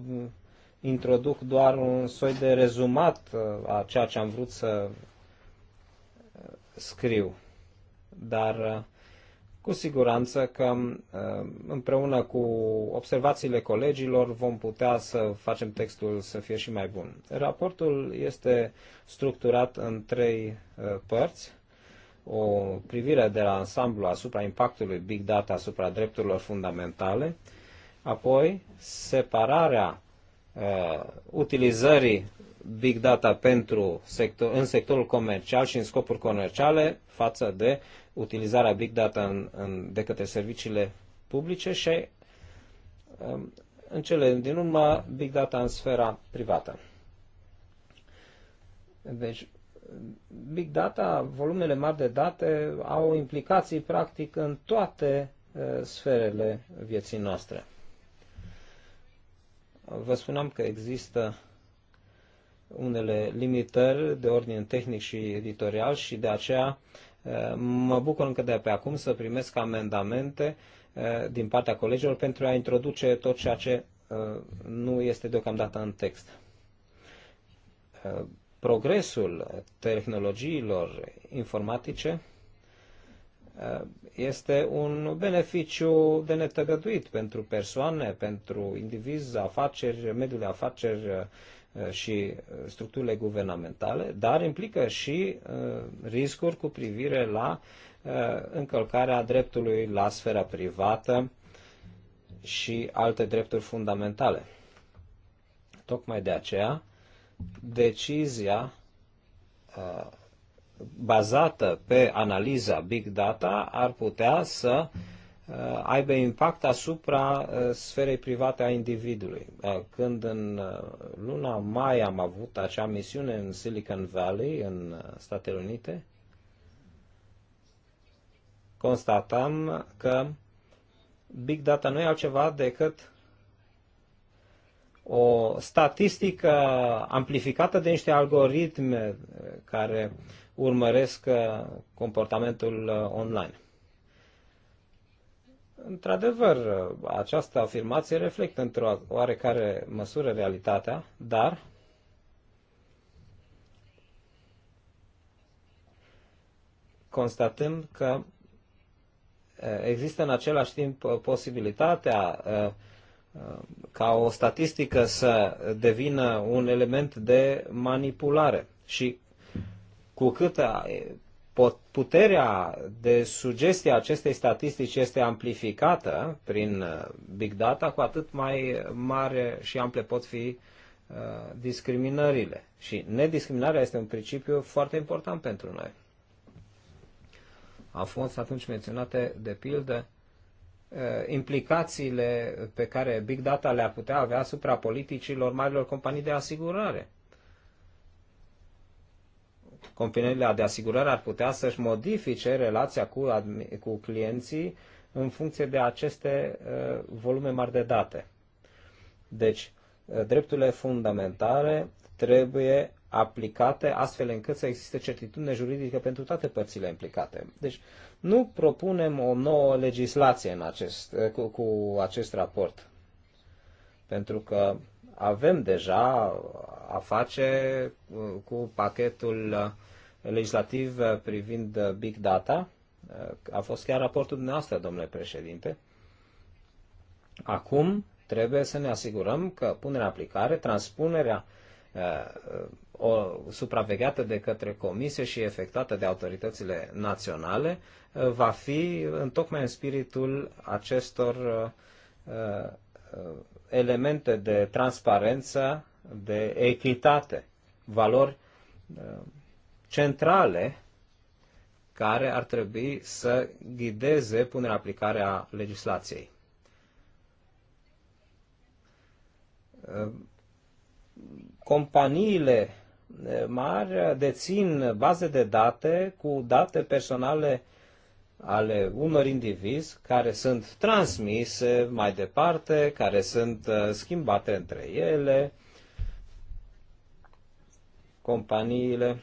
[SPEAKER 3] introduc doar un soi de rezumat uh, a ceea ce am vrut să uh, scriu. Dar cu siguranță că împreună cu observațiile colegilor vom putea să facem textul să fie și mai bun. Raportul este structurat în trei părți. O privire de la ansamblu asupra impactului Big Data asupra drepturilor fundamentale, Apoi, separarea uh, utilizării big data pentru sector, în sectorul comercial și în scopuri comerciale față de utilizarea big data în, în, de către serviciile publice și um, în cele din urmă big data în sfera privată. Deci, big data, volumele mari de date au implicații practic în toate uh, sferele vieții noastre vă spuneam că există unele limitări de ordin tehnic și editorial și de aceea eh, mă bucur încă de pe acum să primesc amendamente eh, din partea colegilor pentru a introduce tot ceea ce eh, nu este deocamdată în text. Progresul tehnologiilor informatice Eh, este un beneficiu de netăgăduit pentru persoane, pentru indivizi, afaceri, mediul de afaceri eh, și structurile guvernamentale, dar implică și eh, riscuri cu privire la încălcarea dreptului la sfera privată și alte drepturi fundamentale. Tocmai de aceea, decizia bazată pe analiza big data ar putea să uh, aibă impact asupra uh, sferei private a individului. Uh, când în luna mai am avut acea misiune în Silicon Valley, în Statele Unite, constatam că big data nu e altceva decât o statistică amplificată de niște algoritme care uh, urmăresc uh, comportamentul uh, online. Într-adevăr, uh, această afirmație reflectă într-o oarecare măsură realitatea, dar constatăm că există în același timp posibilitatea ca o statistică să devină un element de manipulare. Și cu cât puterea de sugestie a acestei statistici este amplificată prin uh, big data, cu atât mai mare și ample pot fi uh, discriminările. Și nediscriminarea este un principiu foarte important pentru noi. Au fost atunci menționate, de pildă, uh, implicațiile pe care big data le-ar putea avea asupra politicilor marilor companii de asigurare companiile de asigurare ar putea să-și modifice relația cu, cu clienții în funcție de aceste uh, volume mari de date. Deci, uh, drepturile fundamentale trebuie aplicate astfel încât să existe certitudine juridică pentru toate părțile implicate. Deci, nu propunem o nouă legislație în acest, uh, cu, cu acest raport, pentru că avem deja a face uh, cu pachetul uh, legislativ uh, privind Big Data. A fost chiar raportul dumneavoastră, domnule președinte. Acum trebuie să ne asigurăm că punerea în aplicare, transpunerea o, supravegheată de către comisie și efectuată de autoritățile naționale, va fi tocmai în spiritul acestor elemente de transparență, de echitate, valori uh, centrale care ar trebui să ghideze punerea aplicare a legislației. Uh, companiile uh, mari dețin baze de date cu date personale uh, ale unor indivizi care sunt transmise mai departe, care sunt uh, schimbate între ele, companiile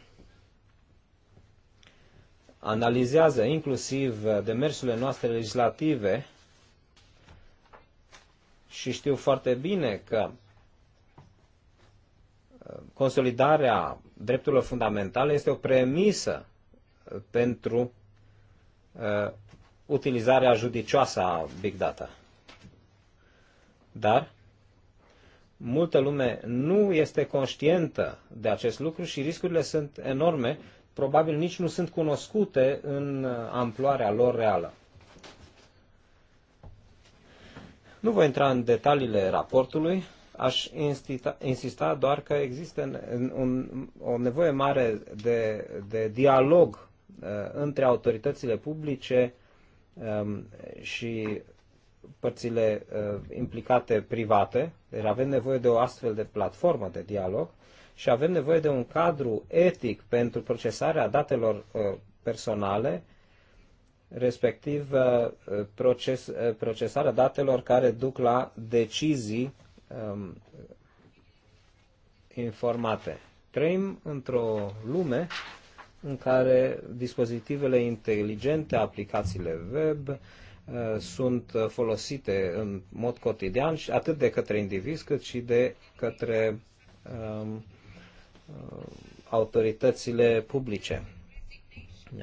[SPEAKER 3] analizează inclusiv uh, demersurile noastre legislative și știu foarte bine că uh, consolidarea drepturilor fundamentale este o premisă pentru uh, utilizarea judicioasă a Big Data. Dar multă lume nu este conștientă de acest lucru și riscurile sunt enorme, probabil nici nu sunt cunoscute în uh, amploarea lor reală. Nu voi intra în detaliile raportului, aș insista, insista doar că există un, un, o nevoie mare de, de dialog Uh, între autoritățile publice um, și părțile uh, implicate private. Deci avem nevoie de o astfel de platformă de dialog și avem nevoie de un cadru etic pentru procesarea datelor uh, personale, respectiv proces, procesarea datelor care duc la decizii um, informate. Trăim într-o lume în care dispozitivele inteligente, aplicațiile web, uh, sunt folosite în mod cotidian și atât de către indivizi cât și de către um, uh, autoritățile publice.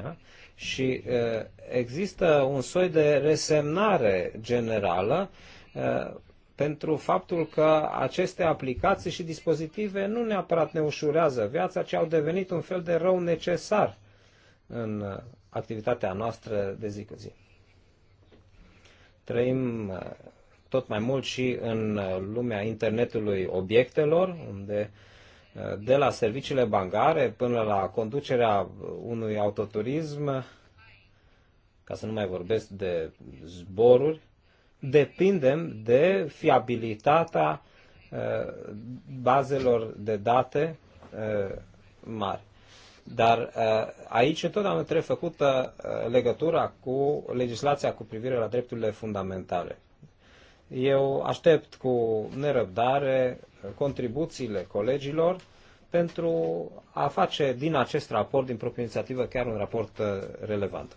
[SPEAKER 3] Da? Și uh, există un soi de resemnare generală uh, pentru faptul că aceste aplicații și dispozitive nu neapărat ne ușurează viața, ci au devenit un fel de rău necesar în activitatea noastră de zi cu zi. Trăim uh, tot mai mult și în uh, lumea internetului obiectelor, unde uh, de la serviciile bancare până la conducerea unui autoturism, ca să nu mai vorbesc de zboruri, depindem de fiabilitatea uh, bazelor de date uh, mari. Dar uh, aici întotdeauna trebuie făcută legătura cu legislația cu privire la drepturile fundamentale. Eu aștept cu nerăbdare contribuțiile colegilor pentru a face din acest raport, din proprie inițiativă, chiar un raport relevant.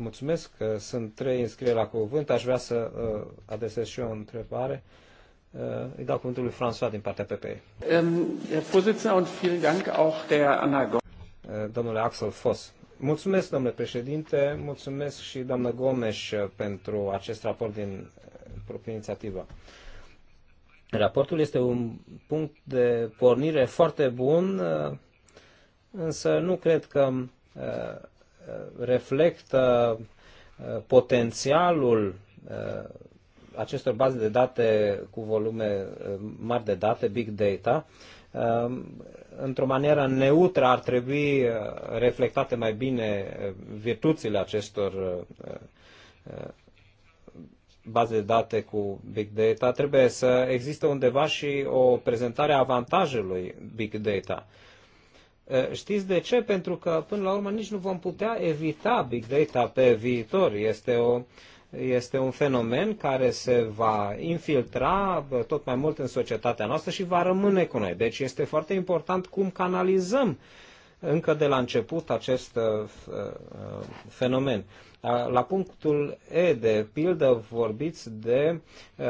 [SPEAKER 3] Mulțumesc că sunt trei înscrieri la cuvânt. Aș vrea să uh, adresez și eu o întrebare. Uh, îi dau cuvântul lui François din partea PPE. Um, uh, Domnule Axel Foss. Mulțumesc, domnule președinte, mulțumesc și doamnă Gomes uh, pentru acest raport din uh, proprie inițiativă. Raportul este un punct de pornire foarte bun, uh, însă nu cred că Uh, reflectă uh, potențialul uh, acestor baze de date cu volume mari de date, big data, într-o manieră neutră ar trebui reflectate mai bine virtuțile acestor baze de date cu big data. Trebuie să existe undeva și o prezentare a avantajului big data. Știți de ce? Pentru că, până la urmă, nici nu vom putea evita big data pe viitor. Este, o, este un fenomen care se va infiltra tot mai mult în societatea noastră și va rămâne cu noi. Deci este foarte important cum canalizăm uh, încă de la început acest uh, uh, fenomen. La punctul E, de pildă, vorbiți de uh,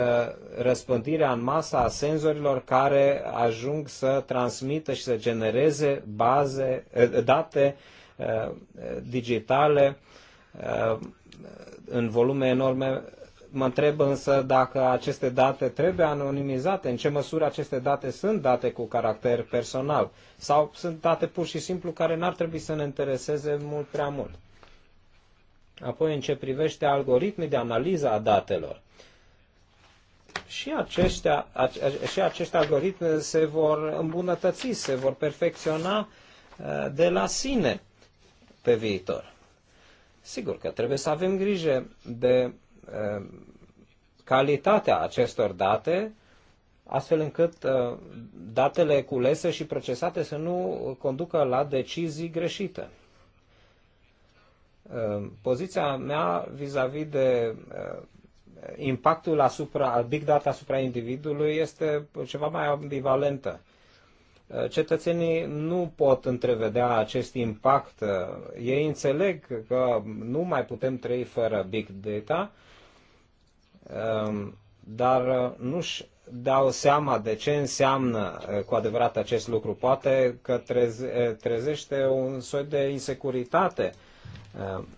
[SPEAKER 3] răspândirea în masă a senzorilor care ajung să transmită și să genereze baze, uh, date uh, digitale uh, în volume enorme Mă întreb însă dacă aceste date trebuie anonimizate, în ce măsură aceste date sunt date cu caracter personal sau sunt date pur și simplu care n-ar trebui să ne intereseze mult prea mult. Apoi, în ce privește algoritmii de analiză a datelor, și aceștia, și acești algoritmi se vor îmbunătăți, se vor perfecționa uh, de la sine pe viitor. Sigur că trebuie să avem grijă de Uh, calitatea acestor date, astfel încât uh, datele culese și procesate să nu conducă la decizii greșite. Uh, poziția mea vis-a-vis -vis de impactul asupra, al big data asupra individului este ceva mai ambivalentă. Cetățenii nu pot întrevedea acest impact. Ei înțeleg că nu mai putem trăi fără big data, Ehm, dar uh, nu-și dau seama de ce înseamnă uh, cu adevărat acest lucru. Poate că uh, trezește un soi de insecuritate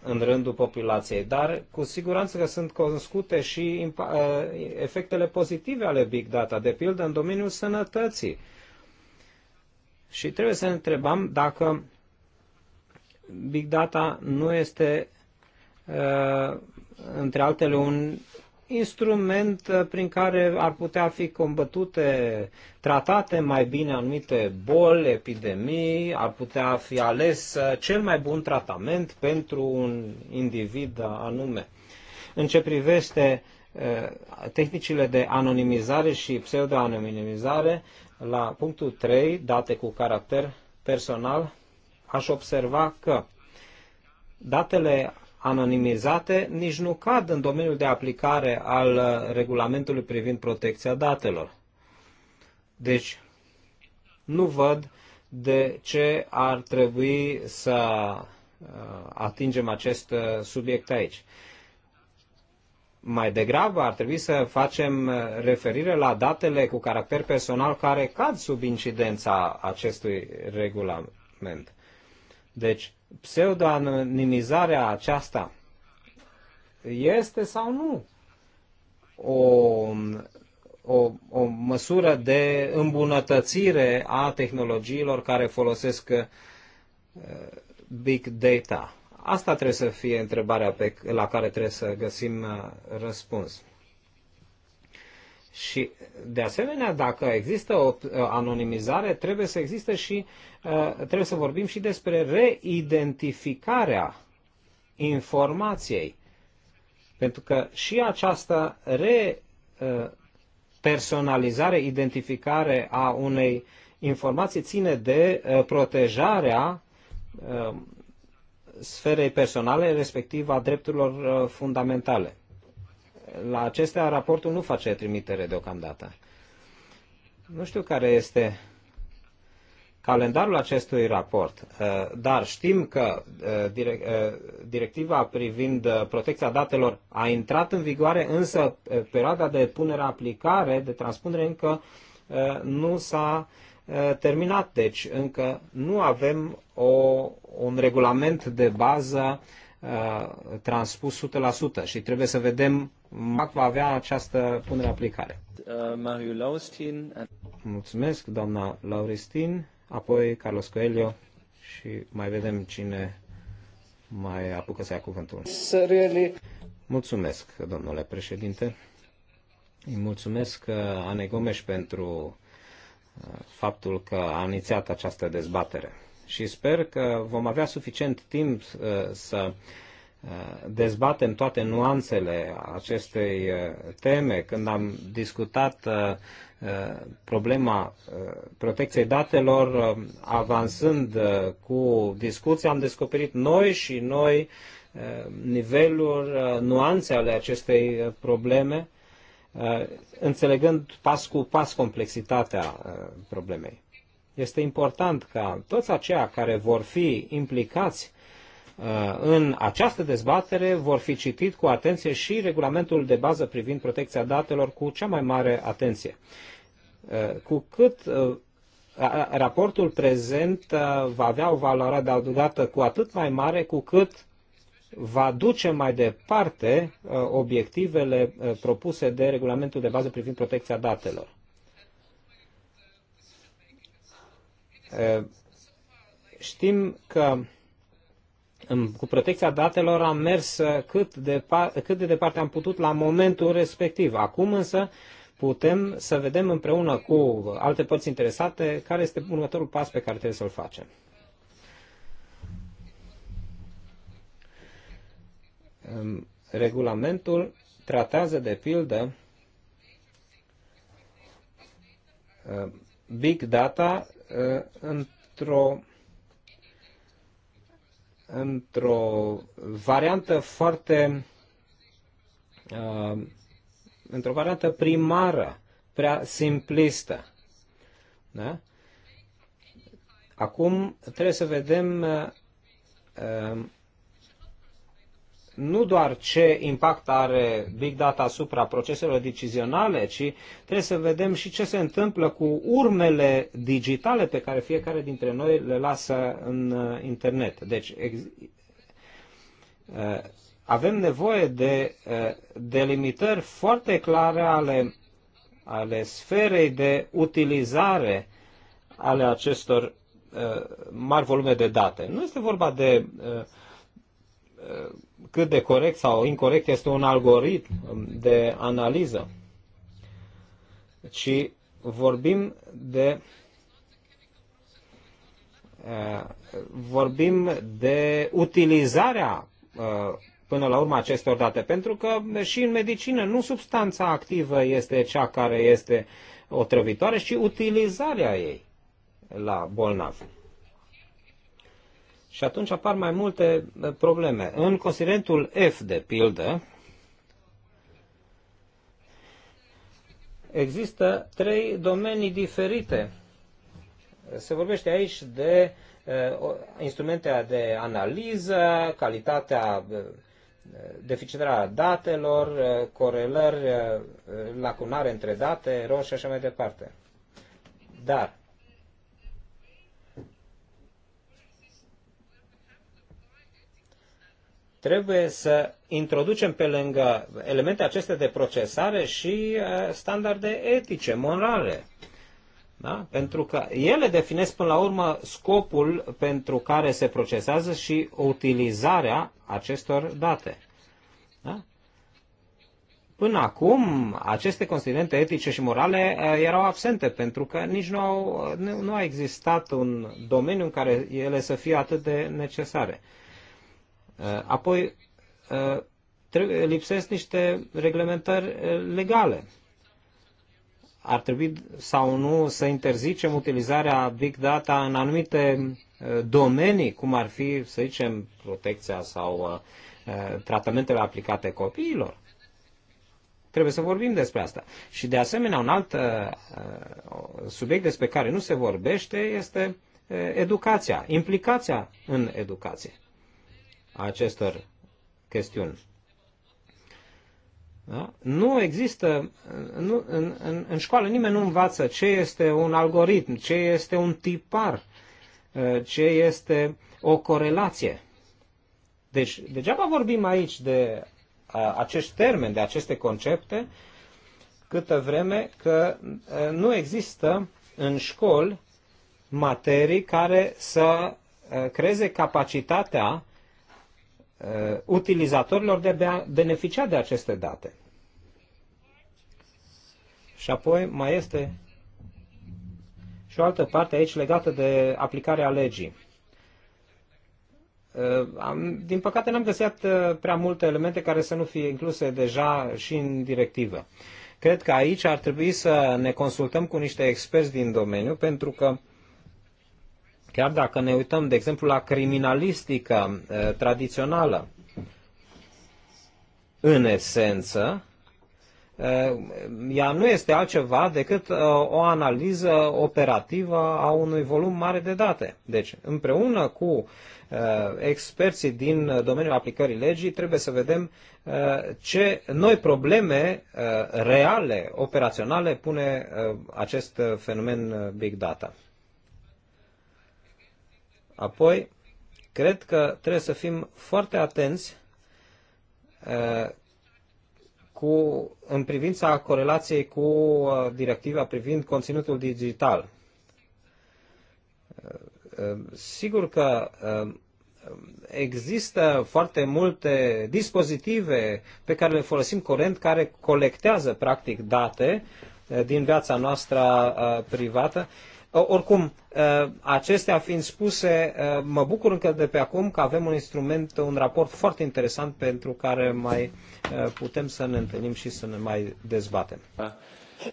[SPEAKER 3] în rândul populației, dar cu siguranță că sunt cunoscute și efectele pozitive ale Big Data, de pildă în domeniul sănătății. Și trebuie să ne întrebăm dacă Big Data nu este, între altele, un instrument uh, prin care ar putea fi combătute, tratate mai bine anumite boli, epidemii, ar putea fi ales uh, cel mai bun tratament pentru un individ anume. În ce privește uh, tehnicile de anonimizare și pseudo-anonimizare, la punctul 3, date cu caracter personal, aș observa că datele anonimizate nici nu cad în domeniul de aplicare al regulamentului privind protecția datelor. Deci, nu văd de ce ar trebui să uh, atingem acest uh, subiect aici. Mai degrabă ar trebui să facem uh, referire la datele cu caracter personal care cad sub incidența acestui regulament. Deci, pseudonimizarea aceasta este sau nu o, o, o măsură de îmbunătățire a tehnologiilor care folosesc uh, big data? Asta trebuie să fie întrebarea pe, la care trebuie să găsim uh, răspuns. Și, de asemenea, dacă există o uh, anonimizare, trebuie să existe și, uh, trebuie să vorbim și despre reidentificarea informației. Pentru că și această repersonalizare, identificare a unei informații ține de uh, protejarea sferei personale, respectiv a drepturilor fundamentale la acestea raportul nu face trimitere deocamdată. Nu știu care este calendarul acestui raport, uh, dar știm că uh, uh, directiva privind protecția datelor a intrat în vigoare, însă perioada de punere aplicare, de transpunere încă nu s-a terminat, deci încă nu avem o, un regulament de bază Uh, transpus 100% și trebuie să vedem cum va avea această punere aplicare. Uh, mulțumesc, doamna Lauristin, apoi Carlos Coelho și mai vedem cine mai apucă să ia cuvântul. Mulțumesc, domnule președinte. Îi mulțumesc uh, Anei Gomes pentru faptul că a inițiat această dezbatere și sper că vom avea suficient timp uh, să uh, dezbatem toate nuanțele acestei uh, teme. Când am discutat problema protecției datelor, avansând cu discuții, am descoperit noi și noi niveluri, nuanțe ale acestei probleme, înțelegând pas cu pas complexitatea problemei. Este important ca toți aceia care vor fi implicați uh, în această dezbatere vor fi citit cu atenție și regulamentul de bază privind protecția datelor cu cea mai mare atenție. Uh, cu cât uh, raportul prezent va avea o valoare adăugată cu atât mai mare, cu cât va duce mai departe obiectivele propuse de regulamentul de bază privind protecția datelor. Știm că cu protecția datelor am mers cât de, cât de departe am putut la momentul respectiv. Acum însă putem să vedem împreună cu alte părți interesate care este următorul pas pe care trebuie să-l facem. Regulamentul tratează de pildă big data Uh, într-o într-o variantă foarte uh, într-o variantă primară, prea simplistă. Da? Acum trebuie să vedem uh, nu doar ce impact are big data asupra proceselor decizionale, ci trebuie să vedem și ce se întâmplă cu urmele digitale pe care fiecare dintre noi le lasă în uh, internet. Deci uh, avem nevoie de uh, delimitări foarte clare ale, ale sferei de utilizare ale acestor mari volume de date. Nu este vorba de cât de corect sau incorect este un algoritm de analiză, ci vorbim de eh, vorbim de utilizarea eh, până la urmă acestor date, pentru că și în medicină nu substanța activă este cea care este otrăvitoare, ci utilizarea ei la bolnavi. Și atunci apar mai multe eh, probleme. În considerentul F, de pildă, există trei domenii diferite. Se vorbește aici de uh, eh, instrumente de analiză, calitatea, uh, deficitarea datelor, uh, corelări lacunare între date, erori și așa mai departe. Dar Trebuie să introducem pe lângă elemente acestea de procesare și uh, standarde etice, morale. Da? Pentru că ele definesc până la urmă scopul pentru care se procesează și utilizarea acestor date. Da? Până acum, aceste considerente etice și morale uh, erau absente, pentru că nici nu, au, nu, nu a existat un domeniu în care ele să fie atât de necesare. Uh, apoi, uh, lipsesc niște reglementări uh, legale. Ar trebui sau nu să interzicem utilizarea big data în anumite domenii, cum ar fi, să zicem, protecția sau tratamentele aplicate copiilor. Trebuie să vorbim despre asta. Și de asemenea, un alt subiect despre care nu se vorbește este educația, implicația în educație acestor chestiuni. Da? Nu există, nu, în, în, în școală nimeni nu învață ce este un algoritm, ce este un tipar, eh, ce este o corelație. Deci, degeaba vorbim aici de eh, acești termeni, de aceste concepte, câtă vreme că eh, nu există în școli materii care să creeze capacitatea Uh, utilizatorilor de a beneficia de aceste date. Și apoi mai este și o altă parte aici legată de aplicarea legii. Uh, am, din păcate n-am găsit uh, prea multe elemente care să nu fie incluse deja și în directivă. Cred că aici ar trebui să ne consultăm cu niște experți din domeniu, pentru că Chiar dacă ne uităm, de exemplu, la criminalistică eh, tradițională, în esență, eh, ea nu este altceva decât eh, o analiză operativă a unui volum mare de date. Deci, împreună cu experții din domeniul aplicării legii, trebuie să vedem ce noi probleme reale, operaționale, pune acest fenomen big data. Apoi, cred că trebuie să fim foarte atenți uh, cu, în privința corelației cu uh, directiva privind conținutul digital. sigur că există foarte multe dispozitive pe care le folosim curent care colectează practic date din viața noastră privată oricum, ă, acestea fiind spuse, ă, mă bucur încă de pe acum că avem un instrument, un raport foarte interesant pentru care mai ă, putem să ne întâlnim și să ne mai dezbatem. Da.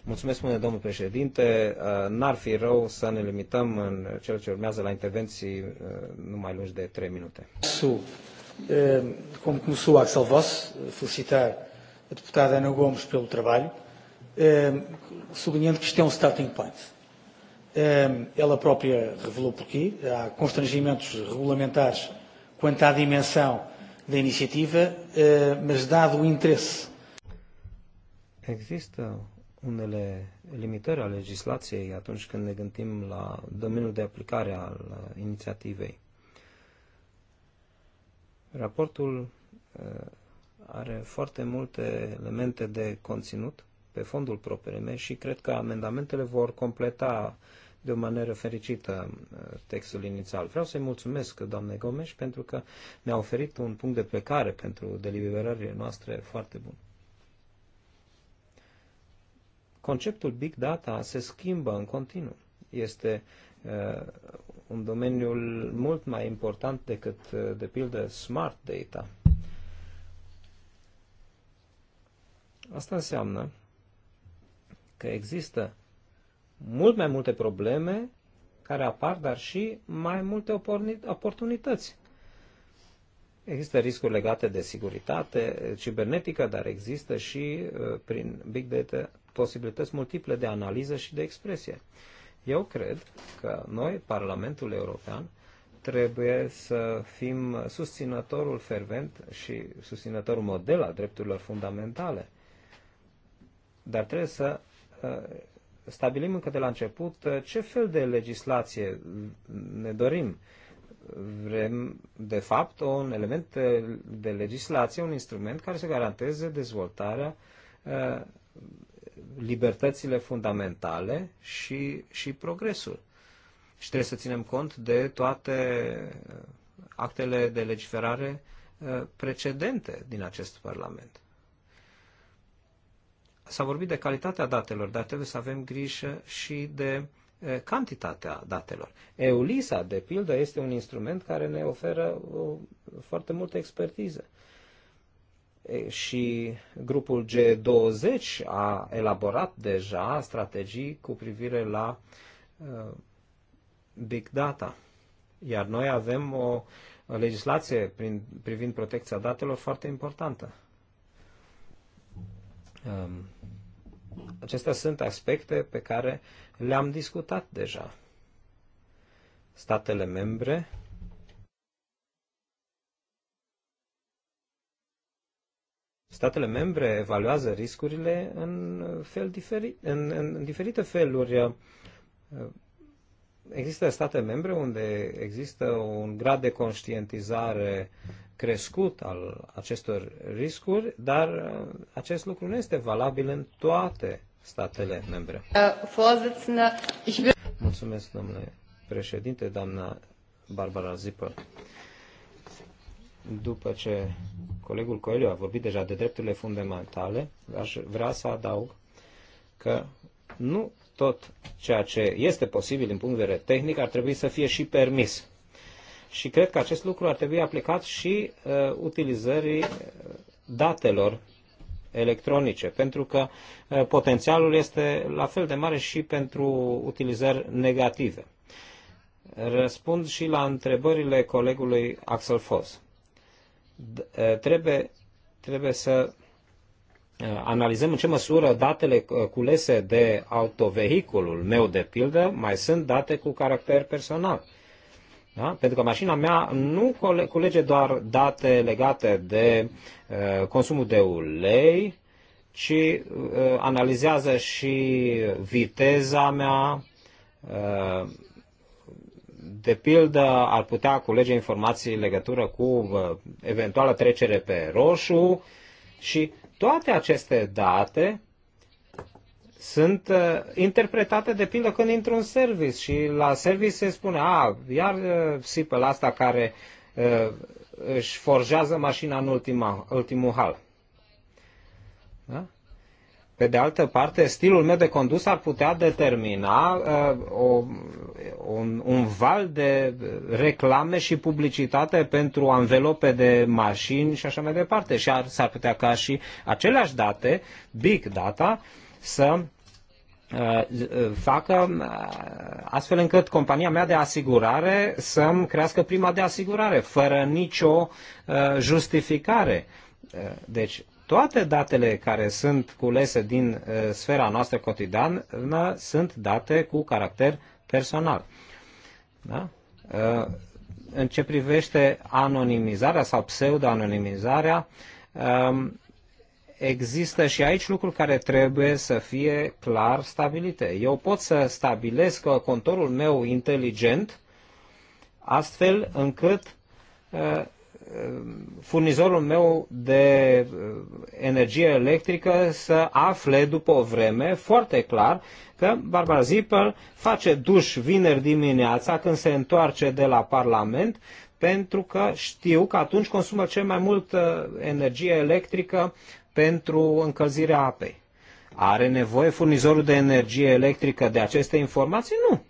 [SPEAKER 3] Mulțumesc, spune domnul președinte. N-ar fi rău să ne limităm în cel ce urmează la intervenții nu mai lungi de 3 minute. Cum começou Axel Voss, felicitar deputada Ana Gomes pelo trabalho, sublinhando que este é um starting point Ela própria revelou porquê. Há constrangimentos regulamentares quanto à dimensão da inițiativă, mas dado o interesse. Există unele limitări ale legislației atunci când ne gândim la domeniul de aplicare al inițiativei. Raportul are foarte multe elemente de conținut pe fondul propriei mele și cred că amendamentele vor completa uh, de o manieră fericită uh, textul inițial. Vreau să-i mulțumesc, doamne Gomes, pentru că ne-a oferit un punct de plecare pentru deliberările noastre foarte bun. Conceptul Big Data se schimbă în continuu. Este uh, un domeniu mult mai important decât, uh, de pildă, smart data. Asta înseamnă că există mult mai multe probleme care apar, dar și mai multe oportunități. Există riscuri legate de securitate cibernetică, dar există și uh, prin big data posibilități multiple de analiză și de expresie. Eu cred că noi, Parlamentul European, trebuie să fim susținătorul fervent și susținătorul model al drepturilor fundamentale. Dar trebuie să uh, stabilim încă de la început uh, ce fel de legislație ne dorim. Vrem, de fapt, un element uh, de legislație, un instrument care să garanteze dezvoltarea uh, libertățile fundamentale și, și progresul. Și trebuie să ținem cont de toate actele de legiferare precedente din acest Parlament. S-a vorbit de calitatea datelor, dar trebuie să avem grijă și de cantitatea datelor. EULISA, de pildă, este un instrument care ne oferă o, foarte multă expertiză. Și grupul G20 a elaborat deja strategii cu privire la uh, big data. Iar noi avem o legislație prin, privind protecția datelor foarte importantă. Um, Acestea sunt aspecte pe care le-am discutat deja. Statele membre Statele membre evaluează riscurile în, fel diferi, în, în diferite feluri. Există state membre unde există un grad de conștientizare crescut al acestor riscuri, dar uh, acest lucru nu este valabil în toate statele membre. Mulțumesc, domnule președinte, doamna Barbara Zipă. După ce colegul Coelho a vorbit deja de drepturile fundamentale, aș vrea să adaug că nu tot ceea ce este posibil din punct de vedere tehnic ar trebui să fie și permis și cred că acest lucru ar trebui aplicat și uh, utilizării uh, datelor electronice, pentru că uh, potențialul este la fel de mare și pentru utilizări negative. Răspund și la întrebările colegului Axel Foss. D- uh, trebuie, trebuie să uh, analizăm în ce măsură datele culese de autovehiculul meu, de pildă, mai sunt date cu caracter personal. Da? Pentru că mașina mea nu culege doar date legate de uh, consumul de ulei, ci uh, analizează și viteza mea, uh, de pildă, ar putea culege informații în legătură cu uh, eventuală trecere pe roșu și toate aceste date sunt uh, interpretate de pildă când intru în service și la service se spune, a, iar uh, sipăl asta care uh, își forjează mașina în ultima, ultimul hal. Da? Pe de altă parte, stilul meu de condus ar putea determina uh, o, un, un val de reclame și publicitate pentru anvelope de mașini și așa mai departe. Și ar, s-ar putea ca și aceleași date, big data, uh, să uh, facă uh, astfel încât compania mea de asigurare să-mi crească prima de asigurare, fără nicio uh, justificare. Deci, toate datele care sunt culese din sfera noastră cotidiană sunt date cu caracter personal. Da? În ce privește anonimizarea sau pseudo-anonimizarea, um, există și aici lucruri care trebuie să fie clar stabilite. Eu pot să stabilesc uh, contorul meu inteligent astfel încât uh, uh, furnizorul meu de energie electrică să afle după o vreme foarte clar că Barbara Zipper face duș vineri dimineața când se întoarce de la Parlament pentru că știu că atunci consumă cel mai mult energie electrică pentru încălzirea apei. Are nevoie furnizorul de energie electrică de aceste informații? Nu.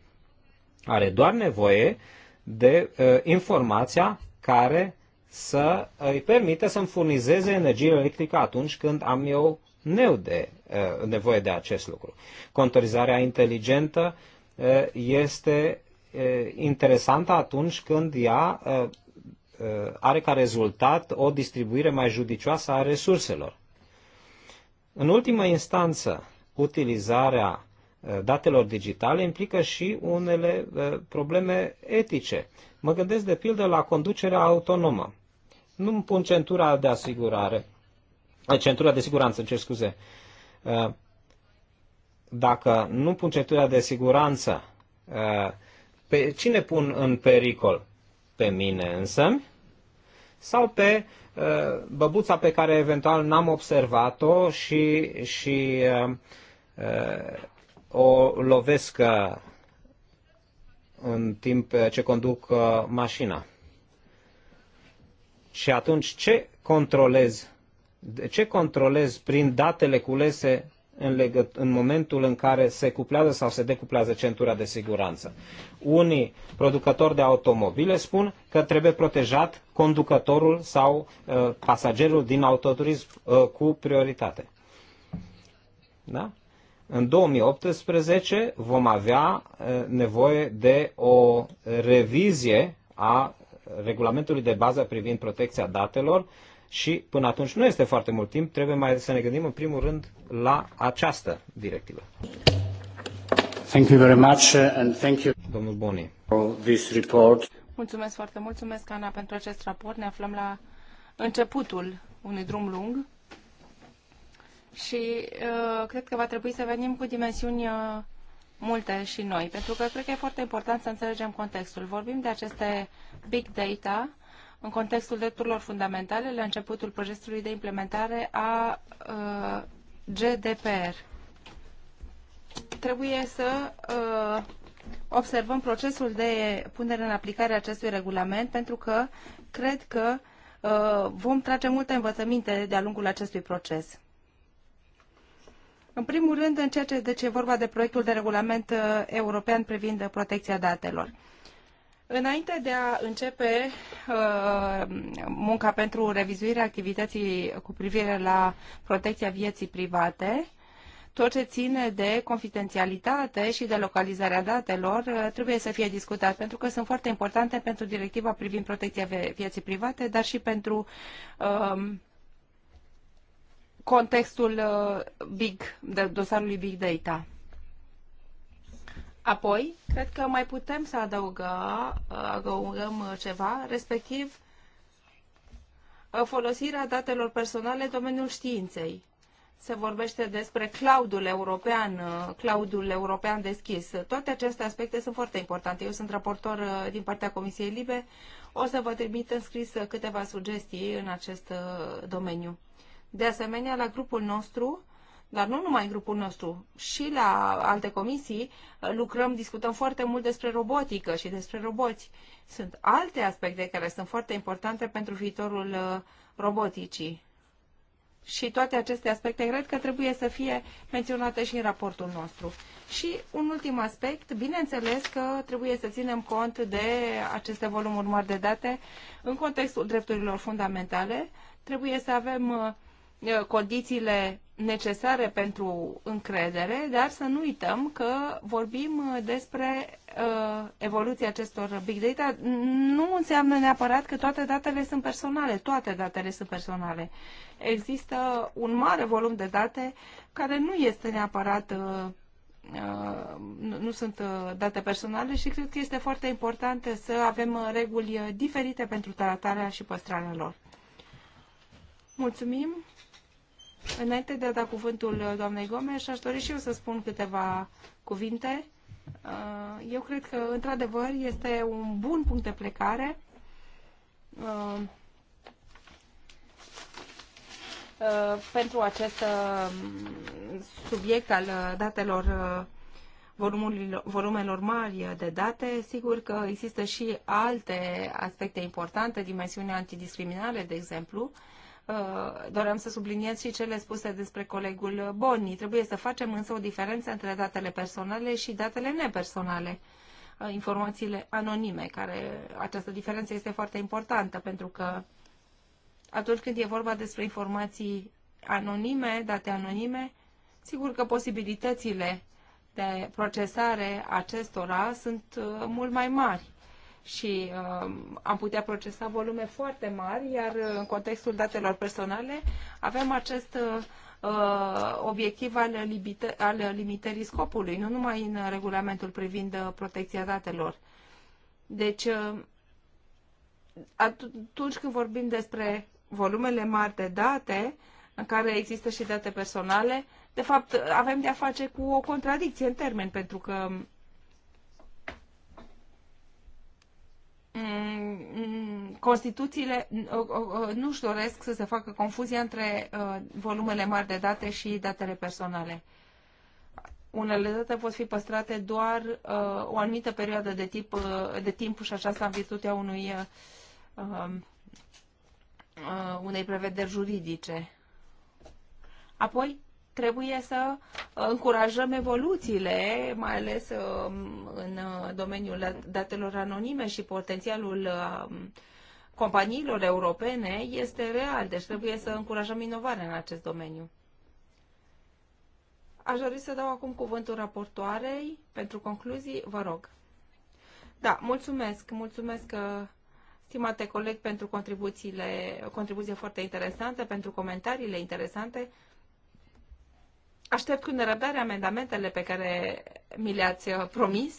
[SPEAKER 3] Are doar nevoie de uh, informația care să îi permită să-mi furnizeze energie electrică atunci când am eu neu de, uh, nevoie de acest lucru. Contorizarea inteligentă uh, este uh, interesantă atunci când ea uh, uh are ca rezultat o distribuire mai judicioasă a resurselor. În ultimă instanță, utilizarea eh, datelor digitale implică și unele eh, probleme etice. Mă gândesc de pildă la conducerea autonomă. Nu îmi pun centura de asigurare, eh, centura de siguranță, ce scuze. Dacă nu pun centura de siguranță, pe cine pun în pericol? Pe mine însămi, sau pe uh, băbuța pe care eventual n-am observat-o și, și uh, uh, o lovesc în timp ce conduc mașina. Și atunci ce controlez? De ce controlez prin datele culese în, legăt- în momentul în care se cuplează sau se decuplează centura de siguranță. Unii producători de automobile spun că trebuie protejat conducătorul sau uh, pasagerul din autoturism uh, cu prioritate. Da? În 2018 vom avea uh, nevoie de o revizie a regulamentului de bază privind protecția datelor și până atunci nu este foarte mult timp, trebuie mai să ne gândim în primul rând la această directivă. Thank you very much uh, and thank you. Domnul Boni. For this report.
[SPEAKER 2] Mulțumesc foarte mult, mulțumesc Ana pentru acest raport. Ne aflăm la începutul unui drum lung și uh, cred că va trebui să venim cu dimensiuni uh, multe și noi, pentru că cred că e foarte important să înțelegem contextul. Vorbim de aceste big data în contextul drepturilor fundamentale la începutul procesului de implementare a uh, GDPR. Trebuie să uh, observăm procesul de punere în aplicare a acestui regulament pentru că cred că uh, vom trage multe învățăminte de-a lungul acestui proces. În primul rând, în ceea ce deci e vorba de proiectul de regulament uh, european privind protecția datelor. Uh, Înainte de a începe uh, munca pentru revizuirea activității cu privire la protecția vieții private, tot ce ține de confidențialitate și de localizarea datelor uh, trebuie să fie discutat, pentru că sunt foarte importante pentru directiva privind protecția vieții private, dar și pentru um, contextul uh, big, de dosarului Big Data. Apoi, cred că mai putem să adăugă, adăugăm uh, ceva, respectiv uh, folosirea datelor personale în domeniul științei. Se vorbește despre cloudul european, uh, cloudul european deschis. Toate aceste aspecte sunt foarte importante. Eu sunt raportor din partea Comisiei Libe. O să vă trimit în scris câteva sugestii în acest domeniu. De asemenea, la grupul nostru dar nu numai în grupul nostru, și la alte comisii uh, lucrăm, discutăm foarte mult despre robotică și despre roboți. Sunt alte aspecte care sunt foarte importante pentru viitorul uh, roboticii. Și toate aceste aspecte cred că trebuie să fie menționate și în raportul nostru. Și un ultim aspect, bineînțeles că trebuie să ținem cont de aceste volumuri mari de date în contextul drepturilor fundamentale. Trebuie să avem uh, condițiile necesare pentru încredere, dar să nu uităm că vorbim uh, despre uh, evoluția acestor big data. Nu înseamnă neapărat că toate datele sunt personale, toate datele sunt personale. Există un mare volum de date care nu este neapărat uh, uh nu sunt uh, date personale și cred că este foarte important să avem reguli diferite pentru tratarea și păstrarea lor. Mulțumim! Înainte de a da cuvântul uh, doamnei Gomes, aș dori și eu să spun câteva cuvinte. Uh, eu cred că, într-adevăr, este un bun punct de plecare. Uh, pentru acest subiect al datelor volumelor mari de date, sigur că există și alte aspecte importante, dimensiunea antidiscriminare, de exemplu, uh, Uh, doream să subliniez și cele spuse despre colegul Boni. Trebuie să facem însă o diferență între datele personale și datele nepersonale uh, informațiile anonime, care această diferență este foarte importantă pentru că atunci când e vorba despre informații anonime, date anonime, sigur că posibilitățile de procesare acestora sunt uh, mult mai mari și uh, am putea procesa volume foarte mari, iar în contextul datelor personale avem acest uh, obiectiv al, limite, al limitării scopului, nu numai în regulamentul privind uh, protecția datelor. Deci, uh, atunci când vorbim despre volumele mari de date, în care există și date personale, de fapt avem de-a face cu o contradicție în termen, pentru că Mm, mm, Constituțiile mm, nu-și doresc să se facă confuzia între uh, volumele mari de date și datele personale. Unele date pot fi păstrate doar uh, o anumită perioadă de, tip, uh, de timp și aceasta în virtutea unui, um, unei prevederi juridice. Apoi, trebuie să uh, încurajăm evoluțiile, mai ales uh, în uh, domeniul datelor anonime și potențialul companiilor europene este real, deci trebuie să încurajăm inovarea în acest domeniu. Aș dori să dau acum cuvântul raportoarei pentru concluzii, vă rog. Da, mulțumesc, mulțumesc stimate coleg pentru contribuțiile, contribuție foarte interesantă, pentru comentariile interesante. Aștept cu nerăbdare amendamentele pe care mi le-ați uh, promis.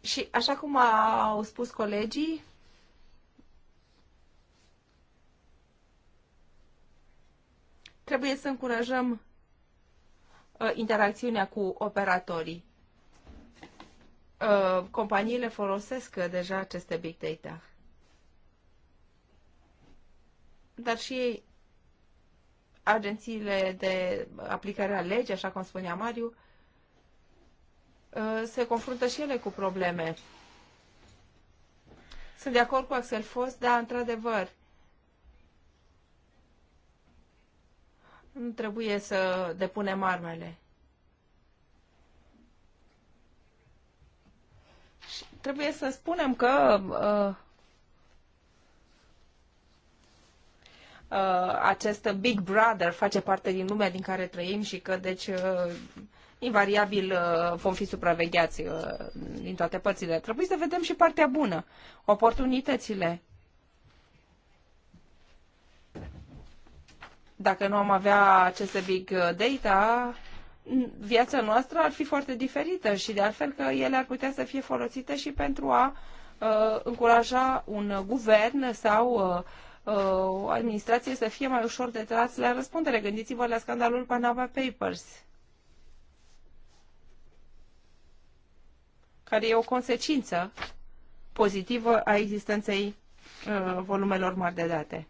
[SPEAKER 2] Și așa cum au spus colegii, trebuie să încurajăm uh, interacțiunea cu operatorii. Uh, companiile folosesc deja aceste big data. Dar și ei agențiile de aplicare a legii, așa cum spunea Mariu, uh, se confruntă și ele cu probleme. Sunt de acord cu Axel Fost, dar, într-adevăr, nu trebuie să depunem armele. Și trebuie să spunem că uh, Uh, acest Big Brother face parte din lumea din care trăim și că, deci, uh, invariabil uh, vom fi supravegheați uh, din toate părțile. Trebuie să vedem și partea bună, oportunitățile. Dacă nu am avea aceste big uh, data, viața noastră ar fi foarte diferită și de altfel că ele ar putea să fie folosite și pentru a uh, încuraja un guvern sau uh, Uh, o administrație să fie mai ușor de tras la răspundere. Gândiți-vă la scandalul Panama Papers, care e o consecință pozitivă a existenței uh, volumelor mari de date.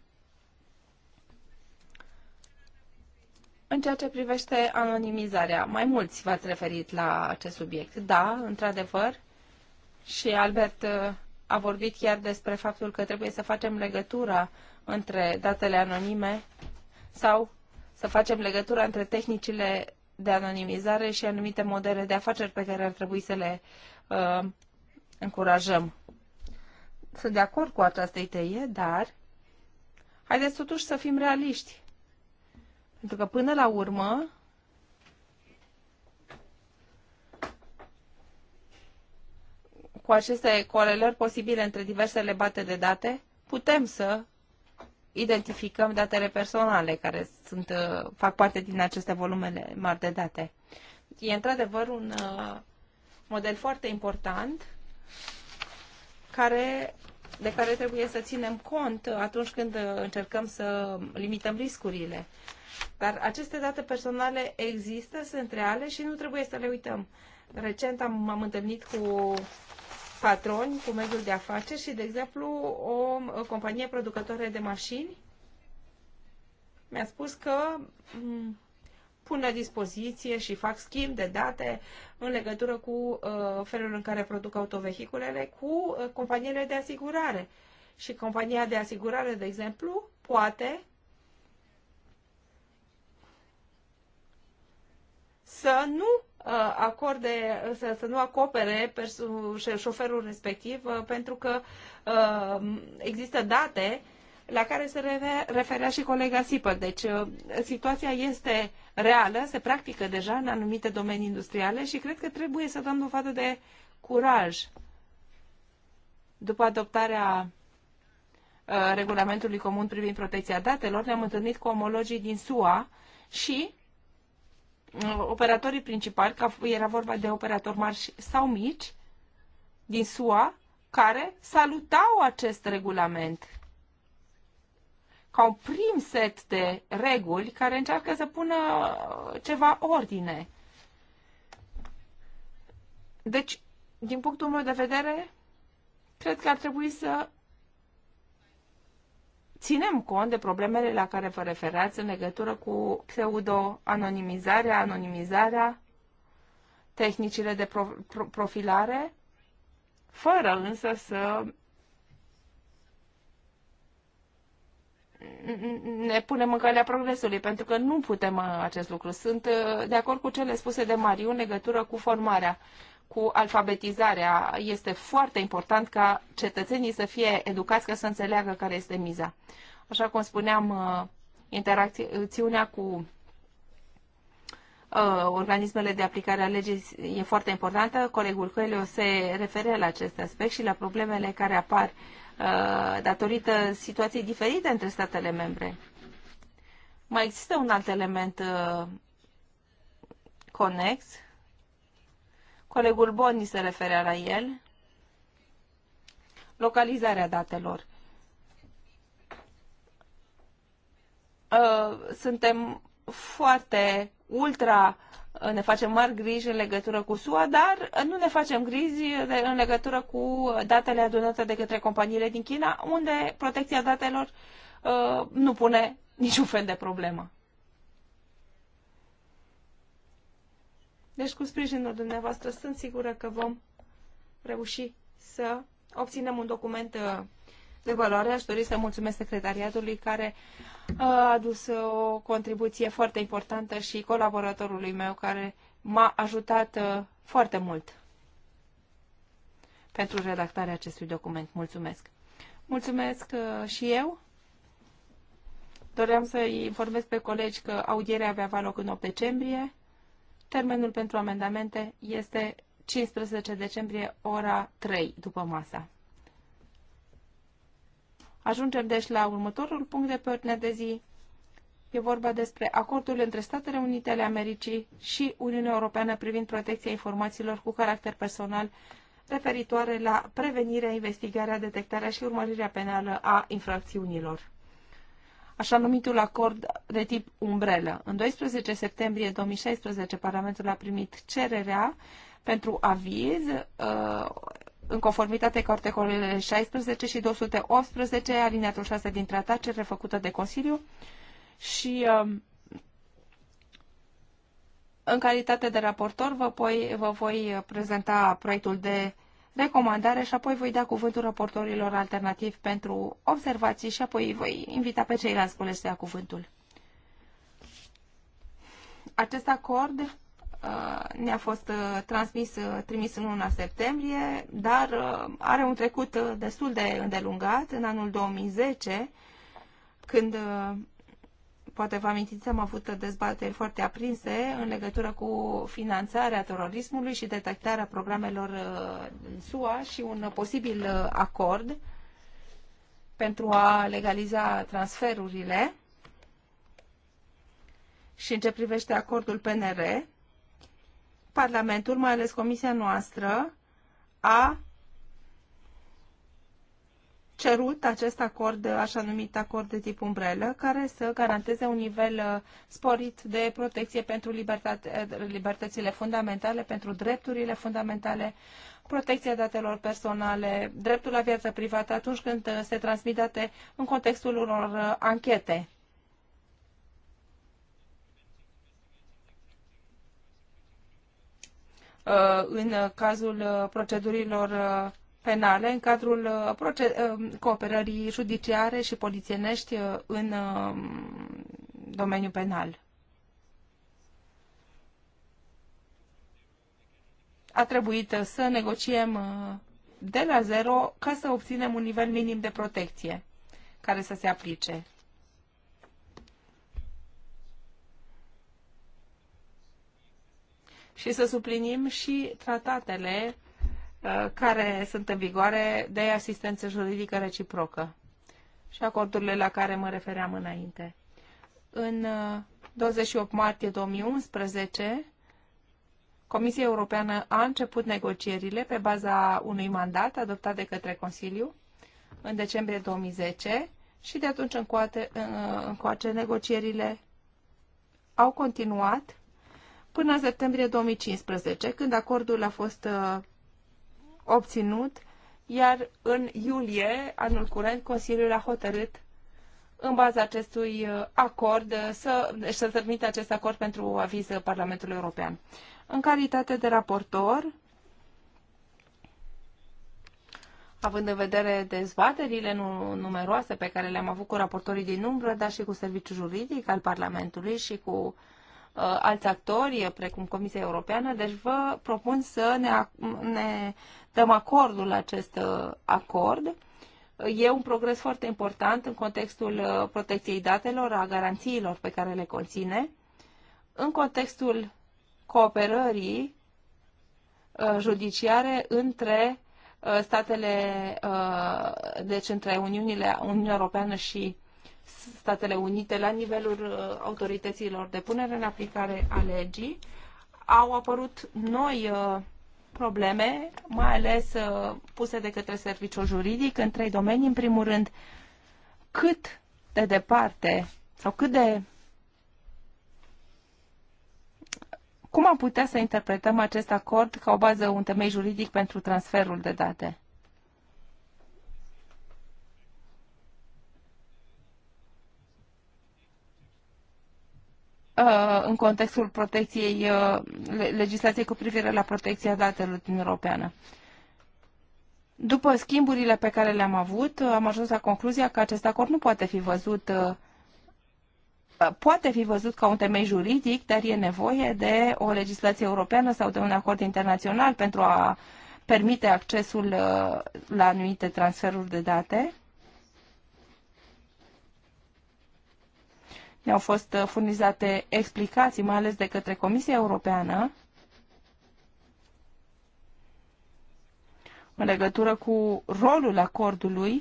[SPEAKER 2] În ceea ce privește anonimizarea, mai mulți v-ați referit la acest subiect. Da, într-adevăr, și Albert uh, a vorbit chiar despre faptul că trebuie să facem legătura între datele anonime sau să facem legătura între tehnicile de anonimizare și anumite modele de afaceri pe care ar trebui să le uh, încurajăm. Sunt de acord cu această idee, dar haideți totuși să fim realiști. Pentru că până la urmă cu aceste corelări posibile între diversele bate de date, putem să identificăm datele personale care sunt, uh, fac parte din aceste volumele mari de date. E într-adevăr un uh, model foarte important care, de care trebuie să ținem cont atunci când uh, încercăm să limităm riscurile. Dar aceste date personale există, sunt reale și nu trebuie să le uităm. Recent am, am întâlnit cu patroni cu mediul de afaceri și, de exemplu, o companie producătoare de mașini mi-a spus că mm, pun la dispoziție și fac schimb de date în legătură cu uh, felul în care produc autovehiculele cu uh, companiile de asigurare. Și compania de asigurare, de exemplu, poate să nu uh, acorde, uh, să, să nu acopere șoferul respectiv, uh, pentru că există date la care se referea și colega Sipă. Deci situația este reală, se practică deja în anumite domenii industriale și cred că trebuie să dăm dovadă de curaj după adoptarea regulamentului comun privind protecția datelor, ne-am întâlnit cu omologii din SUA și operatorii principali, că era vorba de operatori mari sau mici, din SUA, care salutau acest regulament ca un prim set de reguli care încearcă să pună ceva ordine. Deci, din punctul meu de vedere, cred că ar trebui să ținem cont de problemele la care vă referați în legătură cu pseudo-anonimizarea, anonimizarea, tehnicile de pro pro profilare, fără însă să ne punem în calea progresului, pentru că nu putem uh, acest lucru. Sunt uh, de acord cu cele spuse de Mariu în legătură cu formarea cu alfabetizarea. Este foarte important ca cetățenii să fie educați, ca să înțeleagă care este miza. Așa cum spuneam, uh, interacțiunea cu uh, organismele de aplicare a legii e foarte importantă. Colegul Coelho se refere la acest aspect și la problemele care apar uh, datorită situației diferite între statele membre. Mai există un alt element conex Colegul Boni se referea la el. Localizarea datelor. Uh, suntem foarte ultra uh, ne facem mari griji în legătură cu SUA, dar uh, nu ne facem griji în legătură cu datele adunate de către companiile din China, unde protecția datelor nu pune niciun fel de problemă. Deci, cu sprijinul dumneavoastră, sunt sigură că vom reuși să obținem un document uh, de valoare. Aș dori să mulțumesc secretariatului care uh, a adus uh, o contribuție foarte importantă și colaboratorului meu care m-a ajutat foarte mult pentru redactarea acestui document. Mulțumesc! Mulțumesc și eu! Doream să i informez pe colegi că audierea avea loc în 8 decembrie. Termenul pentru amendamente este 15 decembrie, ora 3 după masa. Ajungem deci la următorul punct de pe ordinea de zi. E vorba despre acordul între Statele Unite ale Americii și Uniunea Europeană privind protecția informațiilor cu caracter personal referitoare la prevenirea, investigarea, detectarea și urmărirea penală a infracțiunilor așa numitul acord de tip umbrelă. În 12 septembrie 2016, Parlamentul a primit cererea pentru aviz uh, în conformitate cu articolele 16 și 218, alineatul 6 din tratat, cerere făcută de Consiliu și um, în calitate de raportor vă, poi, vă voi prezenta proiectul de recomandare și apoi voi da cuvântul raportorilor alternativi pentru observații și apoi voi invita pe ceilalți colegi să ia cuvântul. Acest acord uh, ne-a fost uh, transmis, uh, trimis în luna septembrie, dar are un trecut destul de îndelungat. În anul 2010, când Poate vă amintiți, am avut dezbateri foarte aprinse în legătură cu finanțarea terorismului și detectarea programelor uh, SUA și un posibil uh, acord pentru a legaliza transferurile. Și în ce privește acordul PNR, Parlamentul, mai ales Comisia noastră, a cerut acest acord, așa numit acord de tip umbrelă, care să garanteze un nivel uh, sporit de protecție pentru libertate, eh, libertățile fundamentale, pentru drepturile fundamentale, protecția datelor personale, dreptul la viață privată atunci când uh, se transmit date în contextul unor uh, anchete. În cazul procedurilor penale în cadrul uh, uh, cooperării judiciare și polițienești uh, în um, domeniul penal. A trebuit să negociem de la zero ca să obținem un nivel minim de protecție care să se aplice. Și să suplinim și tratatele Uh, care sunt în vigoare de asistență juridică reciprocă și acordurile la care mă refeream înainte. În 28 uh, martie 2011, Comisia Europeană a început negocierile pe baza unui mandat adoptat de către Consiliu în decembrie 2010 și de atunci încoace, uh, încoace negocierile au continuat până în septembrie 2015, când acordul a fost obținut, iar în iulie, anul curent, Consiliul a hotărât în baza acestui uh, acord uh, să, deci să termite acest acord pentru aviz Parlamentului European. În calitate de raportor, având în vedere dezbaterile numeroase pe care le-am avut cu raportorii din umbră, dar și cu serviciul juridic al Parlamentului și cu Uh, alți actori, uh, precum Comisia Europeană, deci vă propun să ne, ne dăm acordul la acest uh, acord. E un progres foarte important în contextul protecției datelor, a garanțiilor pe care le conține, în contextul cooperării judiciare între statele, deci între Uniunile, Uniunea Europeană și Statele Unite la nivelul uh, autorităților de punere în aplicare a legii, au apărut noi uh, probleme, mai ales uh, puse de către serviciul juridic în trei domenii. În primul rând, cât de departe sau cât de Cum am putea să interpretăm acest acord ca o bază, un temei juridic pentru transferul de date? Uh, în contextul protecției, uh, legislației cu privire la protecția datelor din Europeană. După schimburile pe care le-am avut, uh, am ajuns la concluzia că acest acord nu poate fi văzut poate fi văzut ca un temei juridic, dar e nevoie de o legislație europeană sau de un acord internațional pentru a permite accesul la anumite transferuri de date Ne-au fost uh, furnizate explicații, mai ales de către Comisia Europeană, în legătură cu rolul acordului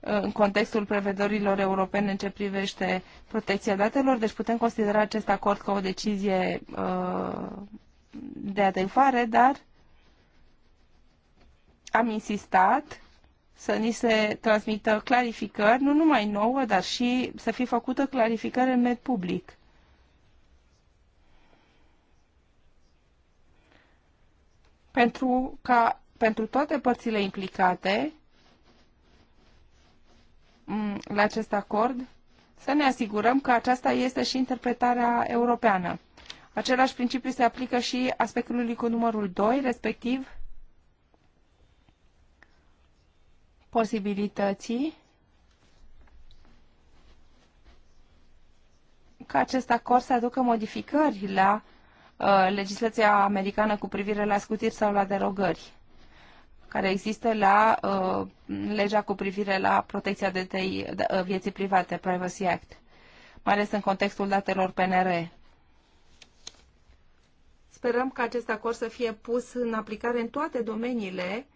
[SPEAKER 2] uh, în contextul prevederilor europene în ce privește protecția datelor, deci putem considera acest acord ca o decizie uh, de adecvare, dar am insistat să ni se transmită clarificări, nu numai nouă, dar și să fie făcută clarificare în med public. Pentru ca pentru toate părțile implicate mm, la acest acord, să ne asigurăm că aceasta este și interpretarea europeană. Același principiu se aplică și aspectului cu numărul 2, respectiv posibilității ca acest acord să aducă modificări la uh, legislația americană cu privire la scutiri sau la derogări care există la uh, legea cu privire la protecția detei, uh, vieții private, Privacy Act, mai ales în contextul datelor PNR. Sperăm ca acest acord să fie pus în aplicare în toate domeniile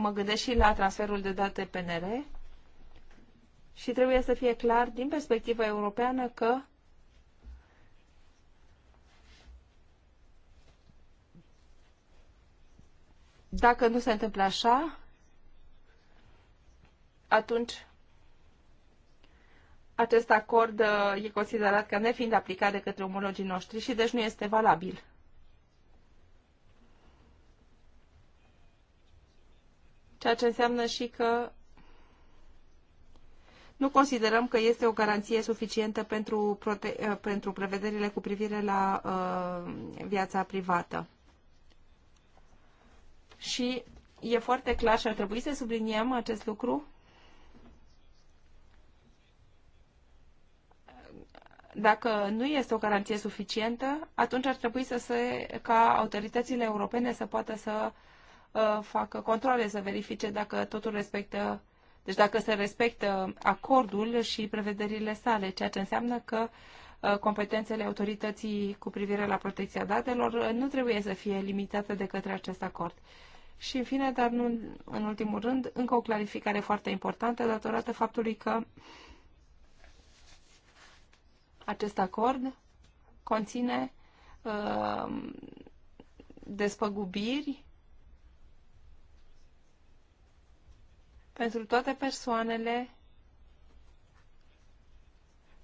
[SPEAKER 2] mă gândesc și la transferul de date PNR și trebuie să fie clar din perspectiva europeană că dacă nu se întâmplă așa, atunci acest acord uh, e considerat ca nefiind aplicat de către omologii noștri și deci nu este valabil. ceea ce înseamnă și că nu considerăm că este o garanție suficientă pentru, prote- uh, pentru prevederile cu privire la uh, viața privată. Și e foarte clar și ar trebui să subliniem acest lucru. Dacă nu este o garanție suficientă, atunci ar trebui să se, ca autoritățile europene să poată să uh, Uh, facă controle, să verifice dacă totul respectă, deci dacă se respectă acordul și prevederile sale, ceea ce înseamnă că uh, competențele autorității cu privire la protecția datelor uh, nu trebuie să fie limitate de către acest acord. Și în fine, dar nu în ultimul rând, încă o clarificare foarte importantă datorată faptului că acest acord conține uh, despăgubiri pentru toate persoanele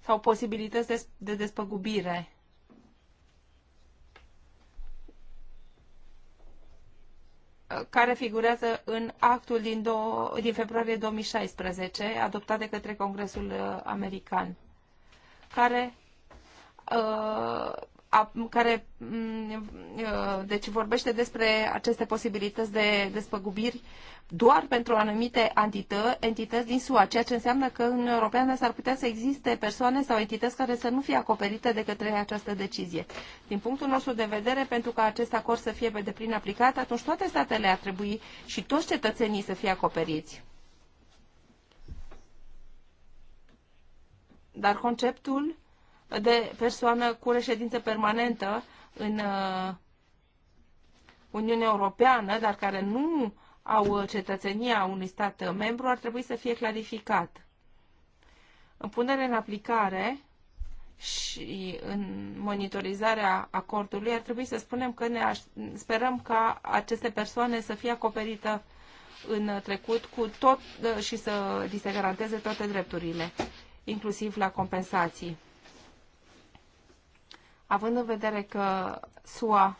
[SPEAKER 2] sau posibilități de, de despăgubire. care figurează în actul din, do- din februarie 2016, adoptat de către Congresul uh, American, care uh, care mm, deci vorbește despre aceste posibilități de despăgubiri doar pentru anumite antită, entități din SUA, ceea ce înseamnă că în Europeană s-ar putea să existe persoane sau entități care să nu fie acoperite de către această decizie. Din punctul nostru de vedere, pentru ca acest acord să fie pe deplin aplicat, atunci toate statele ar trebui și toți cetățenii să fie acoperiți. Dar conceptul de persoană cu reședință permanentă în uh, Uniunea Europeană, dar care nu au cetățenia unui stat membru, ar trebui să fie clarificat. În punere în aplicare și în monitorizarea acordului, ar trebui să spunem că ne sperăm ca aceste persoane să fie acoperită în trecut cu tot uh, și să li se garanteze toate drepturile, inclusiv la compensații având în vedere că SUA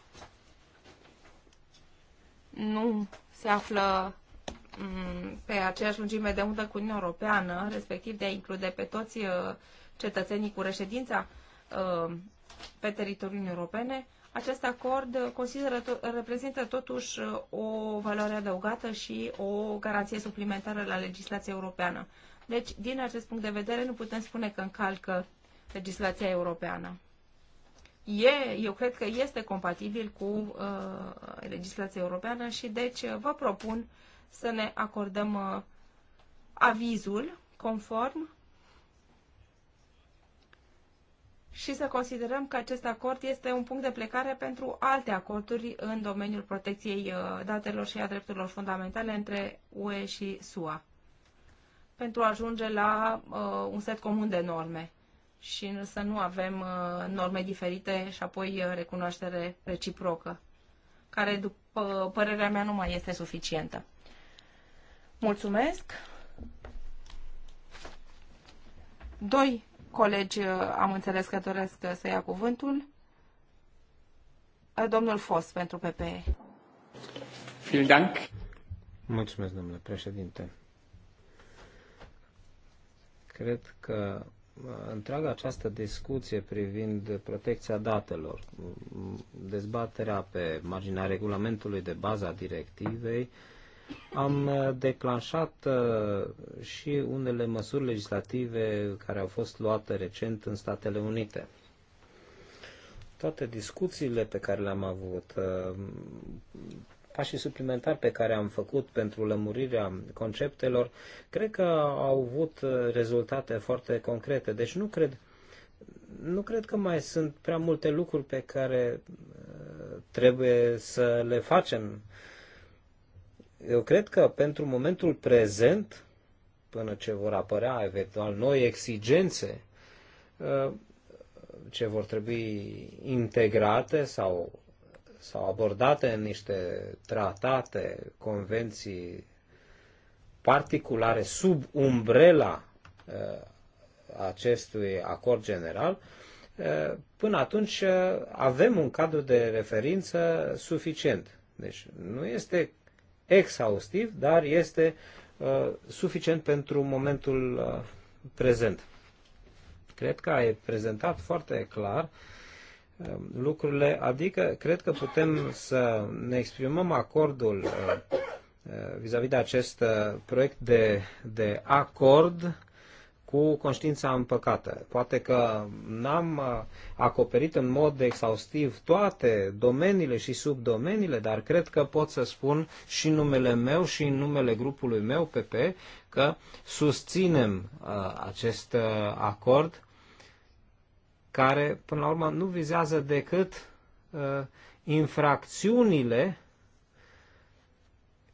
[SPEAKER 2] nu se află mm, pe aceeași lungime de undă cu Uniunea Europeană, respectiv de a include pe toți uh, cetățenii cu reședința uh, pe teritoriul Uniunii Europene, acest acord consideră, reprezintă totuși uh, o valoare adăugată și o garanție suplimentară la legislația europeană. Deci, din acest punct de vedere, nu putem spune că încalcă legislația europeană e, eu cred că este compatibil cu uh, legislația europeană și deci uh, vă propun să ne acordăm uh, avizul conform și să considerăm că acest acord este un punct de plecare pentru alte acorduri în domeniul protecției uh, datelor și a drepturilor fundamentale între UE și SUA pentru a ajunge la uh, un set comun de norme și să nu avem uh, norme diferite și apoi uh, recunoaștere reciprocă, care, după părerea mea, nu mai este suficientă. Mulțumesc! Doi colegi uh, am înțeles că doresc să ia cuvântul. Domnul Fos pentru PPE.
[SPEAKER 3] Vielen Mulțumesc, domnule președinte. Cred că întreaga această discuție privind protecția datelor, dezbaterea pe marginea regulamentului de bază a directivei, am declanșat uh, și unele măsuri legislative care au fost luate recent în Statele Unite. Toate discuțiile pe care le-am avut, uh, pașii suplimentari pe care am făcut pentru lămurirea conceptelor, cred că au avut uh, rezultate foarte concrete. Deci nu cred, nu cred că mai sunt prea multe lucruri pe care uh, trebuie să le facem. Eu cred că pentru momentul prezent, până ce vor apărea eventual noi exigențe, uh, ce vor trebui integrate sau sau abordate în niște tratate, convenții particulare sub umbrela uh, acestui acord general, uh, până atunci uh, avem un cadru de referință suficient. Deci nu este exhaustiv, dar este suficient pentru momentul prezent. Cred că ai prezentat foarte clar uh, Um, lucrurile, adică cred că putem să ne exprimăm acordul uh, uh, vis-a-vis -vis de acest uh, proiect de, de acord cu conștiința împăcată. Poate că n-am acoperit în mod exhaustiv toate domeniile și subdomeniile, dar cred că pot să spun și numele meu și în numele grupului meu PP că susținem acest acord care până la urmă nu vizează decât uh, infracțiunile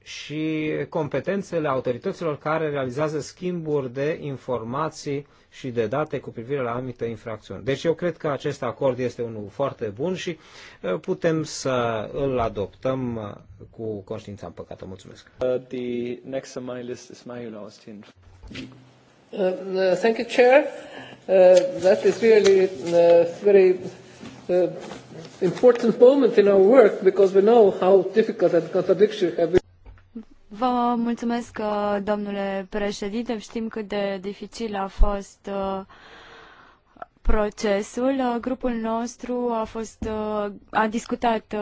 [SPEAKER 3] și competențele autorităților care realizează schimburi de informații și de date cu privire la anumite infracțiuni. Deci eu cred că acest acord este unul foarte bun și uh, putem să îl adoptăm uh, cu conștiința păcată. Mulțumesc. Uh, the next on my list is Mayula Austin. uh, uh thank you, Chair. Uh, that is really a uh, very uh, important moment in our work because we know how difficult and contradictory
[SPEAKER 2] have been.
[SPEAKER 1] Vă mulțumesc, uh, domnule președinte. Știm cât de dificil a fost procesul. Grupul nostru a fost a discutat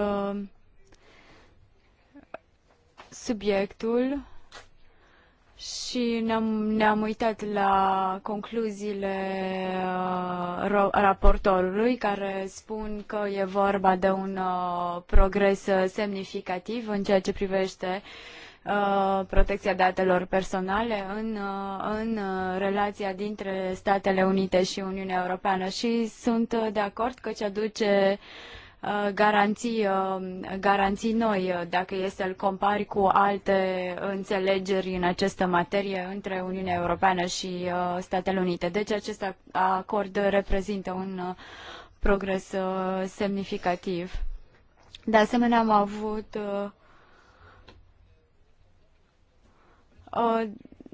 [SPEAKER 1] subiectul și ne-am, ne-am uitat la concluziile uh, raportorului care spun că e vorba de un uh, progres semnificativ în ceea ce privește uh, protecția datelor personale în, în relația dintre Statele Unite și Uniunea Europeană și sunt de acord că ce aduce uh, Uh, garanții, uh, garanții noi, uh, dacă e să-l compari cu alte înțelegeri în această materie între Uniunea Europeană și Statele Unite. Deci acest acord reprezintă un progres semnificativ. De asemenea, am avut o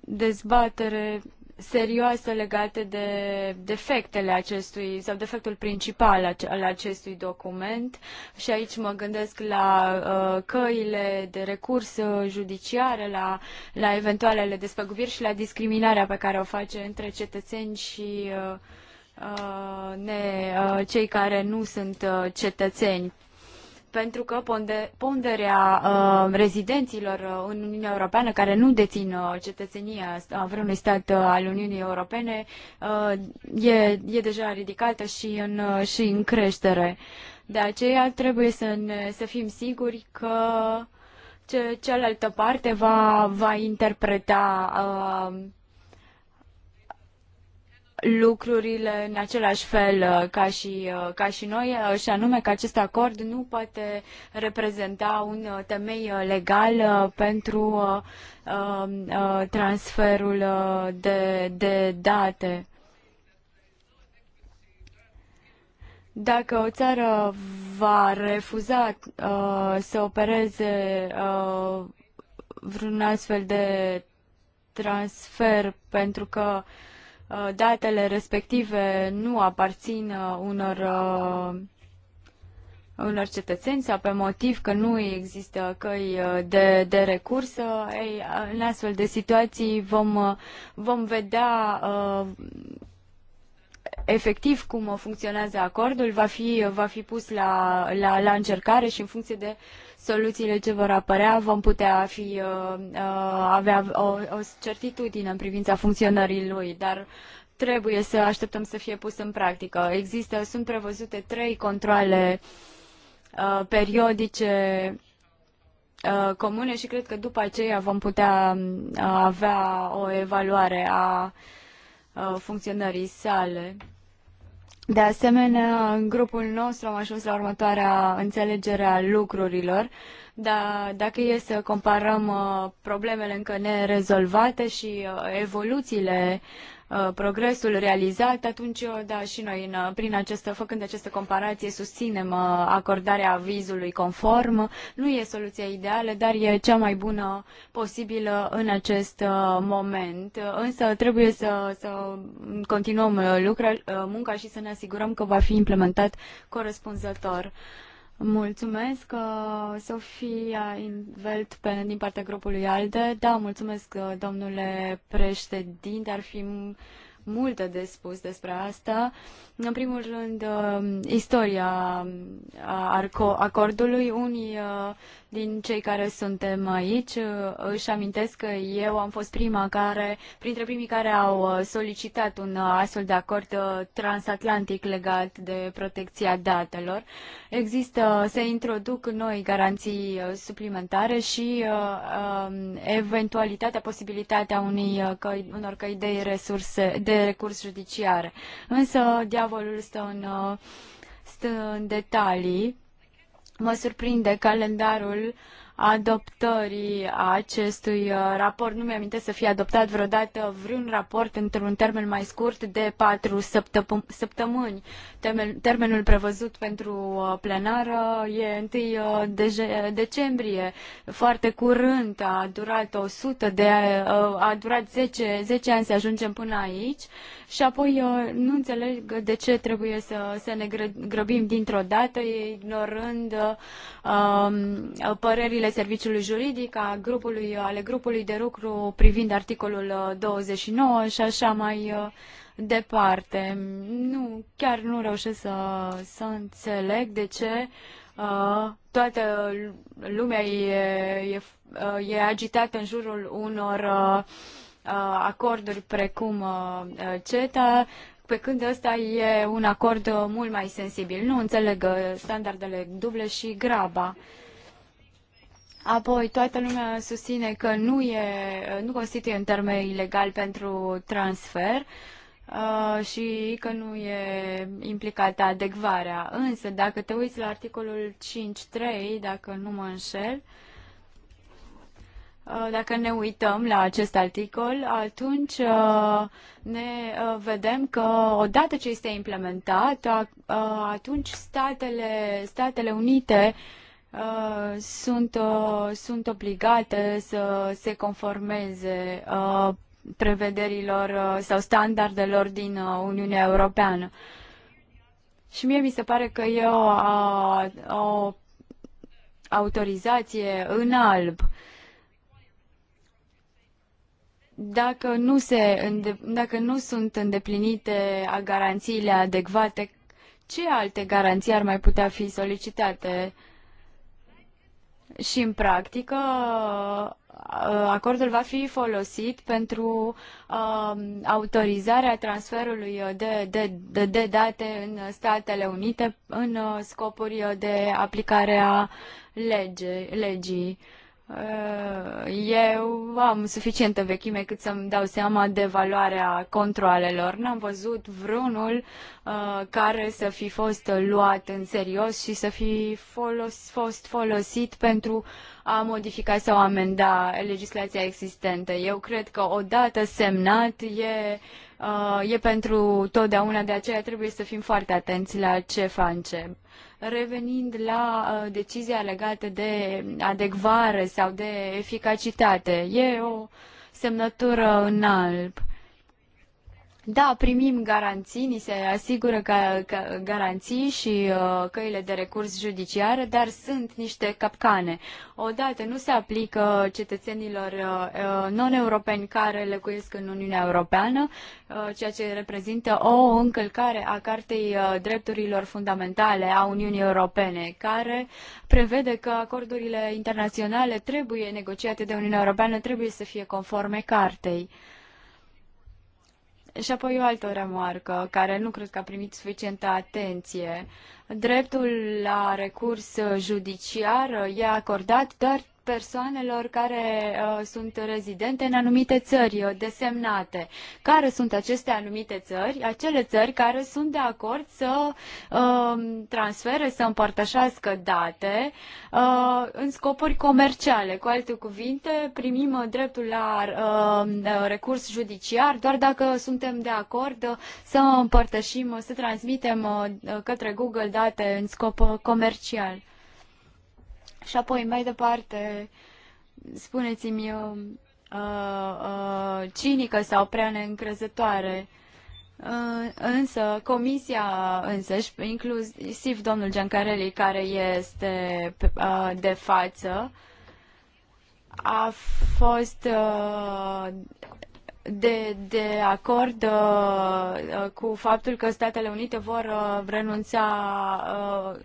[SPEAKER 1] dezbatere serioase legate de defectele acestui sau defectul principal al acestui document și aici mă gândesc la uh, căile de recurs uh, judiciare, la, la eventualele despăgubiri și la discriminarea pe care o face între cetățeni și uh, uh ne, uh, cei care nu sunt uh, cetățeni pentru că ponderea uh, rezidenților uh, în Uniunea Europeană care nu dețin uh, cetățenia a vreunui stat al Uniunii Europene e, e deja ridicată și în, și în creștere. De aceea trebuie să, ne, să fim siguri că ce, cealaltă parte va, va interpreta uh, lucrurile în același fel uh, ca și, uh, ca și noi, uh, și anume că acest acord nu poate reprezenta un temei legal pentru um, transferul de, de date. Dacă o țară va refuza să opereze vreun astfel de transfer pentru că uh, Uh, datele respective nu aparțin uh, unor, uh, unor cetățeni sau pe motiv că nu există căi de, de recurs, ei, în astfel de situații vom, vom vedea efectiv cum funcționează acordul va fi, va fi pus la, la, la încercare și în funcție de soluțiile ce vor apărea vom putea fi, uh, uh, avea o, o certitudine în privința funcționării lui, dar trebuie să așteptăm să fie pus în practică. Există, sunt prevăzute trei controle uh, periodice uh, comune și cred că după aceea vom putea uh, avea o evaluare a uh, Uh, funcționării sale. De asemenea, în grupul nostru am ajuns la următoarea înțelegere a lucrurilor, dar dacă e să comparăm uh, problemele încă nerezolvate și uh, evoluțiile Uh, progresul realizat, atunci, uh, da, și noi, în, uh, prin această, făcând această comparație, susținem acordarea vizului conform. Nu e soluția ideală, dar e cea mai bună posibilă în acest moment. Însă trebuie să, să continuăm lucra, munca și să ne asigurăm că va fi implementat corespunzător. Uh, Mulțumesc, uh, Sofia Invelt, pe, din partea grupului ALDE. Da, mulțumesc, uh, domnule președinte, ar fi multe de spus despre asta. În primul rând, uh, istoria uh, acordului. Unii uh, din cei care suntem aici își amintesc că eu am fost prima care, printre primii care au solicitat un astfel de acord transatlantic legat de protecția datelor. Există, se introduc noi garanții suplimentare și um, eventualitatea, posibilitatea unui, unor căi de resurse, de recurs judiciare. Însă, de diavolul stă în, uh, stă în detalii. Mă surprinde calendarul uh, adoptării acestui uh, raport. Nu mi-am să fie adoptat vreodată vreun raport într-un termen mai scurt de patru săptămâni. Termenul prevăzut pentru uh, plenară e 1 uh, decembrie. Foarte curând a durat 100 de, a durat 10, 10 ani să ajungem până aici și apoi nu înțeleg de ce trebuie să, să ne grăbim dintr-o dată, ignorând um, părerile propunerile serviciului juridic, a grupului, ale grupului de lucru privind articolul 29 uh, și așa mai uh, departe. Nu, chiar nu reușesc să, să înțeleg de ce uh, toată lumea e, e, e agitată în jurul unor acorduri precum CETA, pe când ăsta e un acord mult mai sensibil. Nu înțeleg standardele duble și graba. Uh, Apoi, toată lumea susține că nu, e, nu constituie un termen ilegal pentru transfer uh, și că nu e implicată adecvarea. Însă, dacă te uiți la articolul 5.3, dacă nu mă înșel, uh, dacă ne uităm la acest articol, atunci uh, ne uh, vedem că odată ce este implementat, atunci Statele, Statele Unite uh, Uh, sunt, uh, sunt obligate să se conformeze uh, prevederilor sau standardelor din Uniunea Europeană. Și mie mi se pare că e o, o autorizație în alb. Dacă nu, se, dacă nu sunt îndeplinite garanțiile adecvate, ce alte garanții ar mai putea fi solicitate? Uh, și în practică uh, acordul va fi folosit pentru uh, autorizarea transferului de, de, de, de date în Statele Unite în uh, scopuri de aplicare a lege, legii. Eh, eu am suficientă vechime cât să-mi dau seama de valoarea controalelor. N-am văzut vreunul uh, care să fi fost luat în serios și să fi folos, fost folosit pentru a modifica sau amenda legislația existentă. Eu cred că odată semnat e, uh, e pentru totdeauna, de aceea trebuie să fim foarte atenți la ce facem. Revenind la uh, decizia legată de adecvare sau de eficacitate, e o semnătură în alb. Uh, da, primim garanții, ni se asigură ca, ca garanții și uh, căile de recurs judiciar, dar sunt niște capcane. Odată nu se aplică cetățenilor uh, uh non-europeni care lecuiesc în Uniunea Europeană, uh, ceea ce reprezintă o încălcare a Cartei uh, Drepturilor Fundamentale a Uniunii Europene, care prevede că acordurile internaționale trebuie negociate de Uniunea Europeană, trebuie să fie conforme Cartei. Și apoi o altă remarcă, care nu cred că a primit suficientă atenție. Dreptul la recurs judiciar e acordat doar persoanelor care uh, sunt rezidente în anumite țări uh, desemnate. Care sunt aceste anumite țări? Acele țări care sunt de acord să uh, transfere, să împărtășească date uh, în scopuri comerciale. Cu alte cuvinte, primim uh, dreptul la uh, recurs judiciar doar dacă suntem de acord să împărtășim, să transmitem către Google date în scop comercial. Și apoi, mai departe, spuneți-mi uh, uh, cinică sau prea neîncrezătoare. Uh, însă, comisia însă, inclusiv domnul Giancarelli, care este uh, de față, a fost uh, de, de acord uh, cu faptul că Statele Unite vor uh, renunța uh,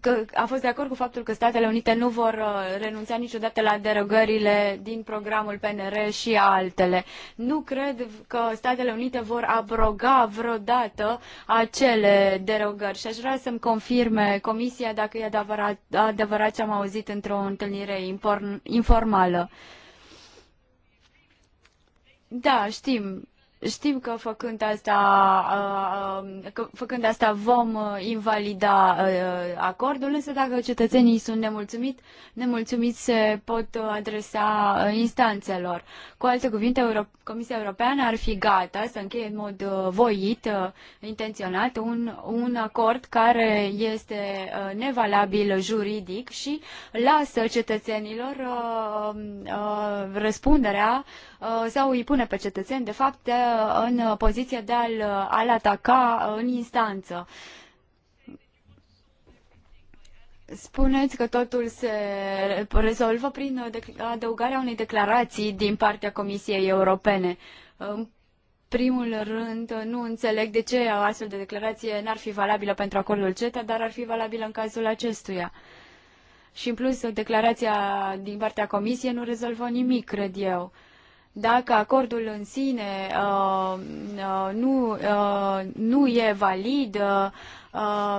[SPEAKER 1] că a fost de acord cu faptul că Statele Unite nu vor uh, renunța niciodată la derogările din programul PNR și altele. Nu cred că Statele Unite vor abroga vreodată acele derogări și aș vrea să-mi confirme Comisia dacă e adevărat, adevărat ce am auzit într-o întâlnire informală. Da, știm. Știm că făcând asta, uh, uh, că făcând asta vom uh, invalida acordul, însă dacă cetățenii sunt nemulțumit, nemulțumiți se pot adresa instanțelor. Cu alte cuvinte, Euro- Comisia Europeană ar fi gata să încheie în mod voit, intenționat, un, un acord care este nevalabil juridic și lasă cetățenilor răspunderea Uh, sau îi pune pe cetățeni, de fapt, în poziție de a-l, a ataca în instanță. Spuneți că totul se rezolvă prin adăugarea unei declarații din partea Comisiei Europene. În primul rând, nu înțeleg de ce o astfel de declarație n-ar fi valabilă pentru acordul CETA, dar ar fi valabilă în cazul acestuia. Și în plus, declarația din partea Comisiei nu rezolvă nimic, cred eu. Uh, dacă acordul în sine uh, uh, nu, uh, nu e valid, uh, uh,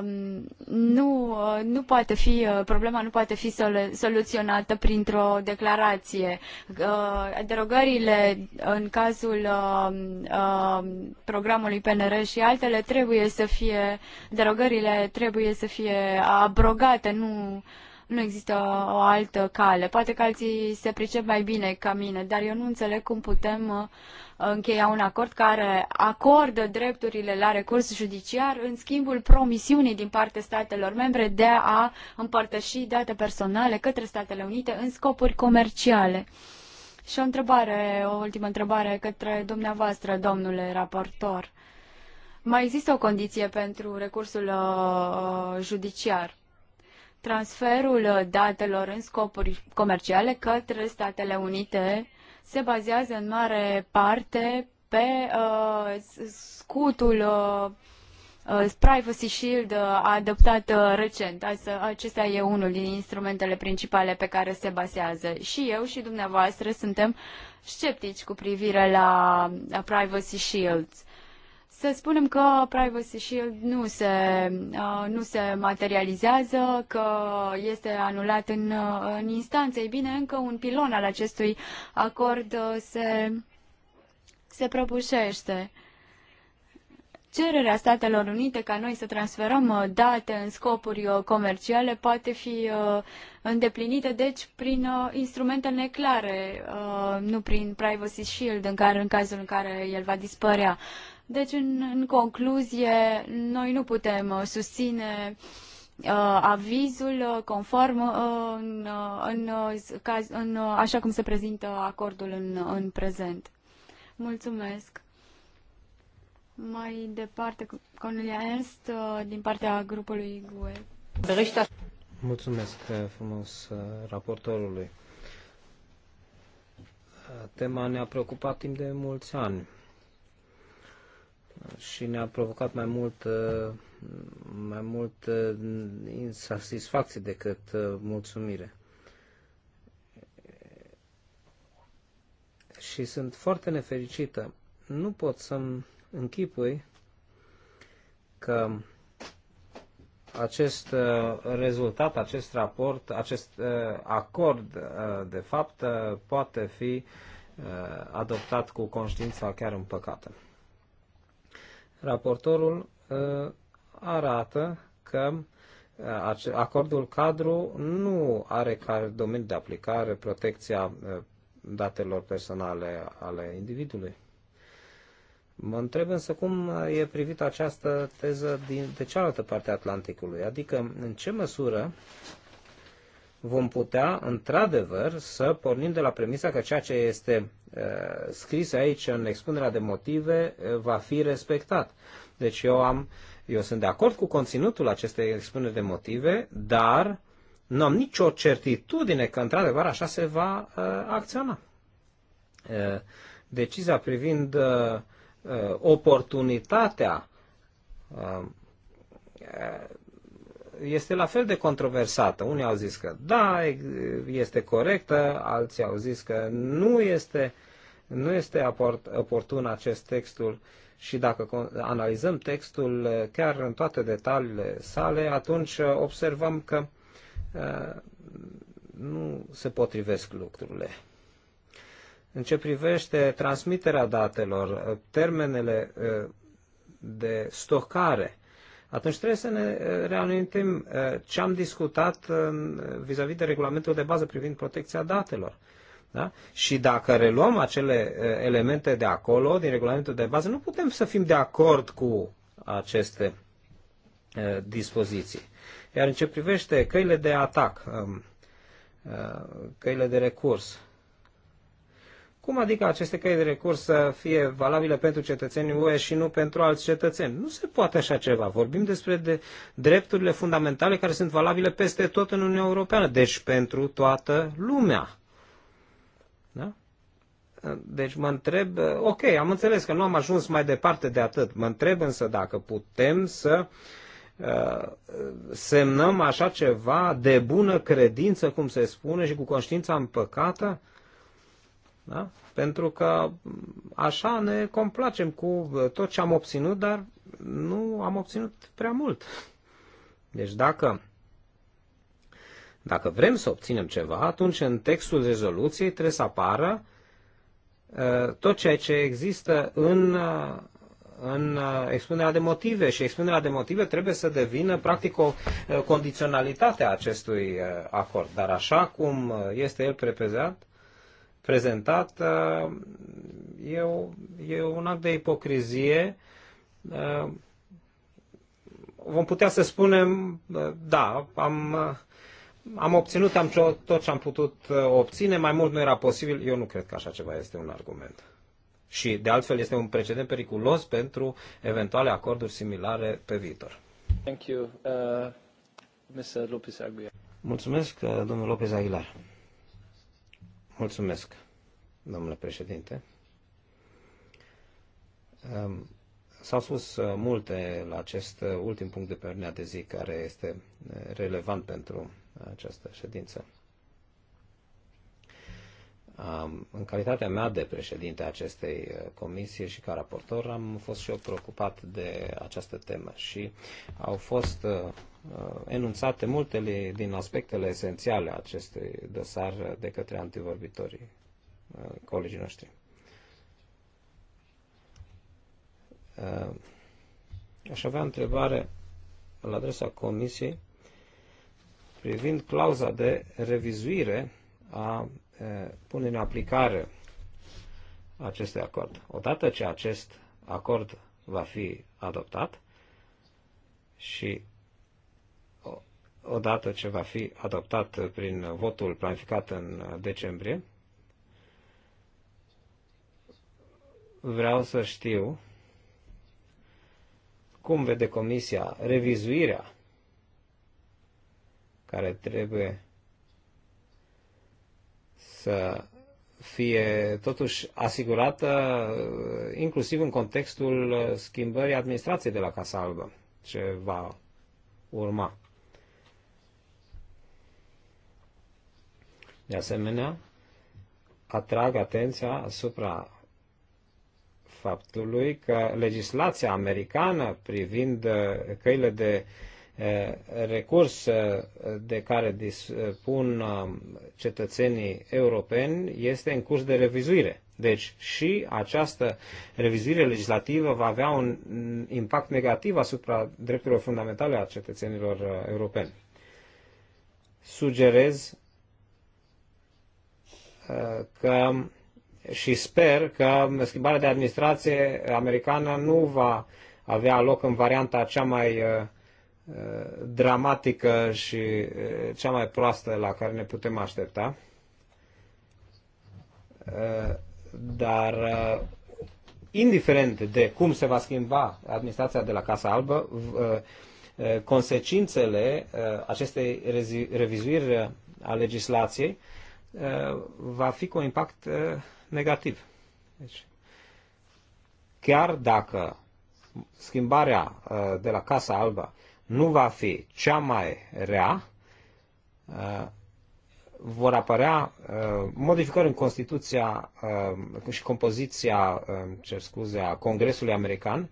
[SPEAKER 1] nu, uh, nu poate fi, uh, problema nu poate fi sol- soluționată printr-o declarație. Uh, derogările în cazul uh, uh, programului PNR și altele trebuie să fie, derogările trebuie să fie abrogate, nu uh, nu există o altă cale. Poate că alții se pricep mai bine ca mine, dar eu nu înțeleg cum putem uh, încheia un acord care acordă drepturile la recurs judiciar în schimbul promisiunii din partea statelor membre de a împărtăși date personale către Statele Unite în scopuri comerciale. Și o întrebare, o ultimă întrebare către dumneavoastră, domnule raportor. Mai există o condiție pentru recursul uh, judiciar Transferul uh, datelor în scopuri comerciale către Statele Unite se bazează în mare parte pe uh, scutul uh, uh, Privacy Shield uh, adoptat uh, recent. Acesta e unul din instrumentele principale pe care se bazează. Și eu și dumneavoastră suntem sceptici cu privire la Privacy Shields. Să spunem că Privacy Shield nu se, uh, nu se materializează, că este anulat în, uh, în instanță. Ei bine, încă un pilon al acestui acord uh, se, se prăbușește cererea Statelor Unite ca noi să transferăm date în scopuri comerciale poate fi îndeplinită, deci, prin instrumente neclare, nu prin Privacy Shield, în, care, în cazul în care el va dispărea. Deci, în, în concluzie, noi nu putem uh, susține uh, avizul uh, conform uh, în, uh, în, caz, în, așa cum se prezintă acordul în, în prezent. Mulțumesc. Mai departe, Cornelia Ernst, uh, din partea grupului GUE.
[SPEAKER 3] Mulțumesc frumos raportorului. Tema ne-a preocupat timp de mulți ani și ne-a provocat mai mult, uh, mai mult uh, insatisfacție decât uh, mulțumire. Și sunt foarte nefericită. Nu pot să-mi închipui că acest rezultat, acest raport, acest acord, de fapt, poate fi adoptat cu conștiința chiar împăcată raportorul ă, arată că ă, acordul cadru nu are ca domeniu de aplicare protecția ă, datelor personale ale individului. Mă întreb însă cum e privită această teză din, de cealaltă parte a Atlanticului, adică în ce măsură vom putea, într-adevăr, să pornim de la premisa că ceea ce este uh, scris aici în expunerea de motive uh, va fi respectat. Deci eu am, eu sunt de acord cu conținutul acestei expuneri de motive, dar nu am nicio certitudine că într-adevăr așa se va uh, acționa. Uh, decizia privind uh, uh, oportunitatea uh, este la fel de controversată. Unii au zis că da, este corectă, alții au zis că nu este, nu este aport oportun acest textul și dacă analizăm textul eh, chiar în toate detaliile sale, atunci eh, observăm că eh, nu se potrivesc lucrurile. În ce privește transmiterea datelor, termenele de stocare, atunci trebuie să ne eh, reamintim eh, ce am discutat eh, vis-a-vis -vis de regulamentul de bază privind protecția datelor. Da? Și dacă reluăm acele elemente de acolo, din regulamentul de bază, nu putem să fim de acord cu aceste dispoziții. Iar în ce privește căile de atac, căile de recurs, cum adică aceste căi de recurs să fie valabile pentru cetățenii UE și nu pentru alți cetățeni? Nu se poate așa ceva. Vorbim despre de drepturile fundamentale care sunt valabile peste tot în Uniunea Europeană, deci pentru toată lumea. Da? Deci mă întreb, ok, am înțeles că nu am ajuns mai departe de atât. Mă întreb însă dacă putem să uh, semnăm așa ceva de bună credință, cum se spune, și cu conștiința împăcată, da? Pentru că așa ne complacem cu tot ce am obținut, dar nu am obținut prea mult. Deci dacă, dacă vrem să obținem ceva, atunci în textul rezoluției trebuie să apară uh, tot ceea ce există în, uh, în uh, expunerea de motive și expunerea de motive trebuie să devină practic o condiționalitate a acestui acord. Dar așa cum este el prepezat, prezentat e, o, e un act de ipocrizie. Uh, vom putea să spunem, uh, da, am, uh, am obținut am tot ce am putut obține, mai mult nu era posibil. Eu nu cred că așa ceva este un argument. Și, de altfel, este un precedent periculos pentru eventuale acorduri similare pe viitor. Thank you, uh, Mr. Lopez Aguilar. Mulțumesc, domnul Lopez Aguilar. Mulțumesc, domnule președinte. S-au spus uh, multe la acest uh, ultim punct de pe ordinea de zi care este uh, relevant pentru această ședință. În calitatea mea de președinte a acestei comisii și ca raportor am fost și eu preocupat de această temă și au fost Uh, enunțate multele din aspectele esențiale acestui dosar de către antivorbitorii uh, colegii noștri. Uh, aș avea întrebare la adresa Comisiei privind clauza de revizuire a punerii în aplicare acestui acord. Odată ce acest acord va fi adoptat și odată ce va fi adoptat prin votul planificat în decembrie, vreau să știu cum vede Comisia revizuirea care trebuie să fie totuși asigurată inclusiv în contextul schimbării administrației de la Casa Albă ce va urma. De asemenea, atrag atenția asupra faptului că legislația americană privind uh, căile de uh, recurs uh, de care dispun cetățenii europeni este în curs de revizuire. Deci și această revizuire legislativă va avea un impact negativ asupra drepturilor fundamentale a cetățenilor europeni. Sugerez că și sper că schimbarea de administrație americană nu va avea loc în varianta cea mai uh, uh, dramatică și uh, cea mai proastă la care ne putem aștepta. Dar indiferent de cum se va schimba administrația de la Casa Albă, consecințele acestei revizuiri a legislației Uh, va fi cu un impact uh, negativ. Deci, chiar dacă schimbarea uh, de la Casa Albă nu va fi cea mai rea, vor apărea modificări în Constituția și compoziția, cer scuze, a Congresului American,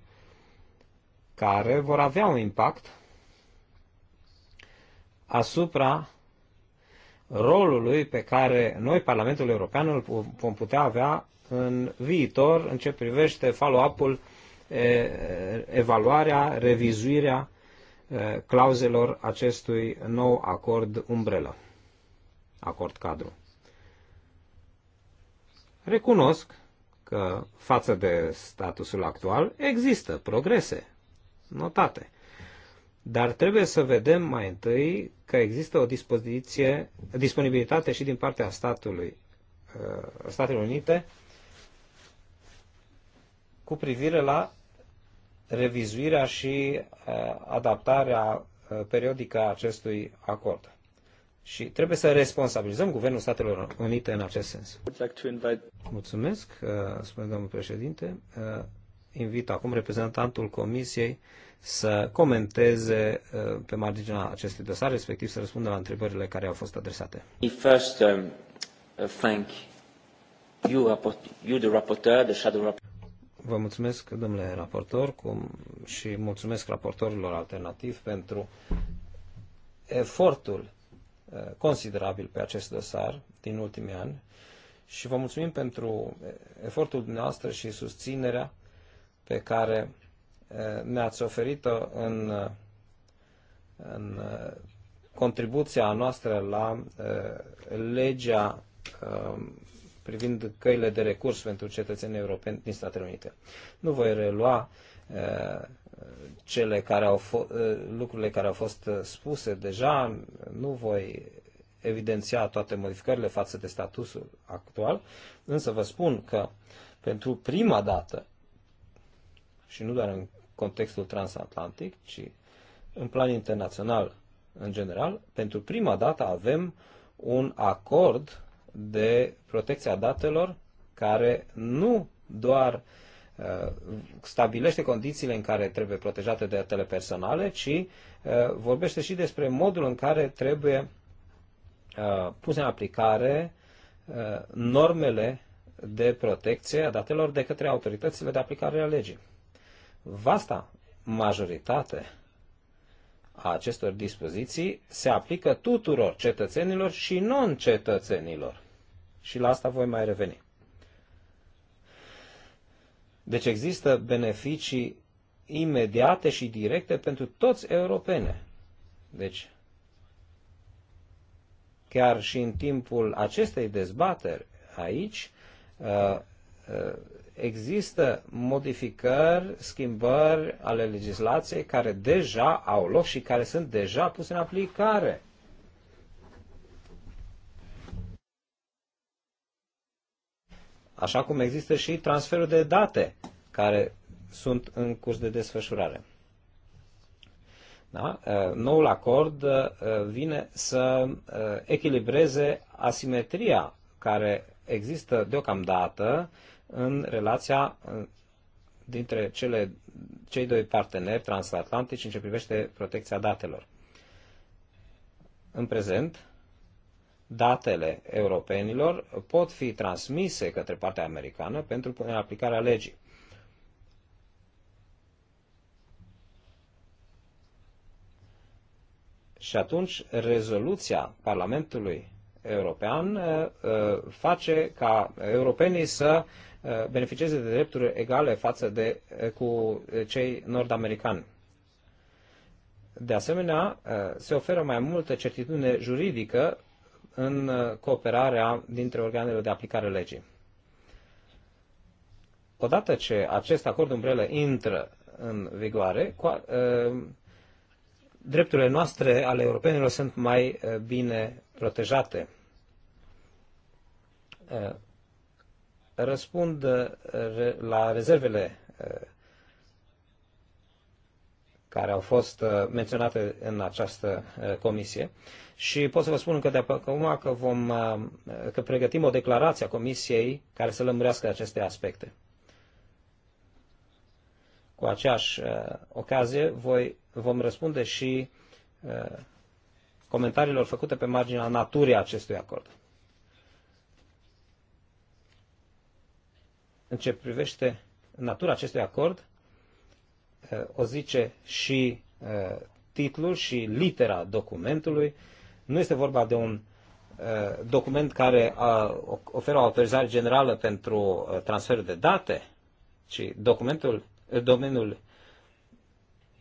[SPEAKER 3] care vor avea un impact asupra rolului pe care noi, Parlamentul European, îl vom putea avea în viitor în ce privește follow-up-ul, evaluarea, revizuirea clauzelor acestui nou acord umbrelă, acord cadru. Recunosc că față de statusul actual există progrese notate. Dar trebuie să vedem mai întâi că există o dispoziție, disponibilitate și din partea statului, uh, Statelor Unite cu privire la revizuirea și uh, adaptarea uh, periodică a acestui acord. Și trebuie să responsabilizăm Guvernul Statelor Unite în acest sens. Mulțumesc, spune domnul președinte. Invit acum reprezentantul Comisiei să comenteze uh, pe marginea acestui dosar, respectiv să răspundă la întrebările care au fost adresate. First, um, uh, thank you, you, the rapporteur, the shadow rapporteur. Vă mulțumesc, domnule raportor, cum și mulțumesc raportorilor alternativ pentru efortul uh, considerabil pe acest dosar din ultimii ani și vă mulțumim pentru efortul dumneavoastră și susținerea pe care ne-ați oferit-o în, în contribuția noastră la legea um, privind căile de recurs pentru cetățenii europeni din Statele Unite. Nu voi relua uh, cele care au uh, lucrurile care au fost spuse deja, nu voi evidenția toate modificările față de statusul actual, însă vă spun că pentru prima dată, și nu doar în contextul transatlantic, ci în plan internațional în general. Pentru prima dată avem un acord de protecție a datelor care nu doar uh, stabilește condițiile în care trebuie protejate datele personale, ci uh, vorbește și despre modul în care trebuie uh, puse în aplicare uh, normele de protecție a datelor de către autoritățile de aplicare a legii. Vasta majoritate a acestor dispoziții se aplică tuturor cetățenilor și non-cetățenilor. Și la asta voi mai reveni. Deci există beneficii imediate și directe pentru toți europene. Deci, chiar și în timpul acestei dezbateri aici, uh, uh, există modificări, schimbări ale legislației care deja au loc și care sunt deja puse în aplicare. Așa cum există și transferul de date care sunt în curs de desfășurare. Da? Uh, noul acord uh, vine să uh, echilibreze asimetria care există deocamdată în relația dintre cele, cei doi parteneri transatlantici în ce privește protecția datelor. În prezent, datele europenilor pot fi transmise către partea americană pentru aplicarea legii. Și atunci rezoluția Parlamentului European uh, uh, face ca europenii să uh, Uh, beneficieze de drepturi egale față de uh, cu cei nord-americani. De asemenea, uh, se oferă mai multă certitudine juridică în cooperarea dintre organele de aplicare a legii. Odată ce acest acord umbrelă intră în vigoare, drepturile noastre ale europenilor sunt mai bine protejate răspund uh, la rezervele uh, care au fost uh, menționate în această comisie și pot să vă spun că de acum că, vom, că pregătim o declarație a comisiei care să lămurească aceste aspecte. Cu aceeași ocazie voi, vom răspunde și comentariilor făcute pe marginea naturii acestui acord. în ce privește natura acestui acord, eh, o zice și eh, titlul și litera documentului. Nu este vorba de un eh, document care oferă o autorizare generală pentru transferul de date, ci documentul, domeniul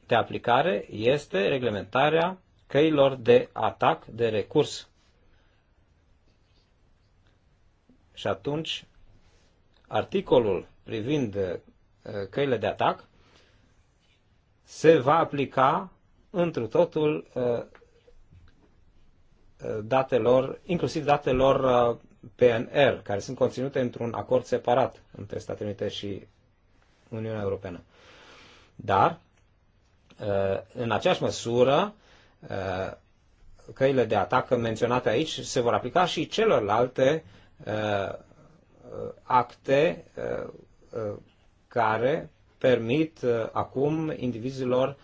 [SPEAKER 3] de aplicare este reglementarea căilor de atac, de recurs. Și atunci articolul privind uh, căile de atac se va aplica întru totul uh, uh, datelor, inclusiv datelor PNR, care sunt conținute într-un acord separat între Statele Unite și Uniunea Europeană. Dar, în aceeași măsură, căile de atac menționate aici se vor aplica și celorlalte Uh, acte uh, uh, care permit acum indivizilor,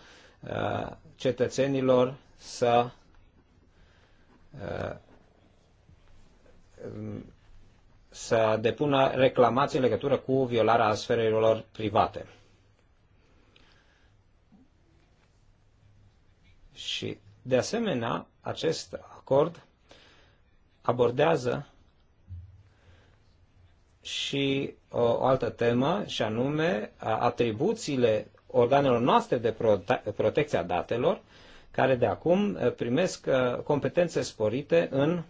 [SPEAKER 3] cetățenilor să um, să depună reclamații în legătură cu violarea sferelor private. Și, de asemenea, acest acord abordează și o altă temă, și anume atribuțiile organelor noastre de prote- protecție a datelor, care de acum primesc competențe sporite în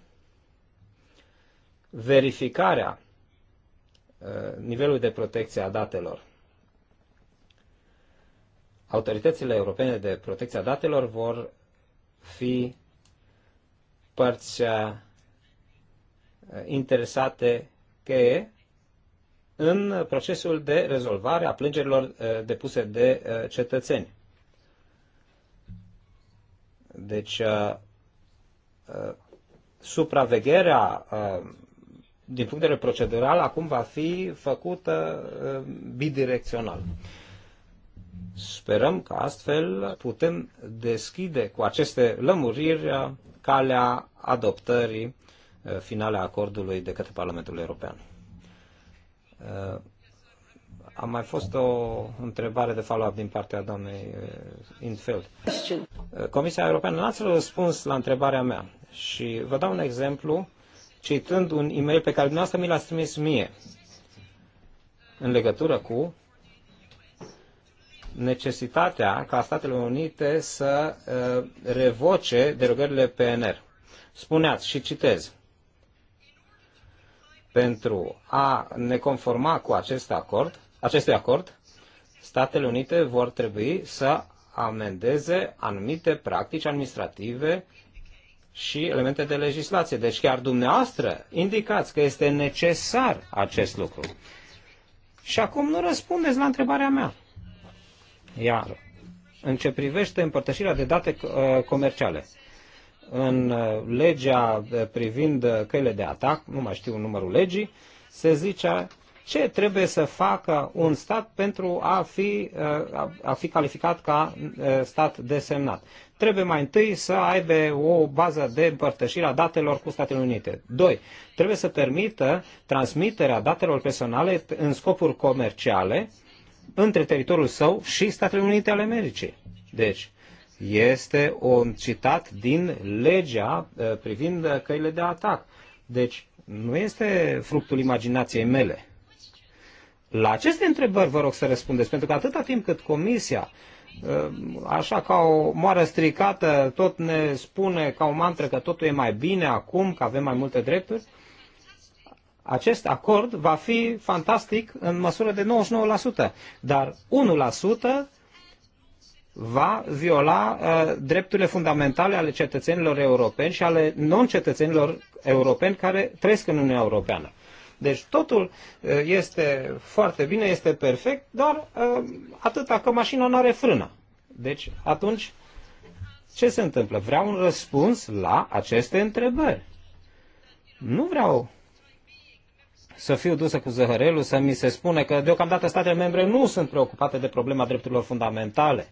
[SPEAKER 3] verificarea nivelului de protecție a datelor. Autoritățile europene de protecție a datelor vor fi părți interesate cheie în procesul de rezolvare a plângerilor eh, depuse de eh, cetățeni. Deci, eh, supravegherea din punct de vedere procedural acum va fi făcută bidirecțional. Sperăm că astfel putem deschide cu aceste lămuriri calea adoptării finale a acordului de către Parlamentul European. Uh, a mai fost o întrebare de follow-up din partea doamnei uh, Infeld.
[SPEAKER 2] Uh,
[SPEAKER 3] Comisia Europeană n-ați răspuns la întrebarea mea și vă dau un exemplu citând un e-mail pe care dumneavoastră mi l-ați trimis mie în legătură cu necesitatea ca Statele Unite să revoce derogările PNR. Spuneați și citez. Pentru a ne conforma cu acest acord, acest acord, Statele Unite vor trebui să amendeze anumite practici administrative și elemente de legislație. Deci chiar dumneavoastră indicați că este necesar acest lucru. Și acum nu răspundeți la întrebarea mea. Iar în ce privește împărtășirea de date uh, comerciale în uh, legea uh, privind uh, căile de atac, nu mai știu numărul legii, se zicea ce trebuie să facă un stat pentru a fi, a fi calificat ca stat desemnat. Trebuie mai întâi să aibă o bază de împărtășire a datelor cu Statele Unite. 2. Trebuie să permită transmiterea datelor personale în scopuri comerciale între teritoriul său și Statele Unite ale Americii. Deci, este un citat din legea eh, privind eh, căile de atac. Deci, nu este fructul imaginației mele. La aceste întrebări vă rog să răspundeți, pentru că atâta timp cât Comisia, eh, așa ca o moară stricată, tot ne spune ca o mantră că totul e mai bine acum, că avem mai multe drepturi, acest acord va fi fantastic în măsură de 99%, dar 1% va viola uh, drepturile fundamentale ale cetățenilor europeni și ale non-cetățenilor europeni care trăiesc în Uniunea Europeană. Deci totul uh, este foarte bine, este perfect, dar uh, atâta că mașina nu are frână. Deci atunci ce se întâmplă? Vreau un răspuns la aceste întrebări. Nu vreau să fiu dusă cu zăhărelul, să mi se spune că deocamdată statele membre nu sunt preocupate de problema drepturilor fundamentale.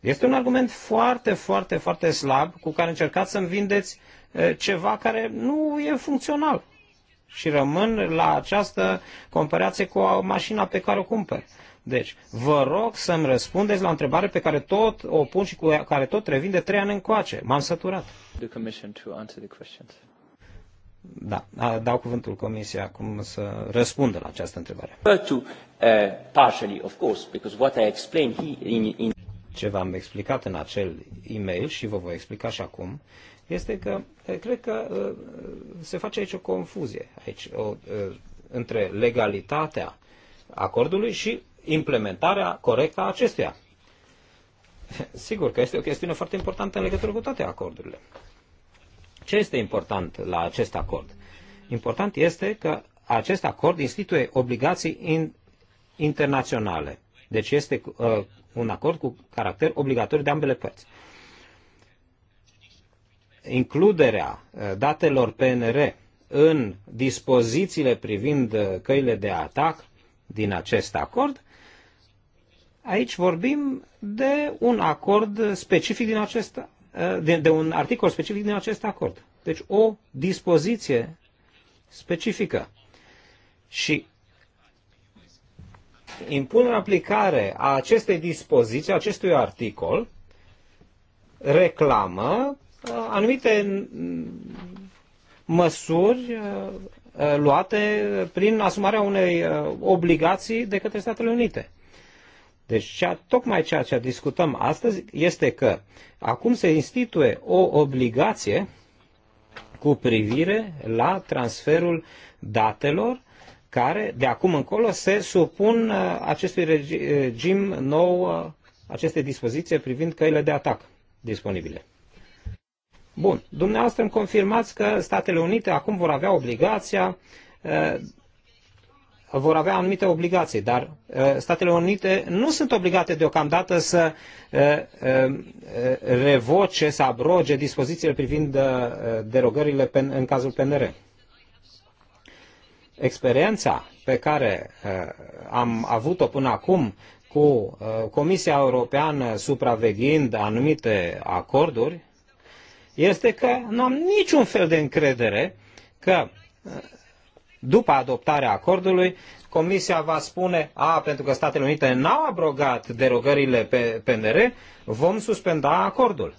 [SPEAKER 3] Este un argument foarte, foarte, foarte slab cu care încercați să-mi vindeți ceva care nu e funcțional. Și rămân la această comparație cu mașina pe care o cumpăr. Deci, vă rog să-mi răspundeți la întrebare pe care tot o pun și cu care tot revin de trei ani încoace. M-am săturat. Da, dau cuvântul Comisiei acum să răspundă la această întrebare. Uh, of course, because what I explained here in ce v-am explicat în acel e-mail și vă voi explica și acum, este că cred că se face aici o confuzie aici, o, între legalitatea acordului și implementarea corectă a acestuia. Sigur că este o chestiune foarte importantă în legătură cu toate acordurile. Ce este important la acest acord? Important este că acest acord instituie obligații in, internaționale. Deci este uh, un acord cu caracter obligatoriu de ambele părți. Includerea eh, datelor PNR în dispozițiile privind eh, căile de atac din acest acord, aici vorbim de un acord specific din acest, eh, de, de un articol specific din acest acord. Deci o dispoziție specifică. Și impun în aplicare a acestei dispoziții, acestui articol, reclamă uh, anumite mm, măsuri uh, uh, luate prin asumarea unei obligații de către Statele Unite. Deci cea, tocmai ceea ce discutăm astăzi este că acum se instituie o obligație cu privire la transferul datelor care de acum încolo se supun uh, acestui uh, regim nou, uh, aceste dispoziții privind căile de atac disponibile. Bun, dumneavoastră îmi confirmați că Statele Unite acum vor avea obligația, vor avea anumite obligații, dar Statele Unite nu sunt obligate deocamdată să revoce, să abroge dispozițiile privind derogările în cazul PNR. Experiența pe care uh, am avut-o până acum cu uh, Comisia Europeană supraveghind anumite acorduri este că nu am niciun fel de încredere că uh, după adoptarea acordului, Comisia va spune, a, pentru că Statele Unite n-au abrogat derogările pe PNR, vom suspenda acordul.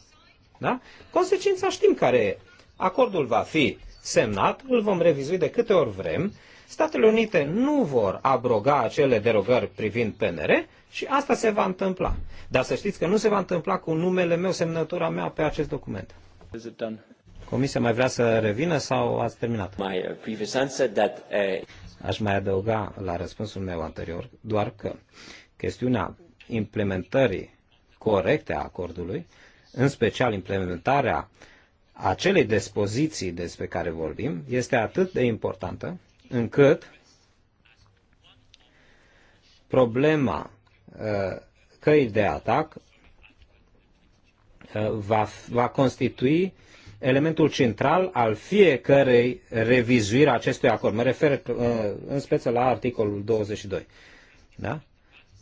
[SPEAKER 3] Da? Consecința știm care e. Acordul va fi semnat, îl vom revizui de câte ori vrem Statele Unite nu vor abroga acele derogări privind PNR și asta se va întâmpla. Dar să știți că nu se va întâmpla cu numele meu, semnătura mea pe acest document. Comisia mai vrea să revină sau ați terminat? Uh, uh, Aș mai adăuga la răspunsul meu anterior doar că chestiunea implementării corecte a acordului, în special implementarea acelei dispoziții despre care vorbim, este atât de importantă încât problema uh, căi de atac uh, va, va constitui elementul central al fiecărei revizuiri a acestui acord. Mă refer uh, în speță la articolul 22. Da?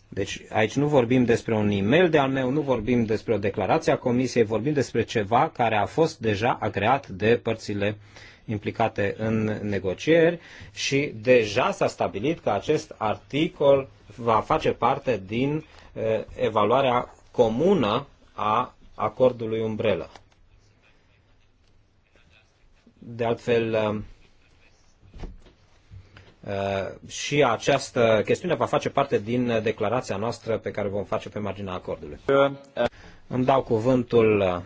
[SPEAKER 3] Deci aici nu vorbim despre un e-mail de al meu, nu vorbim despre o declarație a Comisiei, vorbim despre ceva care a fost deja agreat de părțile implicate în negocieri și deja s-a stabilit că acest articol va face parte din eh, evaluarea comună a acordului umbrelă. De altfel, eh, eh, și această chestiune va face parte din declarația noastră pe care vom face pe marginea acordului. Îmi dau cuvântul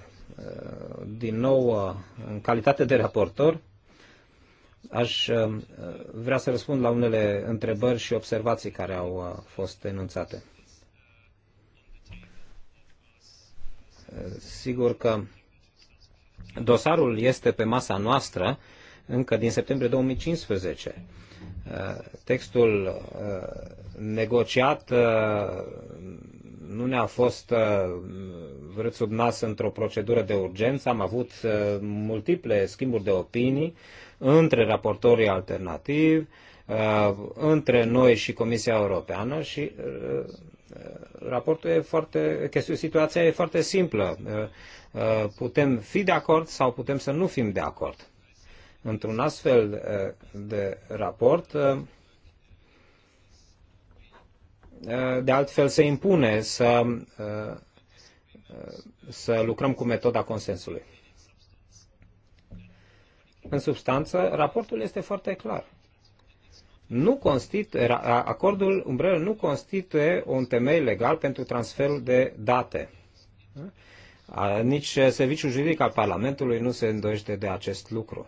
[SPEAKER 3] din nou în calitate de raportor Aș uh, vrea să răspund la unele întrebări și observații care au uh, fost enunțate. Uh, sigur că dosarul este pe masa noastră încă din septembrie 2015. Textul negociat nu ne-a fost vrut sub nas într-o procedură de urgență. Am avut multiple schimburi de opinii între raportorii alternativi, uh, între noi și Comisia Europeană și uh, uh, raportul e foarte, situația e foarte simplă. Putem fi de acord sau putem să nu fim de acord. Într-un astfel de raport, de altfel se impune să, să lucrăm cu metoda consensului. În substanță, raportul este foarte clar. Nu constituie, acordul umbrelă nu constituie un temei legal pentru transferul de date. Nici serviciul juridic al Parlamentului nu se îndoiește de acest lucru.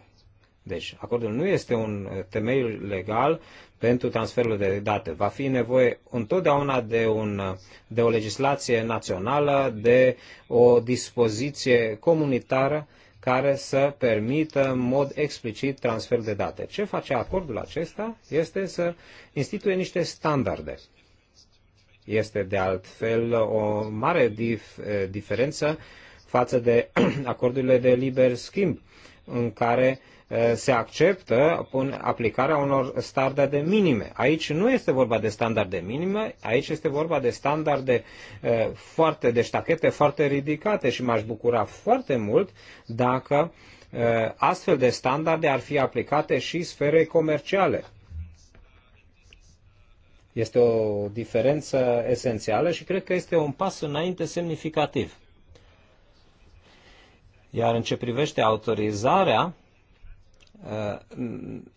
[SPEAKER 3] Deci, acordul nu este un temei legal pentru transferul de date. Va fi nevoie întotdeauna de, un, de o legislație națională, de o dispoziție comunitară care să permită în mod explicit transfer de date. Ce face acordul acesta este să instituie niște standarde. Este de altfel o mare dif- eh, diferență față de acordurile de liber schimb, în care Eh, se acceptă aplicarea unor standarde minime. Aici nu este vorba de standarde minime, aici este vorba de standarde eh, foarte, deștachete, foarte ridicate și m-aș bucura foarte mult dacă eh, astfel de standarde ar fi aplicate și sferei comerciale. Este o diferență esențială și cred că este un pas înainte semnificativ. Iar în ce privește autorizarea, Uh,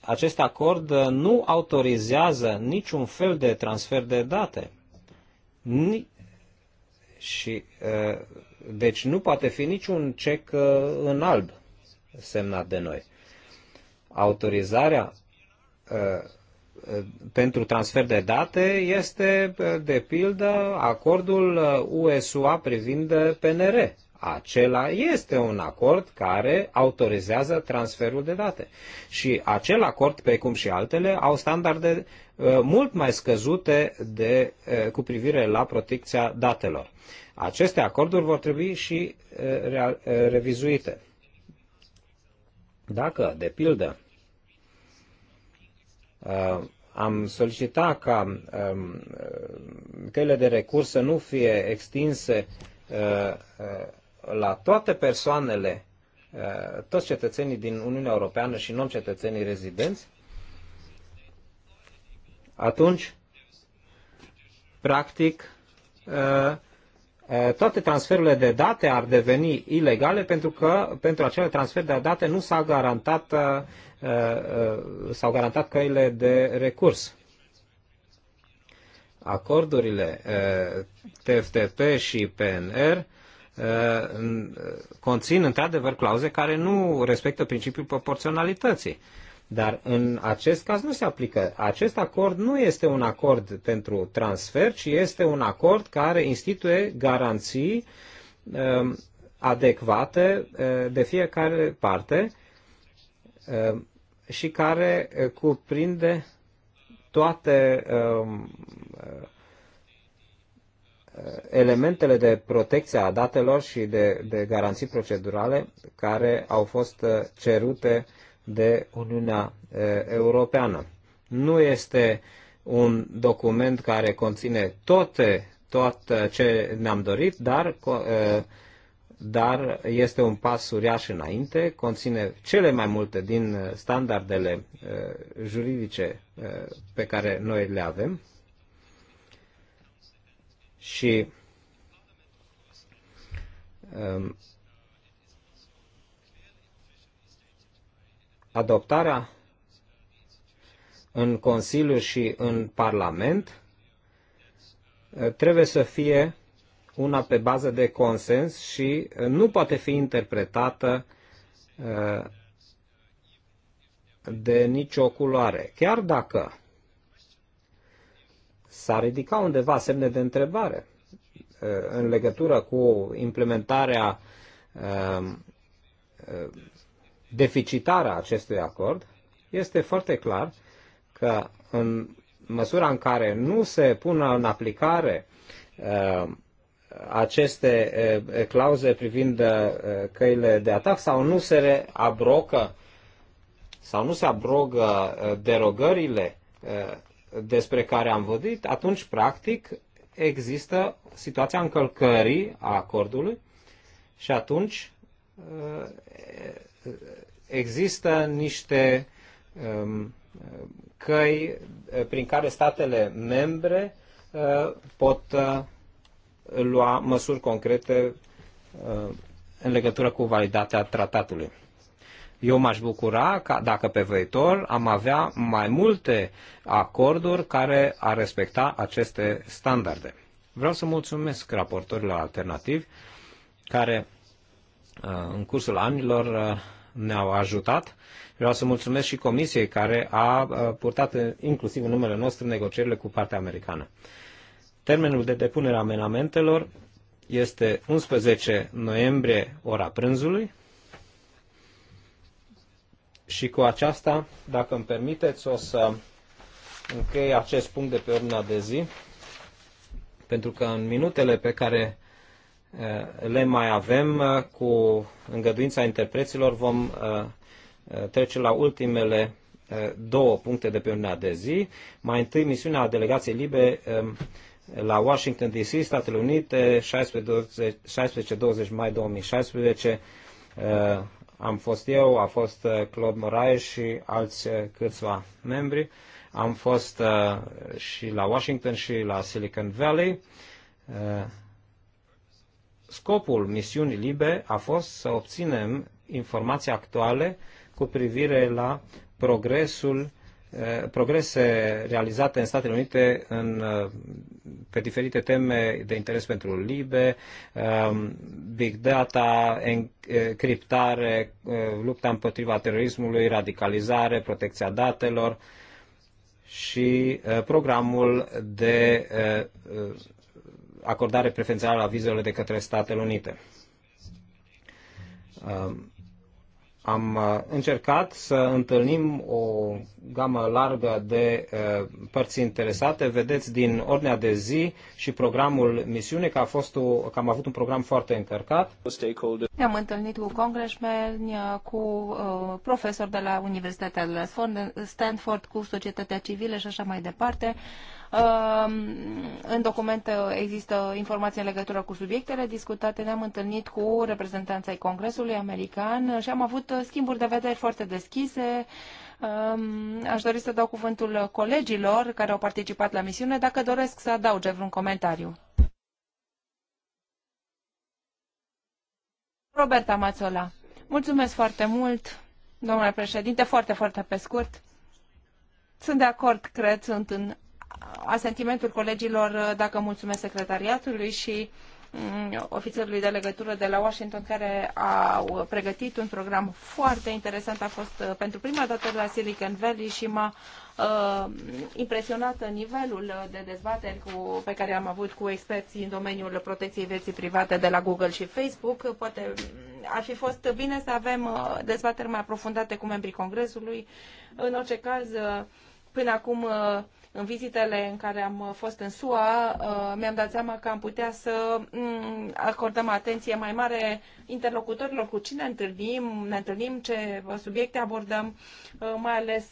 [SPEAKER 3] acest acord nu autorizează niciun fel de transfer de date. Ni- și, uh, deci nu poate fi niciun cec uh, în alb semnat de noi. Autorizarea pentru transfer de date este, de pildă, acordul USUA privind PNR acela este un acord care autorizează transferul de date. Și acel acord, precum și altele, au standarde uh, mult mai scăzute de, uh, cu privire la protecția datelor. Aceste acorduri vor trebui și uh, revizuite. Dacă, de pildă, am solicitat ca um, căile de recurs să nu fie extinse la toate persoanele, uh, toți cetățenii din Uniunea Europeană și non-cetățenii rezidenți, atunci, practic, uh, uh, toate transferurile de date ar deveni ilegale pentru că pentru acele transfer de date nu s-a garantat, s-au garantat căile de recurs. Acordurile TFTP și PNR Uh, uh, conțin într-adevăr clauze care nu respectă principiul proporționalității. Dar în acest caz nu se aplică. Acest acord nu este un acord pentru transfer, ci este un acord care instituie garanții um, adecvate uh, de fiecare parte um, și care cuprinde toate um, elementele de protecție a datelor și de, de garanții procedurale care au fost uh, cerute de Uniunea uh, Europeană. Nu este un document care conține toate, tot ce ne-am dorit, dar, uh, dar este un pas uriaș înainte, conține cele mai multe din standardele juridice pe care noi le avem și um, adoptarea în Consiliu și în Parlament uh, trebuie să fie una pe bază de consens și uh, nu poate fi interpretată uh, de nicio culoare. Chiar dacă s a ridicat undeva semne de întrebare uh, în legătură cu implementarea uh, uh, deficitară a acestui acord, este foarte clar că în măsura în care nu se pună în aplicare aceste clauze privind căile de atac sau nu se abrogă sau nu se abrogă derogările despre care am vorbit, atunci, practic, există situația încălcării a acordului și atunci uh, există niște um, căi prin care statele membre uh, pot uh, lua măsuri concrete în legătură cu validitatea tratatului. Eu m-aș bucura ca, dacă pe viitor am avea mai multe acorduri care ar respecta aceste standarde. Vreau să mulțumesc raportorilor alternativi care uh, în cursul anilor uh, ne-au ajutat. Vreau să mulțumesc și comisiei care a uh, purtat inclusiv în numele nostru negocierile cu partea americană. Termenul de depunere a amenamentelor este 11 noiembrie, ora prânzului, și cu aceasta, dacă îmi permiteți, o să închei acest punct de pe ordinea de zi, pentru că în minutele pe care eh, le mai avem, eh, cu îngăduința interpreților, vom eh, trece la ultimele două puncte de pe ordinea de zi. Mai întâi, misiunea delegației libe la Washington DC, Statele Unite, 16-20 mai 2016, am fost eu, a fost uh, Claude Moraes și alți uh, câțiva membri. Am fost uh, și la Washington și la Silicon Valley. Scopul misiunii LIBE a fost să obținem informații actuale cu privire la progresul Eh, progrese realizate în Statele Unite în, eh, pe diferite teme de interes pentru LIBE, eh, big data, criptare, lupta împotriva terorismului, radicalizare, protecția datelor și programul de acordare preferențială a vizelor de către Statele Unite am uh, încercat să întâlnim o gamă largă de uh, părți interesate. Vedeți din ordinea de zi și programul misiune că, a fost o, că am avut un program foarte încărcat.
[SPEAKER 2] Ne-am întâlnit cu congresmeni, uh, cu profesori de la Universitatea de la Stanford, cu societatea civilă și așa mai departe. Ehm, în document există informații în legătură cu subiectele discutate. Ne-am întâlnit cu reprezentanța ai Congresului American și am avut schimburi de vedere foarte deschise. Ehm, aș dori să dau cuvântul colegilor care au participat la misiune dacă doresc să adauge vreun comentariu. Roberta Mazzola. Mulțumesc foarte mult, domnule președinte, foarte, foarte pe scurt. Sunt de acord, cred, sunt în asentimentul colegilor dacă mulțumesc secretariatului și mm, ofițerului de legătură de la Washington care au pregătit un program foarte interesant. A fost uh, pentru prima dată la Silicon Valley și m-a uh, impresionat nivelul de dezbateri cu, pe care am avut cu experții în domeniul protecției vieții private de la Google și Facebook. Poate mm, ar fi fost bine să avem uh, dezbateri mai aprofundate cu membrii Congresului. În orice caz, uh, până acum în vizitele în care am uh, fost în SUA, uh, mi-am dat seama că am putea să mm, acordăm atenție mai mare interlocutorilor cu cine ne întâlnim, ne întâlnim, ce subiecte abordăm, uh, mai ales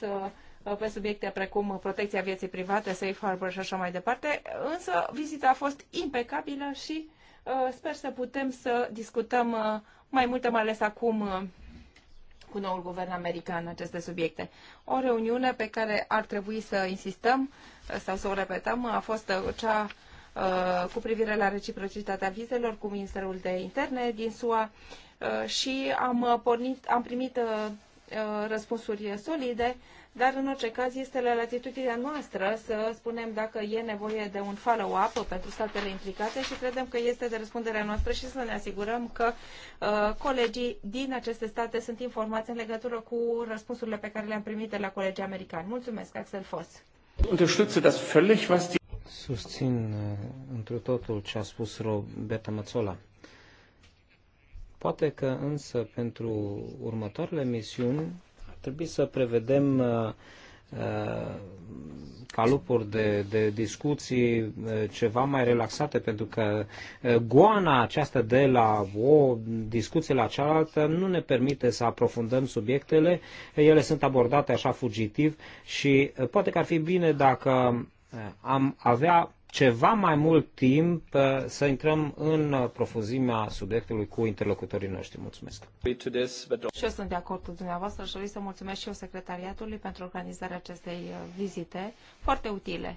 [SPEAKER 2] pe subiecte precum protecția vieții private, safe harbor și așa mai departe. Însă vizita a fost impecabilă și sper să putem să discutăm mai multe, mai ales acum cu noul guvern american în aceste subiecte. O reuniune pe care ar trebui să insistăm uh, sau să o repetăm a fost uh, cea uh, cu privire la reciprocitatea vizelor cu Ministerul de Interne din SUA și am, pornit, am primit răspunsuri solide dar în orice caz este la latitudinea noastră să spunem dacă e nevoie de un follow-up pentru statele implicate și credem că este de răspunderea noastră și să ne asigurăm că uh, colegii din aceste state sunt informați în legătură cu răspunsurile pe care le-am primit de la colegii americani. Mulțumesc, Axel Foss.
[SPEAKER 3] Susțin uh, întru totul ce a spus Roberta Mățola. Poate că însă pentru următoarele misiuni trebui să prevedem uh, uh, calupuri de, de discuții uh, ceva mai relaxate, pentru că goana aceasta de la o discuție la cealaltă nu ne permite să aprofundăm subiectele, ele sunt abordate așa fugitiv și poate că ar fi bine dacă am avea ceva mai mult timp uh, să intrăm în uh, profuzimea subiectului cu interlocutorii noștri. Mulțumesc!
[SPEAKER 2] Și eu sunt de acord cu dumneavoastră și vreau să mulțumesc și eu secretariatului pentru organizarea acestei uh, vizite foarte utile.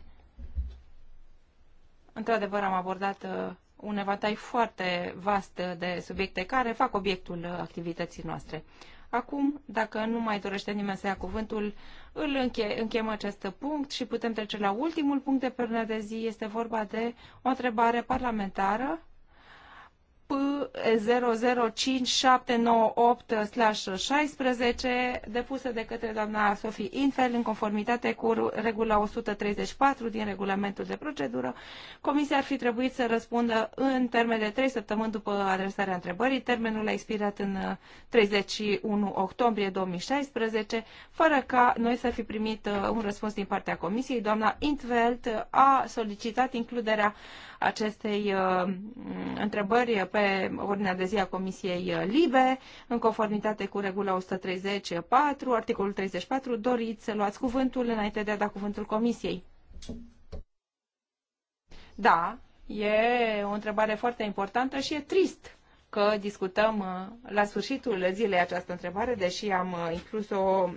[SPEAKER 2] Într-adevăr, am abordat un evantai foarte vast de subiecte care fac obiectul activității noastre. Acum, dacă nu mai dorește nimeni să ia cuvântul, îl înche- acest punct și putem trece la ultimul punct de pe de zi. Este vorba de o întrebare parlamentară p 005798 16 depusă de către doamna Sofie Infel în conformitate cu regula 134 din regulamentul de procedură. Comisia ar fi trebuit să răspundă în termen de 3 săptămâni după adresarea întrebării. Termenul a expirat în 31 uh, octombrie 2016, fără ca noi să fi primit uh, un răspuns din partea Comisiei. Doamna Intveld a solicitat includerea acestei uh, întrebări pe ordinea de zi a Comisiei uh, Libe, în conformitate cu regula 134, articolul 34. Doriți să luați cuvântul înainte de a da cuvântul Comisiei? Da, e o întrebare foarte importantă și e trist că discutăm uh, la sfârșitul zilei această întrebare, deși am inclus-o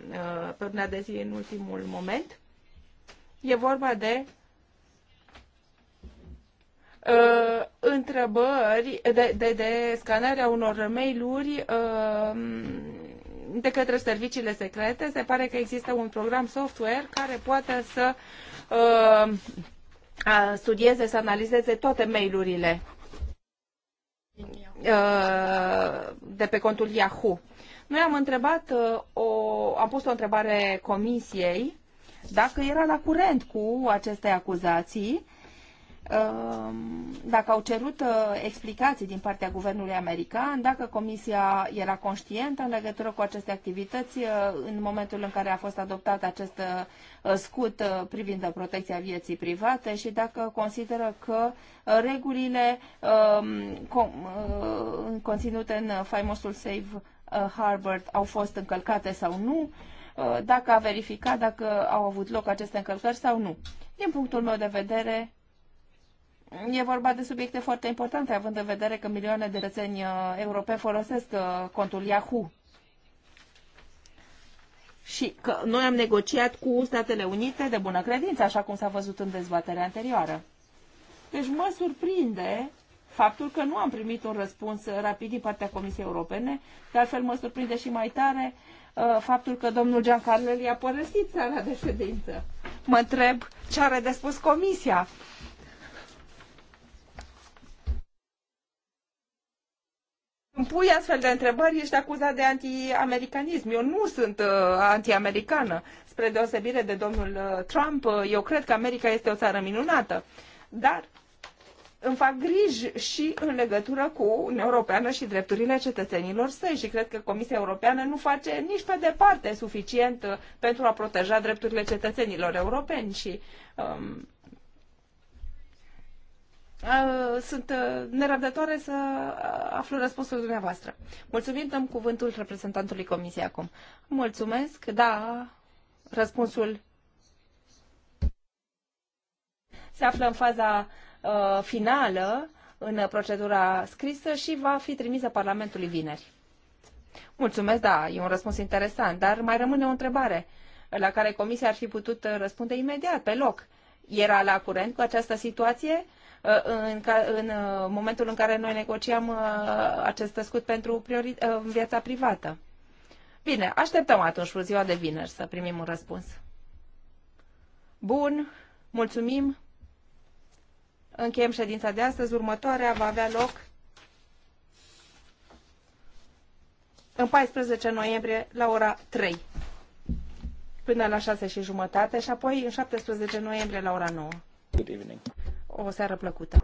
[SPEAKER 2] pe urmea de zi în ultimul moment. E vorba de uh, întrebări, de, de, de scanarea unor mail-uri uh, de către serviciile secrete. Se pare că există un program software care poate să uh, studieze, să analizeze toate mail-urile uh, de pe contul Yahoo. Noi am întrebat, uh, o, am pus o întrebare comisiei dacă era la curent cu aceste acuzații Ehm, dacă au cerut uh, explicații din partea guvernului american, dacă comisia era conștientă în legătură cu aceste activități uh, în momentul în care a fost adoptat acest uh, scut privind protecția vieții private și dacă consideră că regulile ehm, conținute în faimosul Save Harvard au fost încălcate sau nu, dacă a verificat dacă au avut loc aceste încălcări sau nu. Din punctul meu de vedere, E vorba de subiecte foarte importante, având în vedere că milioane de rățeni uh, europeni folosesc uh, contul Yahoo. Și că noi am negociat cu Statele Unite de bună credință, așa cum s-a văzut în dezbaterea anterioară. Deci mă surprinde faptul că nu am primit un răspuns uh, rapid din partea Comisiei Europene, de altfel mă surprinde și mai tare faptul că domnul Giancarlo i-a părăsit țara de ședință. Mă întreb ce are de spus Comisia Îmi pui astfel de întrebări, ești acuzat de antiamericanism. Eu nu sunt uh, antiamericană. Spre deosebire de domnul uh, Trump, uh, eu cred că America este o țară minunată. Dar îmi fac griji și în legătură cu Uniunea Europeană și drepturile cetățenilor săi și cred că Comisia Europeană nu face nici pe departe suficient uh, pentru a proteja drepturile cetățenilor europeni și um, sunt nerăbdătoare să aflu răspunsul dumneavoastră. Mulțumim, dăm cuvântul reprezentantului Comisiei acum. Mulțumesc, da, răspunsul se află în faza uh, finală, în procedura scrisă și va fi trimisă Parlamentului vineri. Mulțumesc, da, e un răspuns interesant, dar mai rămâne o întrebare la care Comisia ar fi putut răspunde imediat, pe loc. Era la curent cu această situație? Uh, în, în uh, momentul în care noi negociam uh, acest scut pentru priori, viața privată. Bine, așteptăm atunci ziua de vineri să primim un răspuns. Bun, mulțumim. Încheiem ședința de astăzi. Următoarea va avea loc în 14 noiembrie la ora 3 până la 6 și jumătate și apoi în 17 noiembrie la ora 9. Good evening o seară plăcută!